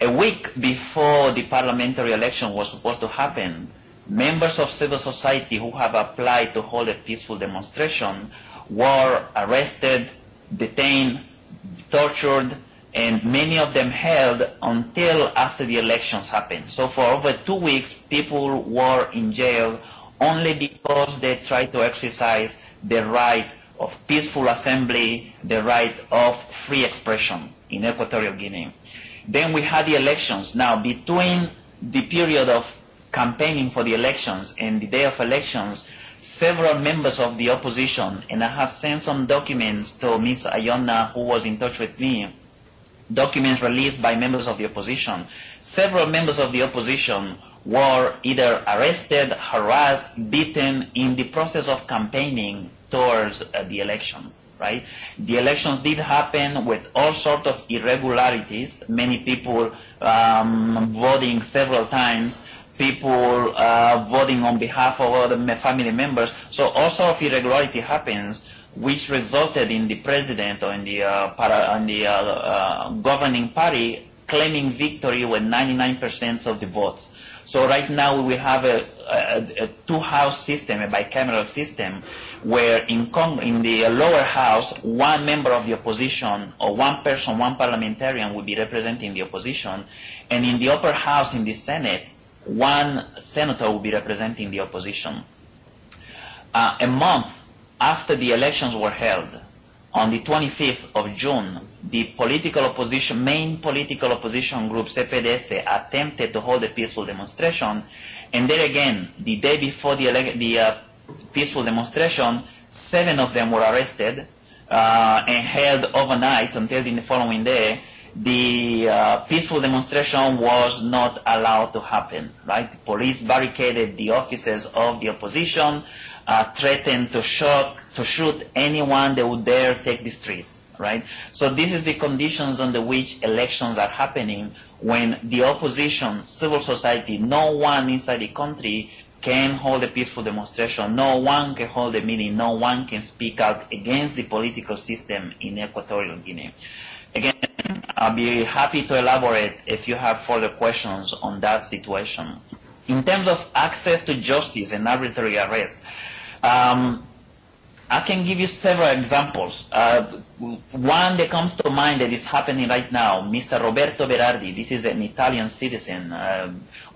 A week before the parliamentary election was supposed to happen, members of civil society who have applied to hold a peaceful demonstration were arrested, detained, tortured, and many of them held until after the elections happened. So for over two weeks, people were in jail only because they tried to exercise the right of peaceful assembly, the right of free expression in Equatorial Guinea. Then we had the elections. Now, between the period of campaigning for the elections and the day of elections, several members of the opposition, and I have sent some documents to Ms. Ayona, who was in touch with me, documents released by members of the opposition. Several members of the opposition were either arrested, harassed, beaten in the process of campaigning towards the elections. Right? The elections did happen with all sorts of irregularities. Many people um, voting several times, people uh, voting on behalf of other family members. So all sorts of irregularity happens which resulted in the president or the, uh, para, and the uh, uh, governing party claiming victory with 99% of the votes. So right now we have a, a, a two-house system, a bicameral system, where in, in the lower house, one member of the opposition or one person, one parliamentarian will be representing the opposition, and in the upper house, in the Senate, one senator will be representing the opposition. Uh, a month after the elections were held on the 25th of June, the political opposition, main political opposition group CPDS attempted to hold a peaceful demonstration, and there again, the day before the, the peaceful demonstration, seven of them were arrested uh, and held overnight until the following day. The uh, peaceful demonstration was not allowed to happen. Right, the police barricaded the offices of the opposition threatened to shoot, to shoot anyone that would dare take the streets, right? So this is the conditions under which elections are happening when the opposition, civil society, no one inside the country can hold a peaceful demonstration. No one can hold a meeting. No one can speak out against the political system in Equatorial Guinea. Again, I'll be happy to elaborate if you have further questions on that situation. In terms of access to justice and arbitrary arrest, Um, I can give you several examples. Uh, one that comes to mind that is happening right now, Mr. Roberto Berardi, this is an Italian citizen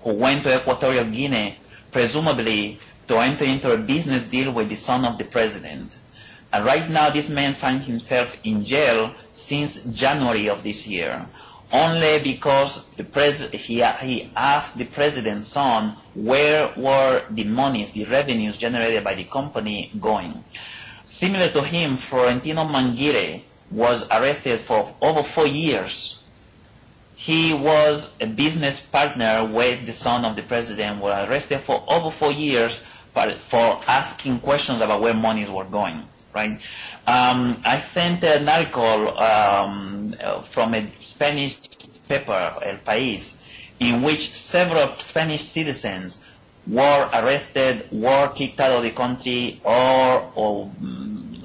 who went to Equatorial Guinea, presumably to enter into a business deal with the son of the president. And right now this man finds himself in jail since January of this year only because the he he asked the president's son where were the monies, the revenues generated by the company going. Similar to him, Florentino Mangire was arrested for over four years. He was a business partner with the son of the president, was arrested for over four years for asking questions about where monies were going right? Um, I sent an article um, from a Spanish paper, El País, in which several Spanish citizens were arrested, were kicked out of the country, or, or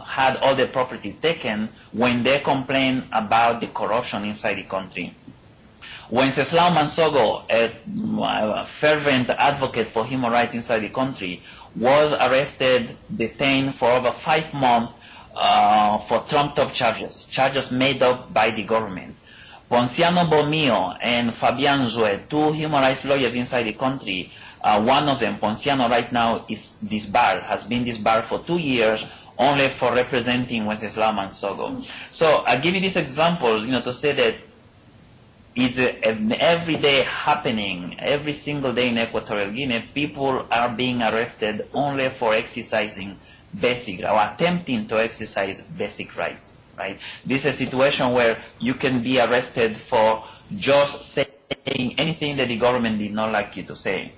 had all their property taken when they complained about the corruption inside the country. When Ceslao Mansogo, a fervent advocate for human rights inside the country, was arrested, detained for over five months for trumped-up charges, charges made up by the government. Ponciano Bomio and Fabian Zue, two human rights lawyers inside the country, one of them, Ponciano, right now is disbarred, has been disbarred for two years only for representing West Islam and Sogo. So I give you these examples, you know, to say that is an everyday happening. Every single day in Equatorial Guinea, people are being arrested only for exercising basic or attempting to exercise basic rights. Right? This is a situation where you can be arrested for just saying anything that the government did not like you to say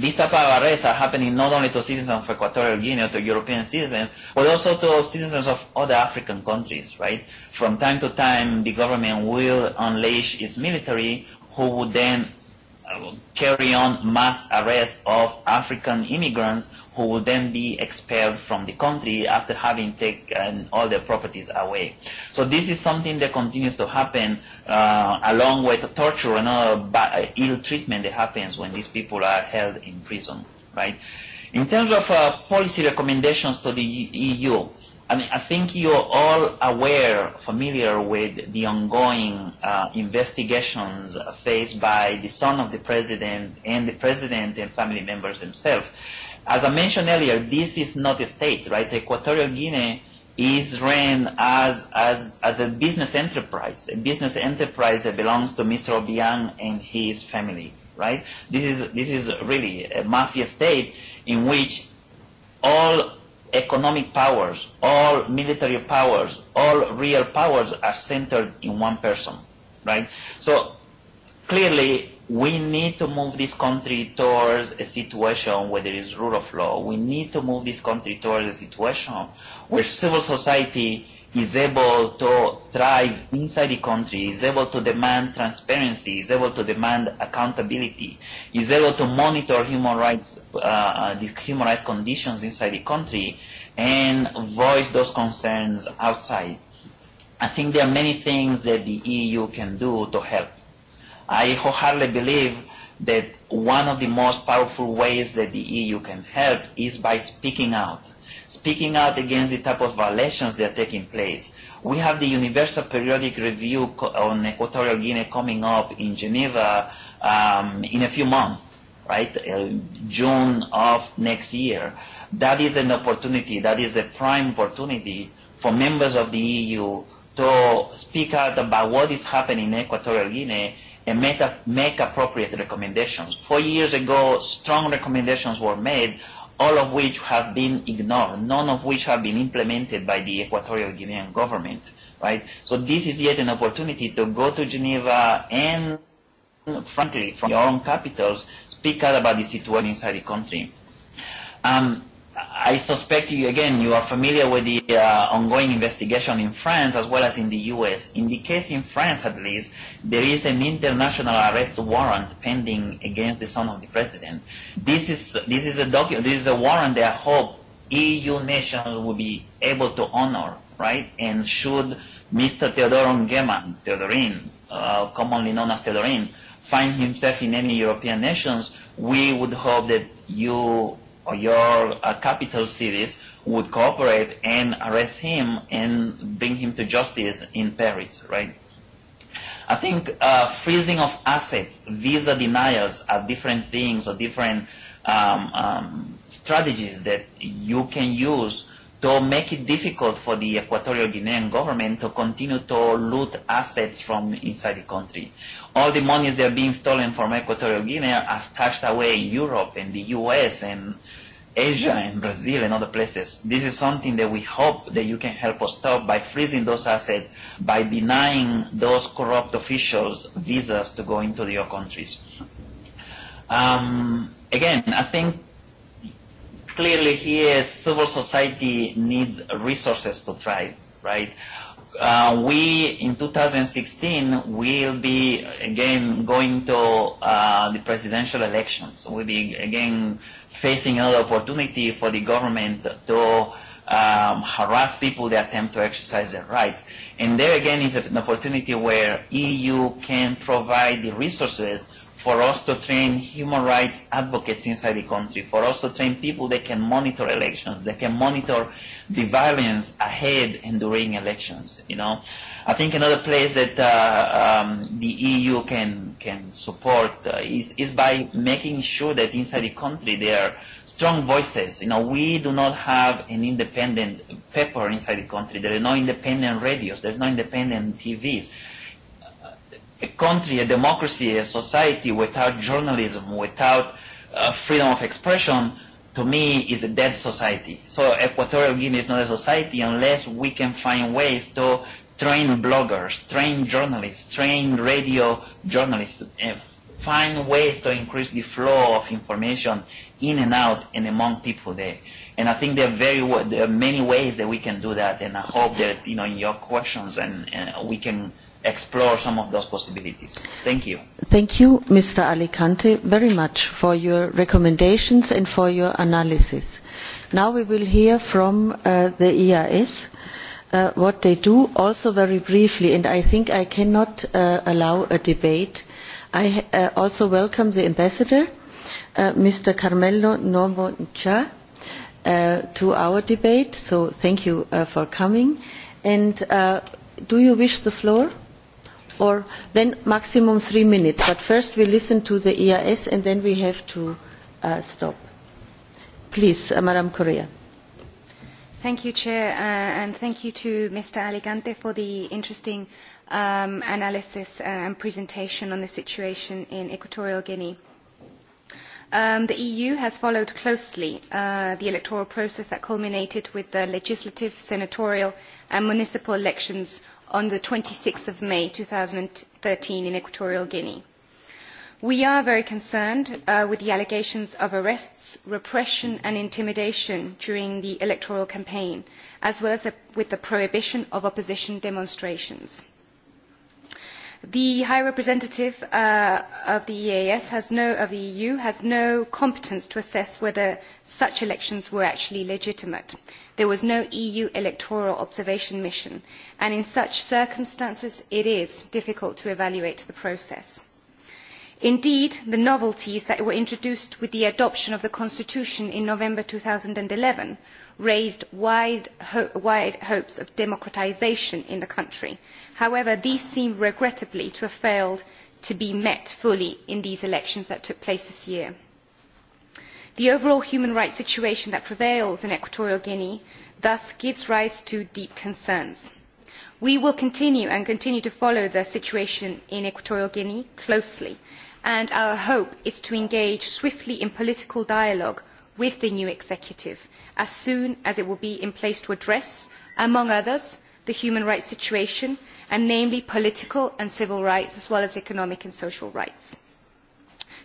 type of arrests are happening not only to citizens of Equatorial Guinea, or to European citizens, but also to citizens of other African countries, right? From time to time, the government will unleash its military, who would then carry on mass arrest of African immigrants who will then be expelled from the country after having taken all their properties away. So this is something that continues to happen uh, along with torture and other ill treatment that happens when these people are held in prison, right? In terms of uh, policy recommendations to the EU, I I think you are all aware, familiar with the ongoing uh, investigations faced by the son of the president and the president and family members themselves. As I mentioned earlier, this is not a state, right? Equatorial Guinea is ran as, as, as a business enterprise, a business enterprise that belongs to Mr. Obiang and his family, right? This is, this is really a mafia state in which all economic powers, all military powers, all real powers are centered in one person, right? So clearly we need to move this country towards a situation where there is rule of law. We need to move this country towards a situation where civil society is able to thrive inside the country, is able to demand transparency, is able to demand accountability, is able to monitor human rights, uh, the human rights conditions inside the country, and voice those concerns outside. I think there are many things that the EU can do to help. I wholeheartedly believe that one of the most powerful ways that the EU can help is by speaking out speaking out against the type of violations that are taking place. We have the Universal Periodic Review on Equatorial Guinea coming up in Geneva um, in a few months, right, June of next year. That is an opportunity, that is a prime opportunity for members of the EU to speak out about what is happening in Equatorial Guinea and make, make appropriate recommendations. Four years ago, strong recommendations were made all of which have been ignored, none of which have been implemented by the Equatorial Guinean government, right? So this is yet an opportunity to go to Geneva and, frankly, from your own capitals, speak out about the situation inside the country. Um, I suspect you, again, you are familiar with the ongoing investigation in France as well as in the U.S. In the case in France, at least, there is an international arrest warrant pending against the son of the president. This is this is a document. This is a warrant that I hope EU nations will be able to honor, right? And should Mr. Theodore Geman, Theodorin, uh, commonly known as Theodorin, find himself in any European nations, we would hope that you or your capital cities would cooperate and arrest him and bring him to justice in Paris, right? I think uh, freezing of assets, visa denials are different things or different um, um, strategies that you can use to make it difficult for the Equatorial Guinean government to continue to loot assets from inside the country. All the monies that are being stolen from Equatorial Guinea are stashed away in Europe and the US and Asia and Brazil and other places. This is something that we hope that you can help us stop by freezing those assets, by denying those corrupt officials visas to go into your countries. Um, again, I think clearly here civil society needs resources to thrive, right? Uh, we, in 2016, will be again going to uh, the presidential elections. We'll be again facing another opportunity for the government to um, harass people that attempt to exercise their rights. And there again is an opportunity where EU can provide the resources for us to train human rights advocates inside the country, for us to train people that can monitor elections, that can monitor the violence ahead and during elections. You know, I think another place that um, the EU can can support is is by making sure that inside the country there are strong voices. You know, we do not have an independent paper inside the country. There are no independent radios. There's no independent TVs a country, a democracy, a society without journalism, without freedom of expression, to me, is a dead society. So Equatorial Guinea is not a society unless we can find ways to train bloggers, train journalists, train radio journalists, and find ways to increase the flow of information in and out and among people there. And I think there are very there are many ways that we can do that, and I hope that you know in your questions and, and we can explore some of those possibilities. Thank you. Thank you, Mr. Alicante, very much for your recommendations and for your analysis. Now we will hear from the EIS what they do, also very briefly, and I think I cannot allow a debate. I also welcome the ambassador, Mr. Carmelo uh, to our debate, so thank you for coming. And do you wish the floor? or then maximum three minutes. But first we listen to the EIS and then we have to stop. Please, Madam Correa. Thank you, Chair, and thank you to Mr. Alicante for the interesting analysis and presentation on the situation in Equatorial Guinea. The EU has followed closely the electoral process that culminated with the legislative, senatorial and municipal elections on twenty six may two thousand and thirteen in equatorial guinea. we are very concerned with the allegations of arrests repression and intimidation during the electoral campaign as well as with the prohibition of opposition demonstrations. The High Representative of the EAS the EU has no competence to assess whether such elections were actually legitimate. There was no EU electoral observation mission, and in such circumstances it is difficult to evaluate the process. Indeed, the novelties that were introduced with the adoption of the Constitution in November 2011 raised wide hopes of democratisation in the country. However, these seem regrettably to have failed to be met fully in these elections that took place this year. The overall human rights situation that prevails in Equatorial Guinea thus gives rise to deep concerns. We will continue and continue to follow the situation in Equatorial Guinea closely and our hope is to engage swiftly in political dialogue with the new executive as soon as it will be in place to address among others the human rights situation and namely political and civil rights as well as economic and social rights.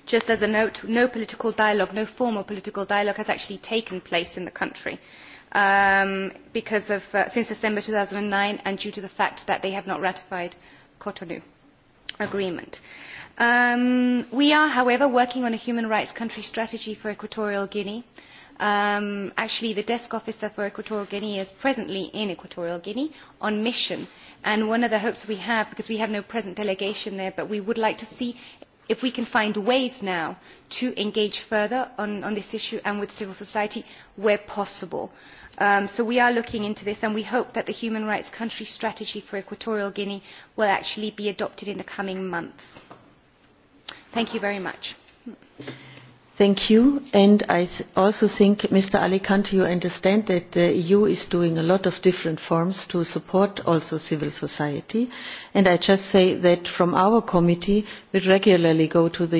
just as a note no political dialogue no formal political dialogue has actually taken place in the country since december 2009 and due to the fact that they have not ratified the cotonou agreement. We are, however, working on a human rights country strategy for Equatorial Guinea. Actually, the desk officer for Equatorial Guinea is presently in Equatorial Guinea on mission, and one of the hopes we have, because we have no present delegation there, but we would like to see if we can find ways now to engage further on this issue and with civil society where possible. So we are looking into this, and we hope that the human rights country strategy for Equatorial Guinea will actually be adopted in the coming months. Thank you very much. Thank you. And I also think, Mr. Alicante, you understand that the EU is doing a lot of different forms to support also civil society. And I just say that from our committee, we regularly go to the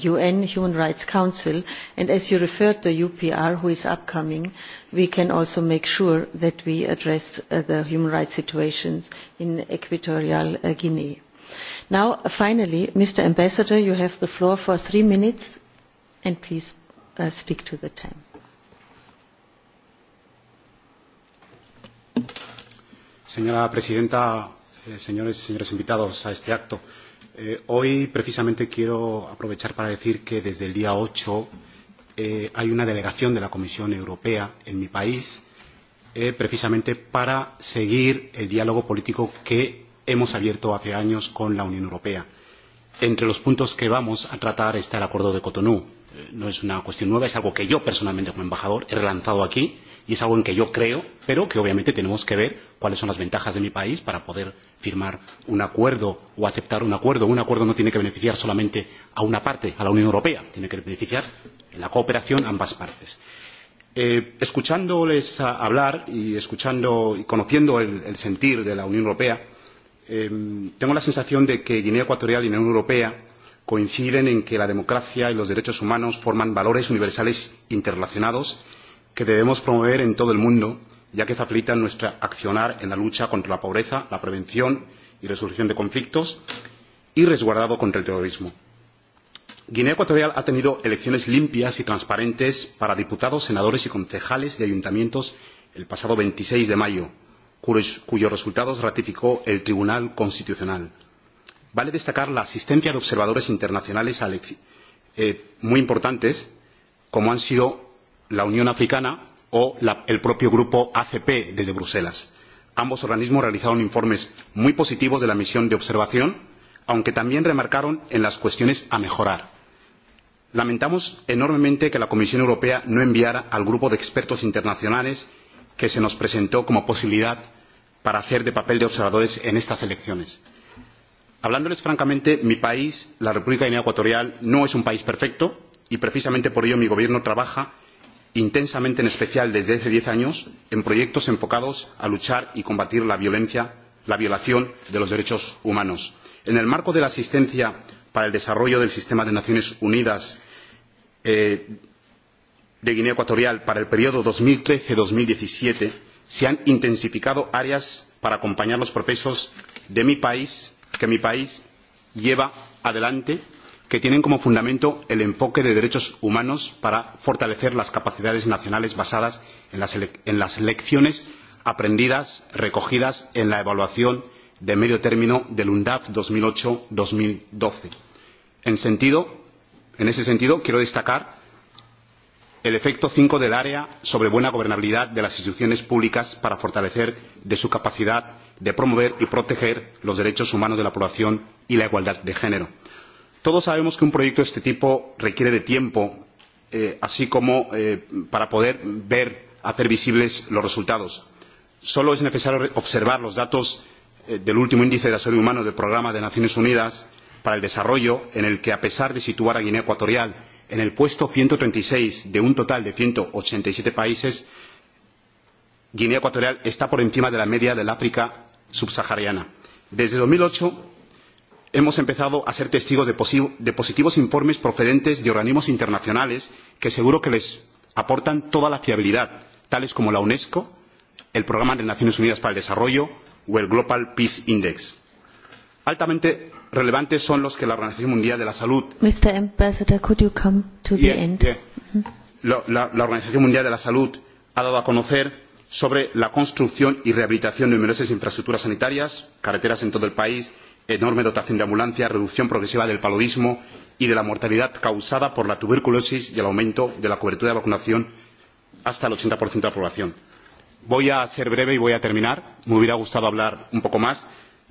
UN Human Rights Council. And as you referred the UPR, who is upcoming, we can also make sure that we address the human rights situations in Equatorial Guinea. Now, finally, Mr. Ambassador, you have the floor for three minutes, and please stick to the time. Señora presidenta, señores y señores invitados a este acto, hoy precisamente quiero aprovechar para decir que desde el día 8 hay una delegación de la Comisión Europea en mi país precisamente para seguir el diálogo político que hemos abierto hace años con la Unión Europea. Entre los puntos que vamos a tratar está el Acuerdo de Cotonú. No es una cuestión nueva, es algo que yo personalmente como embajador he relanzado aquí y es algo en que yo creo, pero que obviamente tenemos que ver cuáles son las ventajas de mi país para poder firmar un acuerdo o aceptar un acuerdo. Un acuerdo no tiene que beneficiar solamente a una parte, a la Unión Europea, tiene que beneficiar en la cooperación a ambas partes. Escuchándoles hablar y escuchando y conociendo el sentir de la Unión Europea, tengo la sensación de que Guinea Ecuatorial y la Unión Europea coinciden en que la democracia y los derechos humanos forman valores universales interrelacionados que debemos promover en todo el mundo, ya que facilitan nuestra accionar en la lucha contra la pobreza, la prevención y resolución de conflictos y resguardado contra el terrorismo. Guinea Ecuatorial ha tenido elecciones limpias y transparentes para diputados, senadores y concejales de ayuntamientos el pasado 26 de mayo cuyos resultados ratificó el Tribunal Constitucional. Vale destacar la asistencia de observadores internacionales muy importantes, como han sido la Unión Africana o el propio grupo ACP desde Bruselas. Ambos organismos realizaron informes muy positivos de la misión de observación, aunque también remarcaron en las cuestiones a mejorar. Lamentamos enormemente que la Comisión Europea no enviara al grupo de expertos internacionales que se nos presentó como posibilidad para hacer de papel de observadores en estas elecciones. Hablándoles francamente, mi país, la República Guinea Ecuatorial, no es un país perfecto y precisamente por ello mi gobierno trabaja intensamente, en especial desde hace diez años, en proyectos enfocados a luchar y combatir la violencia, la violación de los derechos humanos. En el marco de la asistencia para el desarrollo del sistema de Naciones Unidas de Guinea Ecuatorial para el periodo 2013-2017 se han intensificado áreas para acompañar los procesos de mi país, que mi país lleva adelante, que tienen como fundamento el enfoque de derechos humanos para fortalecer las capacidades nacionales basadas en las lecciones aprendidas recogidas en la evaluación de medio término del UNDAF 2008-2012. En ese sentido, quiero destacar el efecto cinco del área sobre buena gobernabilidad de las instituciones públicas para fortalecer de su capacidad de promover y proteger los derechos humanos de la población y la igualdad de género. todos sabemos que un proyecto de este tipo requiere de tiempo así como para poder ver hacer visibles los resultados. solo es necesario observar los datos del último índice de desarrollo humano del programa de naciones unidas para el desarrollo en el que a pesar de situar a guinea ecuatorial en el puesto treinta seis de un total de 187 países, Guinea Ecuatorial está por encima de la media del África subsahariana. Desde 2008 hemos empezado a ser testigos de positivos informes procedentes de organismos internacionales que seguro que les aportan toda la fiabilidad, tales como la UNESCO, el Programa de las Naciones Unidas para el Desarrollo o el Global Peace Index. Altamente relevantes son los que la Organización Mundial de la Salud. Mr. La Organización Mundial de la Salud ha dado a conocer sobre la construcción y rehabilitación de numerosas infraestructuras sanitarias, carreteras en todo el país, enorme dotación de ambulancias, reducción progresiva del paludismo y de la mortalidad causada por la tuberculosis y el aumento de la cobertura de vacunación hasta el 80% de la población. Voy a ser breve y voy a terminar. Me hubiera gustado hablar un poco más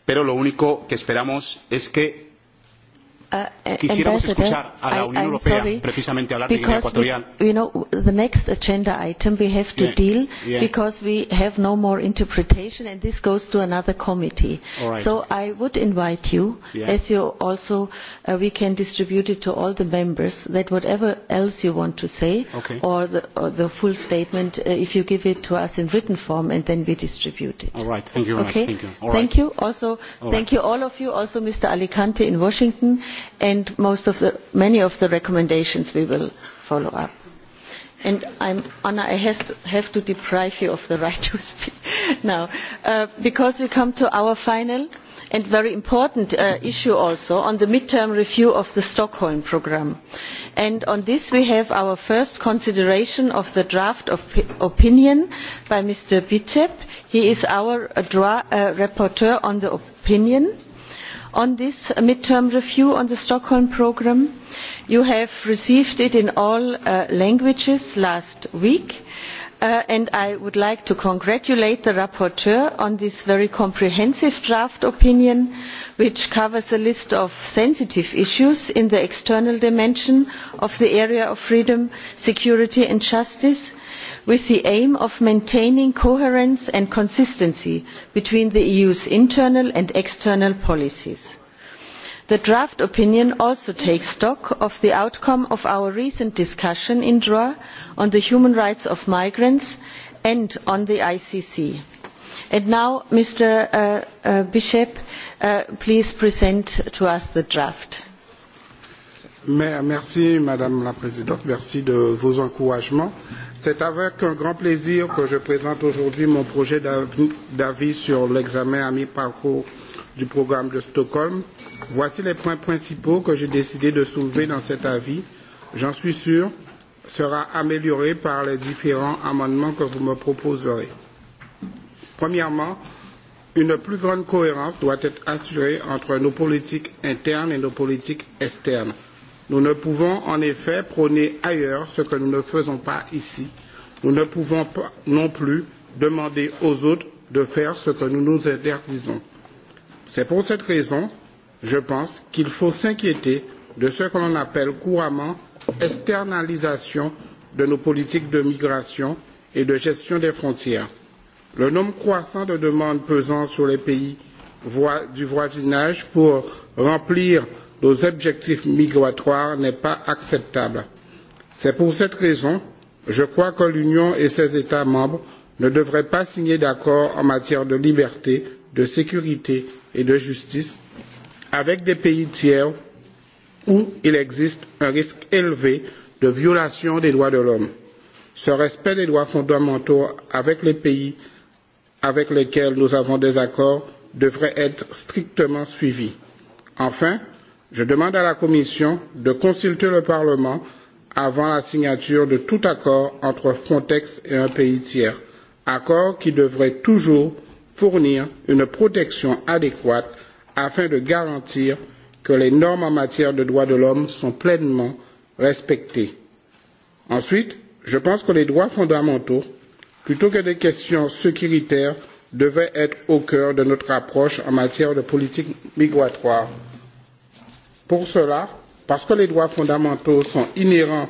pero lo único que esperamos es que Quisiéramos escuchar a la Unión You know, the next agenda item we have to deal because we have no more interpretation and this goes to another committee. So I would invite you, as you also, we can distribute it to all the members, that whatever else you want to say or the full statement, if you give it to us in written form and then we distribute it. All right. Thank you very much. Thank you. Thank you. Also, thank you all of you, also Mr. Alicante in Washington and most of the many of the recommendations we will follow up. And I'm I have to deprive you of the right to speak now because we come to our final and very important issue also on the mid term review of the Stockholm programme. And on this we have our first consideration of the draft opinion by Mr Bicep. He is our rapporteur on the opinion on this mid term review on the stockholm programme. you have received it in all languages last week and i would like to congratulate the rapporteur on this very comprehensive draft opinion which covers a list of sensitive issues in the external dimension of the area of freedom security and justice with the aim of maintaining coherence and consistency between the eu's internal and external policies. the draft opinion also takes stock of the outcome of our recent discussion in doha on the human rights of migrants and on the icc. and now mr bishop please present to us the draft. Merci Madame la Présidente, merci de vos encouragements. C'est avec un grand plaisir que je présente aujourd'hui mon projet d'avis sur l'examen à mi-parcours du programme de Stockholm. Voici les points principaux que j'ai décidé de soulever dans cet avis. J'en suis sûr, sera amélioré par les différents amendements que vous me proposerez. Premièrement, une plus grande cohérence doit être assurée entre nos politiques internes et nos politiques externes Nous ne pouvons en effet prôner ailleurs ce que nous ne faisons pas ici. Nous ne pouvons pas non plus demander aux autres de faire ce que nous nous interdisons. C'est pour cette raison, je pense, qu'il faut s'inquiéter de ce que l'on appelle couramment externalisation de nos politiques de migration et de gestion des frontières. Le nombre croissant de demandes pesant sur les pays du voisinage pour remplir nos objectifs migratoires n'est pas acceptable. C'est pour cette raison je crois que l'Union et ses États membres ne devraient pas signer d'accord en matière de liberté, de sécurité et de justice avec des pays tiers où il existe un risque élevé de violation des droits de l'homme. Ce respect des droits fondamentaux avec les pays avec lesquels nous avons des accords devrait être strictement suivi. Enfin, je demande à la commission de consulter le parlement avant la signature de tout accord entre frontex et un pays tiers accord qui devrait toujours fournir une protection adéquate afin de garantir que les normes en matière de droits de l'homme sont pleinement respectées. ensuite je pense que les droits fondamentaux plutôt que des questions sécuritaires devraient être au cœur de notre approche en matière de politique migratoire Pour cela, parce que les droits fondamentaux sont inhérents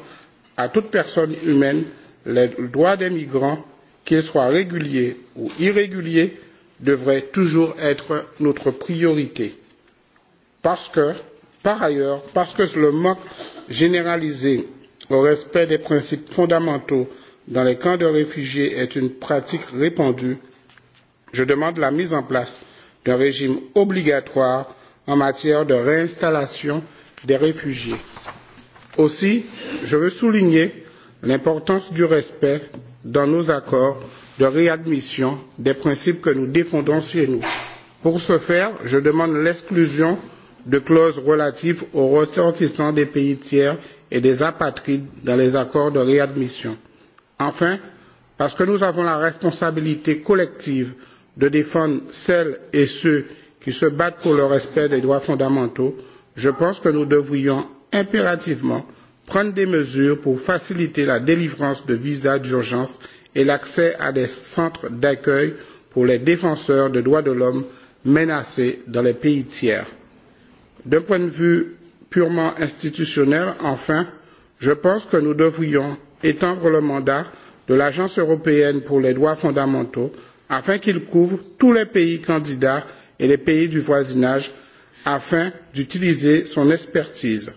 à toute personne humaine, les droits des migrants, qu'ils soient réguliers ou irréguliers, devraient toujours être notre priorité. Parce que, par ailleurs, parce que le manque généralisé au respect des principes fondamentaux dans les camps de réfugiés est une pratique répandue, je demande la mise en place d'un régime obligatoire en matière de réinstallation des réfugiés. Aussi, je veux souligner l'importance du respect dans nos accords de réadmission des principes que nous défendons chez nous. Pour ce faire, je demande l'exclusion de clauses relatives aux ressortissants des pays tiers et des apatrides dans les accords de réadmission. Enfin, parce que nous avons la responsabilité collective de défendre celles et ceux qui se battent pour le respect des droits fondamentaux, je pense que nous devrions impérativement prendre des mesures pour faciliter la délivrance de visas d'urgence et l'accès à des centres d'accueil pour les défenseurs des droits de l'homme menacés dans les pays tiers. D'un point de vue purement institutionnel, enfin, je pense que nous devrions étendre le mandat de l'Agence européenne pour les droits fondamentaux afin qu'il couvre tous les pays candidats et les pays du voisinage afin d'utiliser son expertise.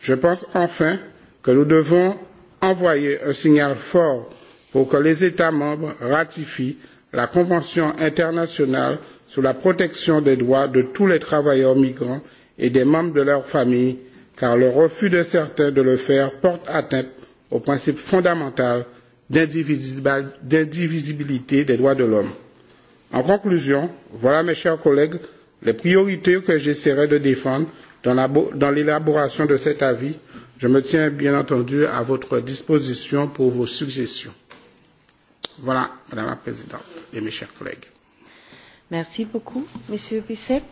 Je pense enfin que nous devons envoyer un signal fort pour que les États membres ratifient la Convention internationale sur la protection des droits de tous les travailleurs migrants et des membres de leur famille, car le refus de certains de le faire porte atteinte au principe fondamental d'indivisibilité des droits de l'homme. En conclusion, voilà mes chers collègues les priorités que j'essaierai de défendre dans l'élaboration de cet avis. Je me tiens bien entendu à votre disposition pour vos suggestions. Voilà, Madame la Présidente et mes chers collègues. Merci beaucoup, Monsieur Bicep,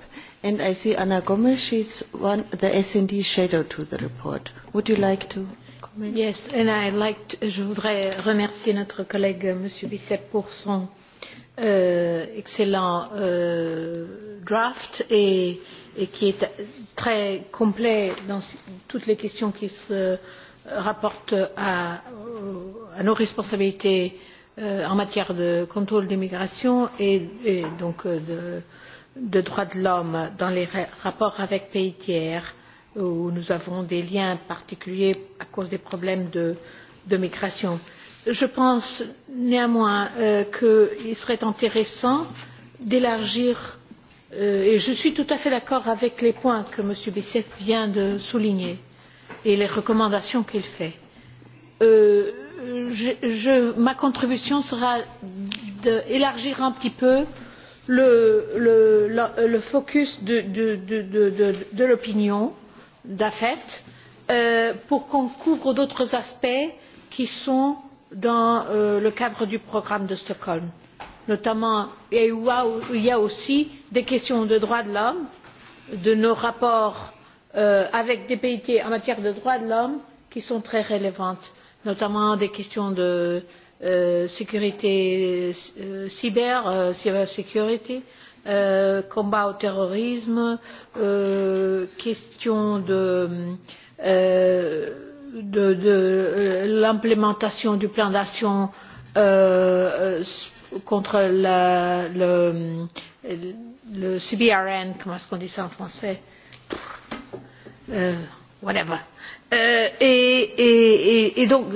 And I see Anna Gomes, she's one, the S&D shadow to the report. Would you like to comment? Yes, and I'd like to, je voudrais remercier notre collègue Monsieur Bissep pour son excellent draft et qui est très complet dans toutes les questions qui se rapportent à nos responsabilités en matière de contrôle des migrations et donc de droits de l'homme dans les rapports avec pays tiers où nous avons des liens particuliers à cause des problèmes de migration je pense néanmoins qu'il serait intéressant d'élargir et je suis tout à fait d'accord avec les points que m. bisset vient de souligner et les recommandations qu'il fait. ma contribution sera d'élargir un petit peu le focus de l'opinion d'afet pour qu'on couvre d'autres aspects qui sont dans le cadre du programme de stockholm notamment il y a aussi des questions de droits de l'homme de nos rapports avec des pays tiers en matière de droits de l'homme qui sont très relevantes notamment des questions de sécurité cyber cybersécurité combat au terrorisme questions de de l'implémentation du plan d'action contre le CBRN, comment est-ce qu'on dit ça en français Whatever. Et donc,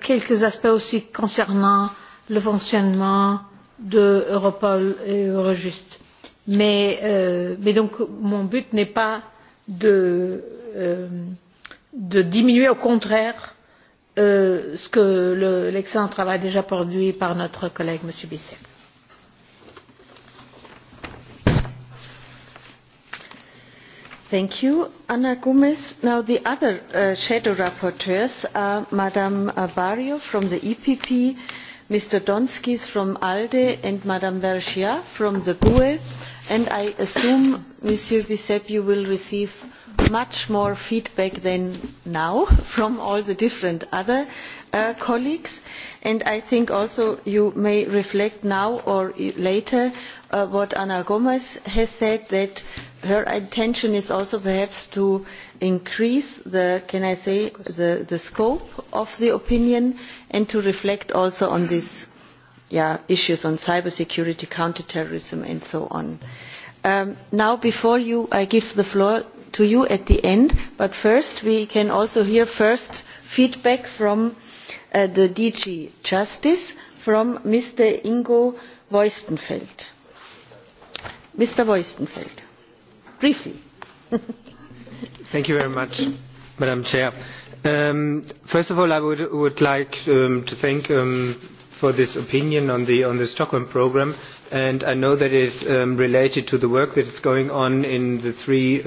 quelques aspects aussi concernant le fonctionnement de Europol et Eurojust. Mais donc, mon but n'est pas de de diminuer au contraire ce que l'excellent travail déjà produit par notre collègue M. Bisset. Thank you, Anna Gomez. Now the other shadow rapporteurs are Madame Barrio from the EPP Mr. Donskis from ALDE and Ms vergiat from the GUE, and I assume, Mr. Bissep, you will receive much more feedback than now from all the different other colleagues and i think also you may reflect now or later on what ana gomes has said that her intention is also perhaps to increase the can i say the scope of the opinion and to reflect also on these issues on cybersecurity terrorism and so on. now before you i give the floor to you at the end but first we can also hear first feedback from the DG Justice from Mr. Ingo Voistenfeld. Mr. Voistenfeld, briefly. Thank you very much, Madam Chair. First of all, I would like to thank for this opinion on the Stockholm programme, and I know that it is related to the work that is going on in the three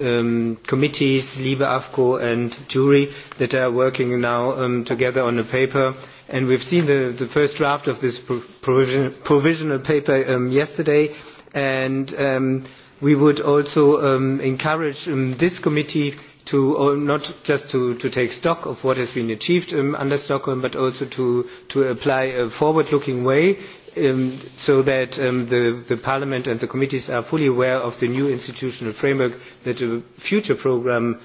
committees, LIBE, AFCO and Jury, that are working now together on a paper. And we've seen the first draft of this provisional paper yesterday. And we would also encourage this committee to not just to take stock of what has been achieved under Stockholm, but also to apply a forward-looking way so that the Parliament and the committees are fully aware of the new institutional framework that a future programme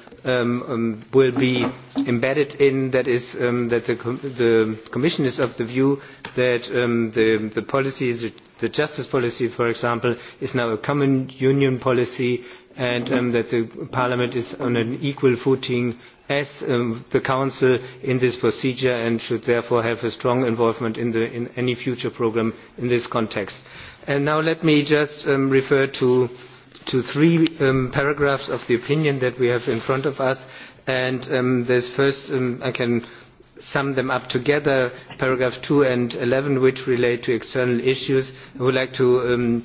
will be embedded in, that is, that the Commission is of the view that the policy, the justice policy, for example, is now a common union policy and that the Parliament is on an equal footing as the Council in this procedure and should therefore have a strong involvement in any future programme in this context. Now let me just refer to three paragraphs of the opinion that we have in front of us and first I can sum them up together, paragraphs 2 and 11 which relate to external issues. I would like to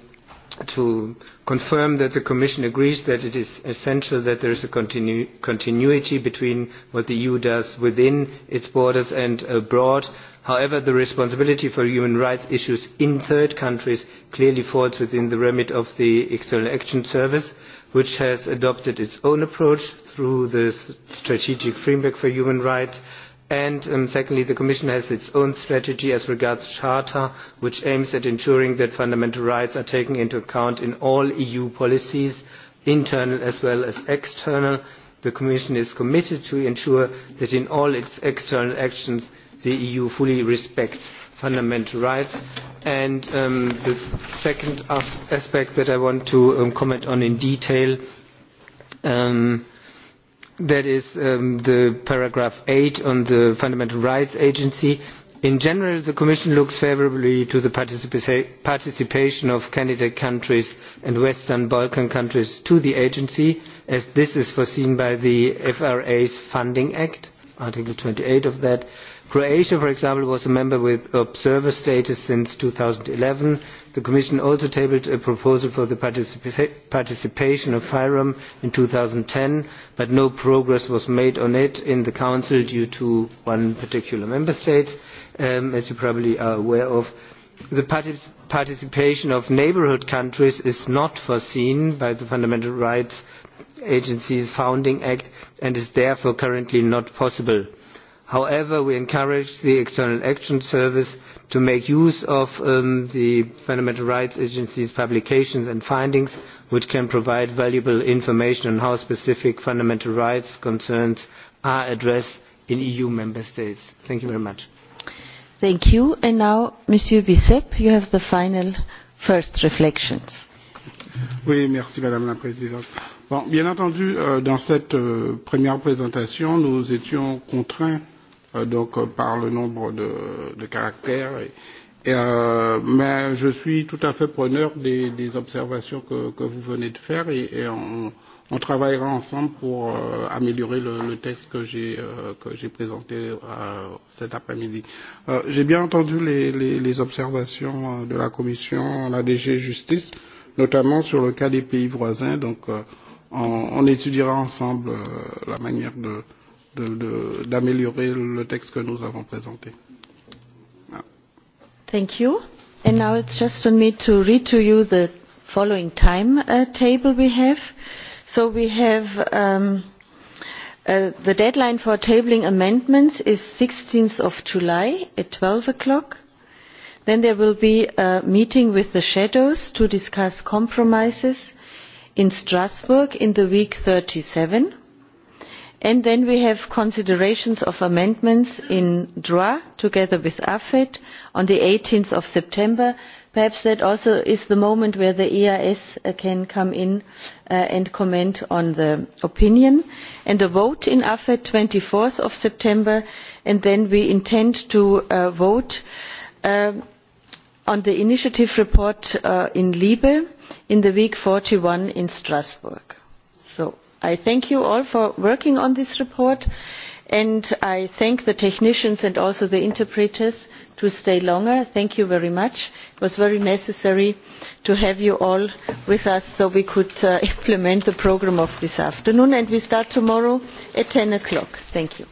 to confirm that the Commission agrees that it is essential that there is a continuity between what the EU does within its borders and abroad. However, the responsibility for human rights issues in third countries clearly falls within the remit of the External Action Service, which has adopted its own approach through the Strategic Framework for Human Rights and secondly the commission has its own strategy as regards charter which aims at ensuring that fundamental rights are taken into account in all eu policies internal as well as external. the commission is committed to ensure that in all its external actions the eu fully respects fundamental rights. and the second aspect that i want to comment on in detail that is the paragraph 8 on the Fundamental Rights Agency. In general, the Commission looks favourably to the participation of candidate countries and Western Balkan countries to the agency, as this is foreseen by the FRA's Funding Act, Article 28 of that. Croatia, for example, was a member with observer status since 2011 the Commission also tabled a proposal for the participation of fyrom in 2010, but no progress was made on it in the Council due to one particular Member State, as you probably are aware of. The participation of neighbourhood countries is not foreseen by the Fundamental Rights Agency's Founding Act and is therefore currently not possible. However, we encourage the External Action Service to make use of the Fundamental Rights Agency's publications and findings, which can provide valuable information on how specific fundamental rights concerns are addressed in EU member states. Thank you very much. Thank you. And now, Monsieur bisep, you have the final first reflections. Oui, merci Madame la Présidente. Bien entendu, dans cette première présentation, nous étions contraints donc par le nombre de de caractères. euh, Mais je suis tout à fait preneur des des observations que que vous venez de faire et et on on travaillera ensemble pour améliorer le le texte que j'ai présenté cet après-midi. J'ai bien entendu les les les observations de la Commission, la DG Justice, notamment sur le cas des pays voisins. Donc on étudiera ensemble la manière de d'améliorer le texte que nous avons présenté. Thank you. And now it's just on me to read to you the following time table we have. So we have the deadline for tabling amendments is 16th of July at 12 o'clock. Then there will be a meeting with the shadows to discuss compromises in Strasbourg in the week 37 And then we have considerations of amendments in droit together with AFET on the 18th of September. Perhaps that also is the moment where the EAS can come in and comment on the opinion. And a vote in AFET 24th of September. And then we intend to vote on the initiative report in Libe in the week 41 in Strasbourg. I thank you all for working on this report and I thank the technicians and also the interpreters for staying longer. Thank you very much. It was very necessary to have you all with us so we could implement the programme of this afternoon and we start tomorrow at 10 o'clock. Thank you.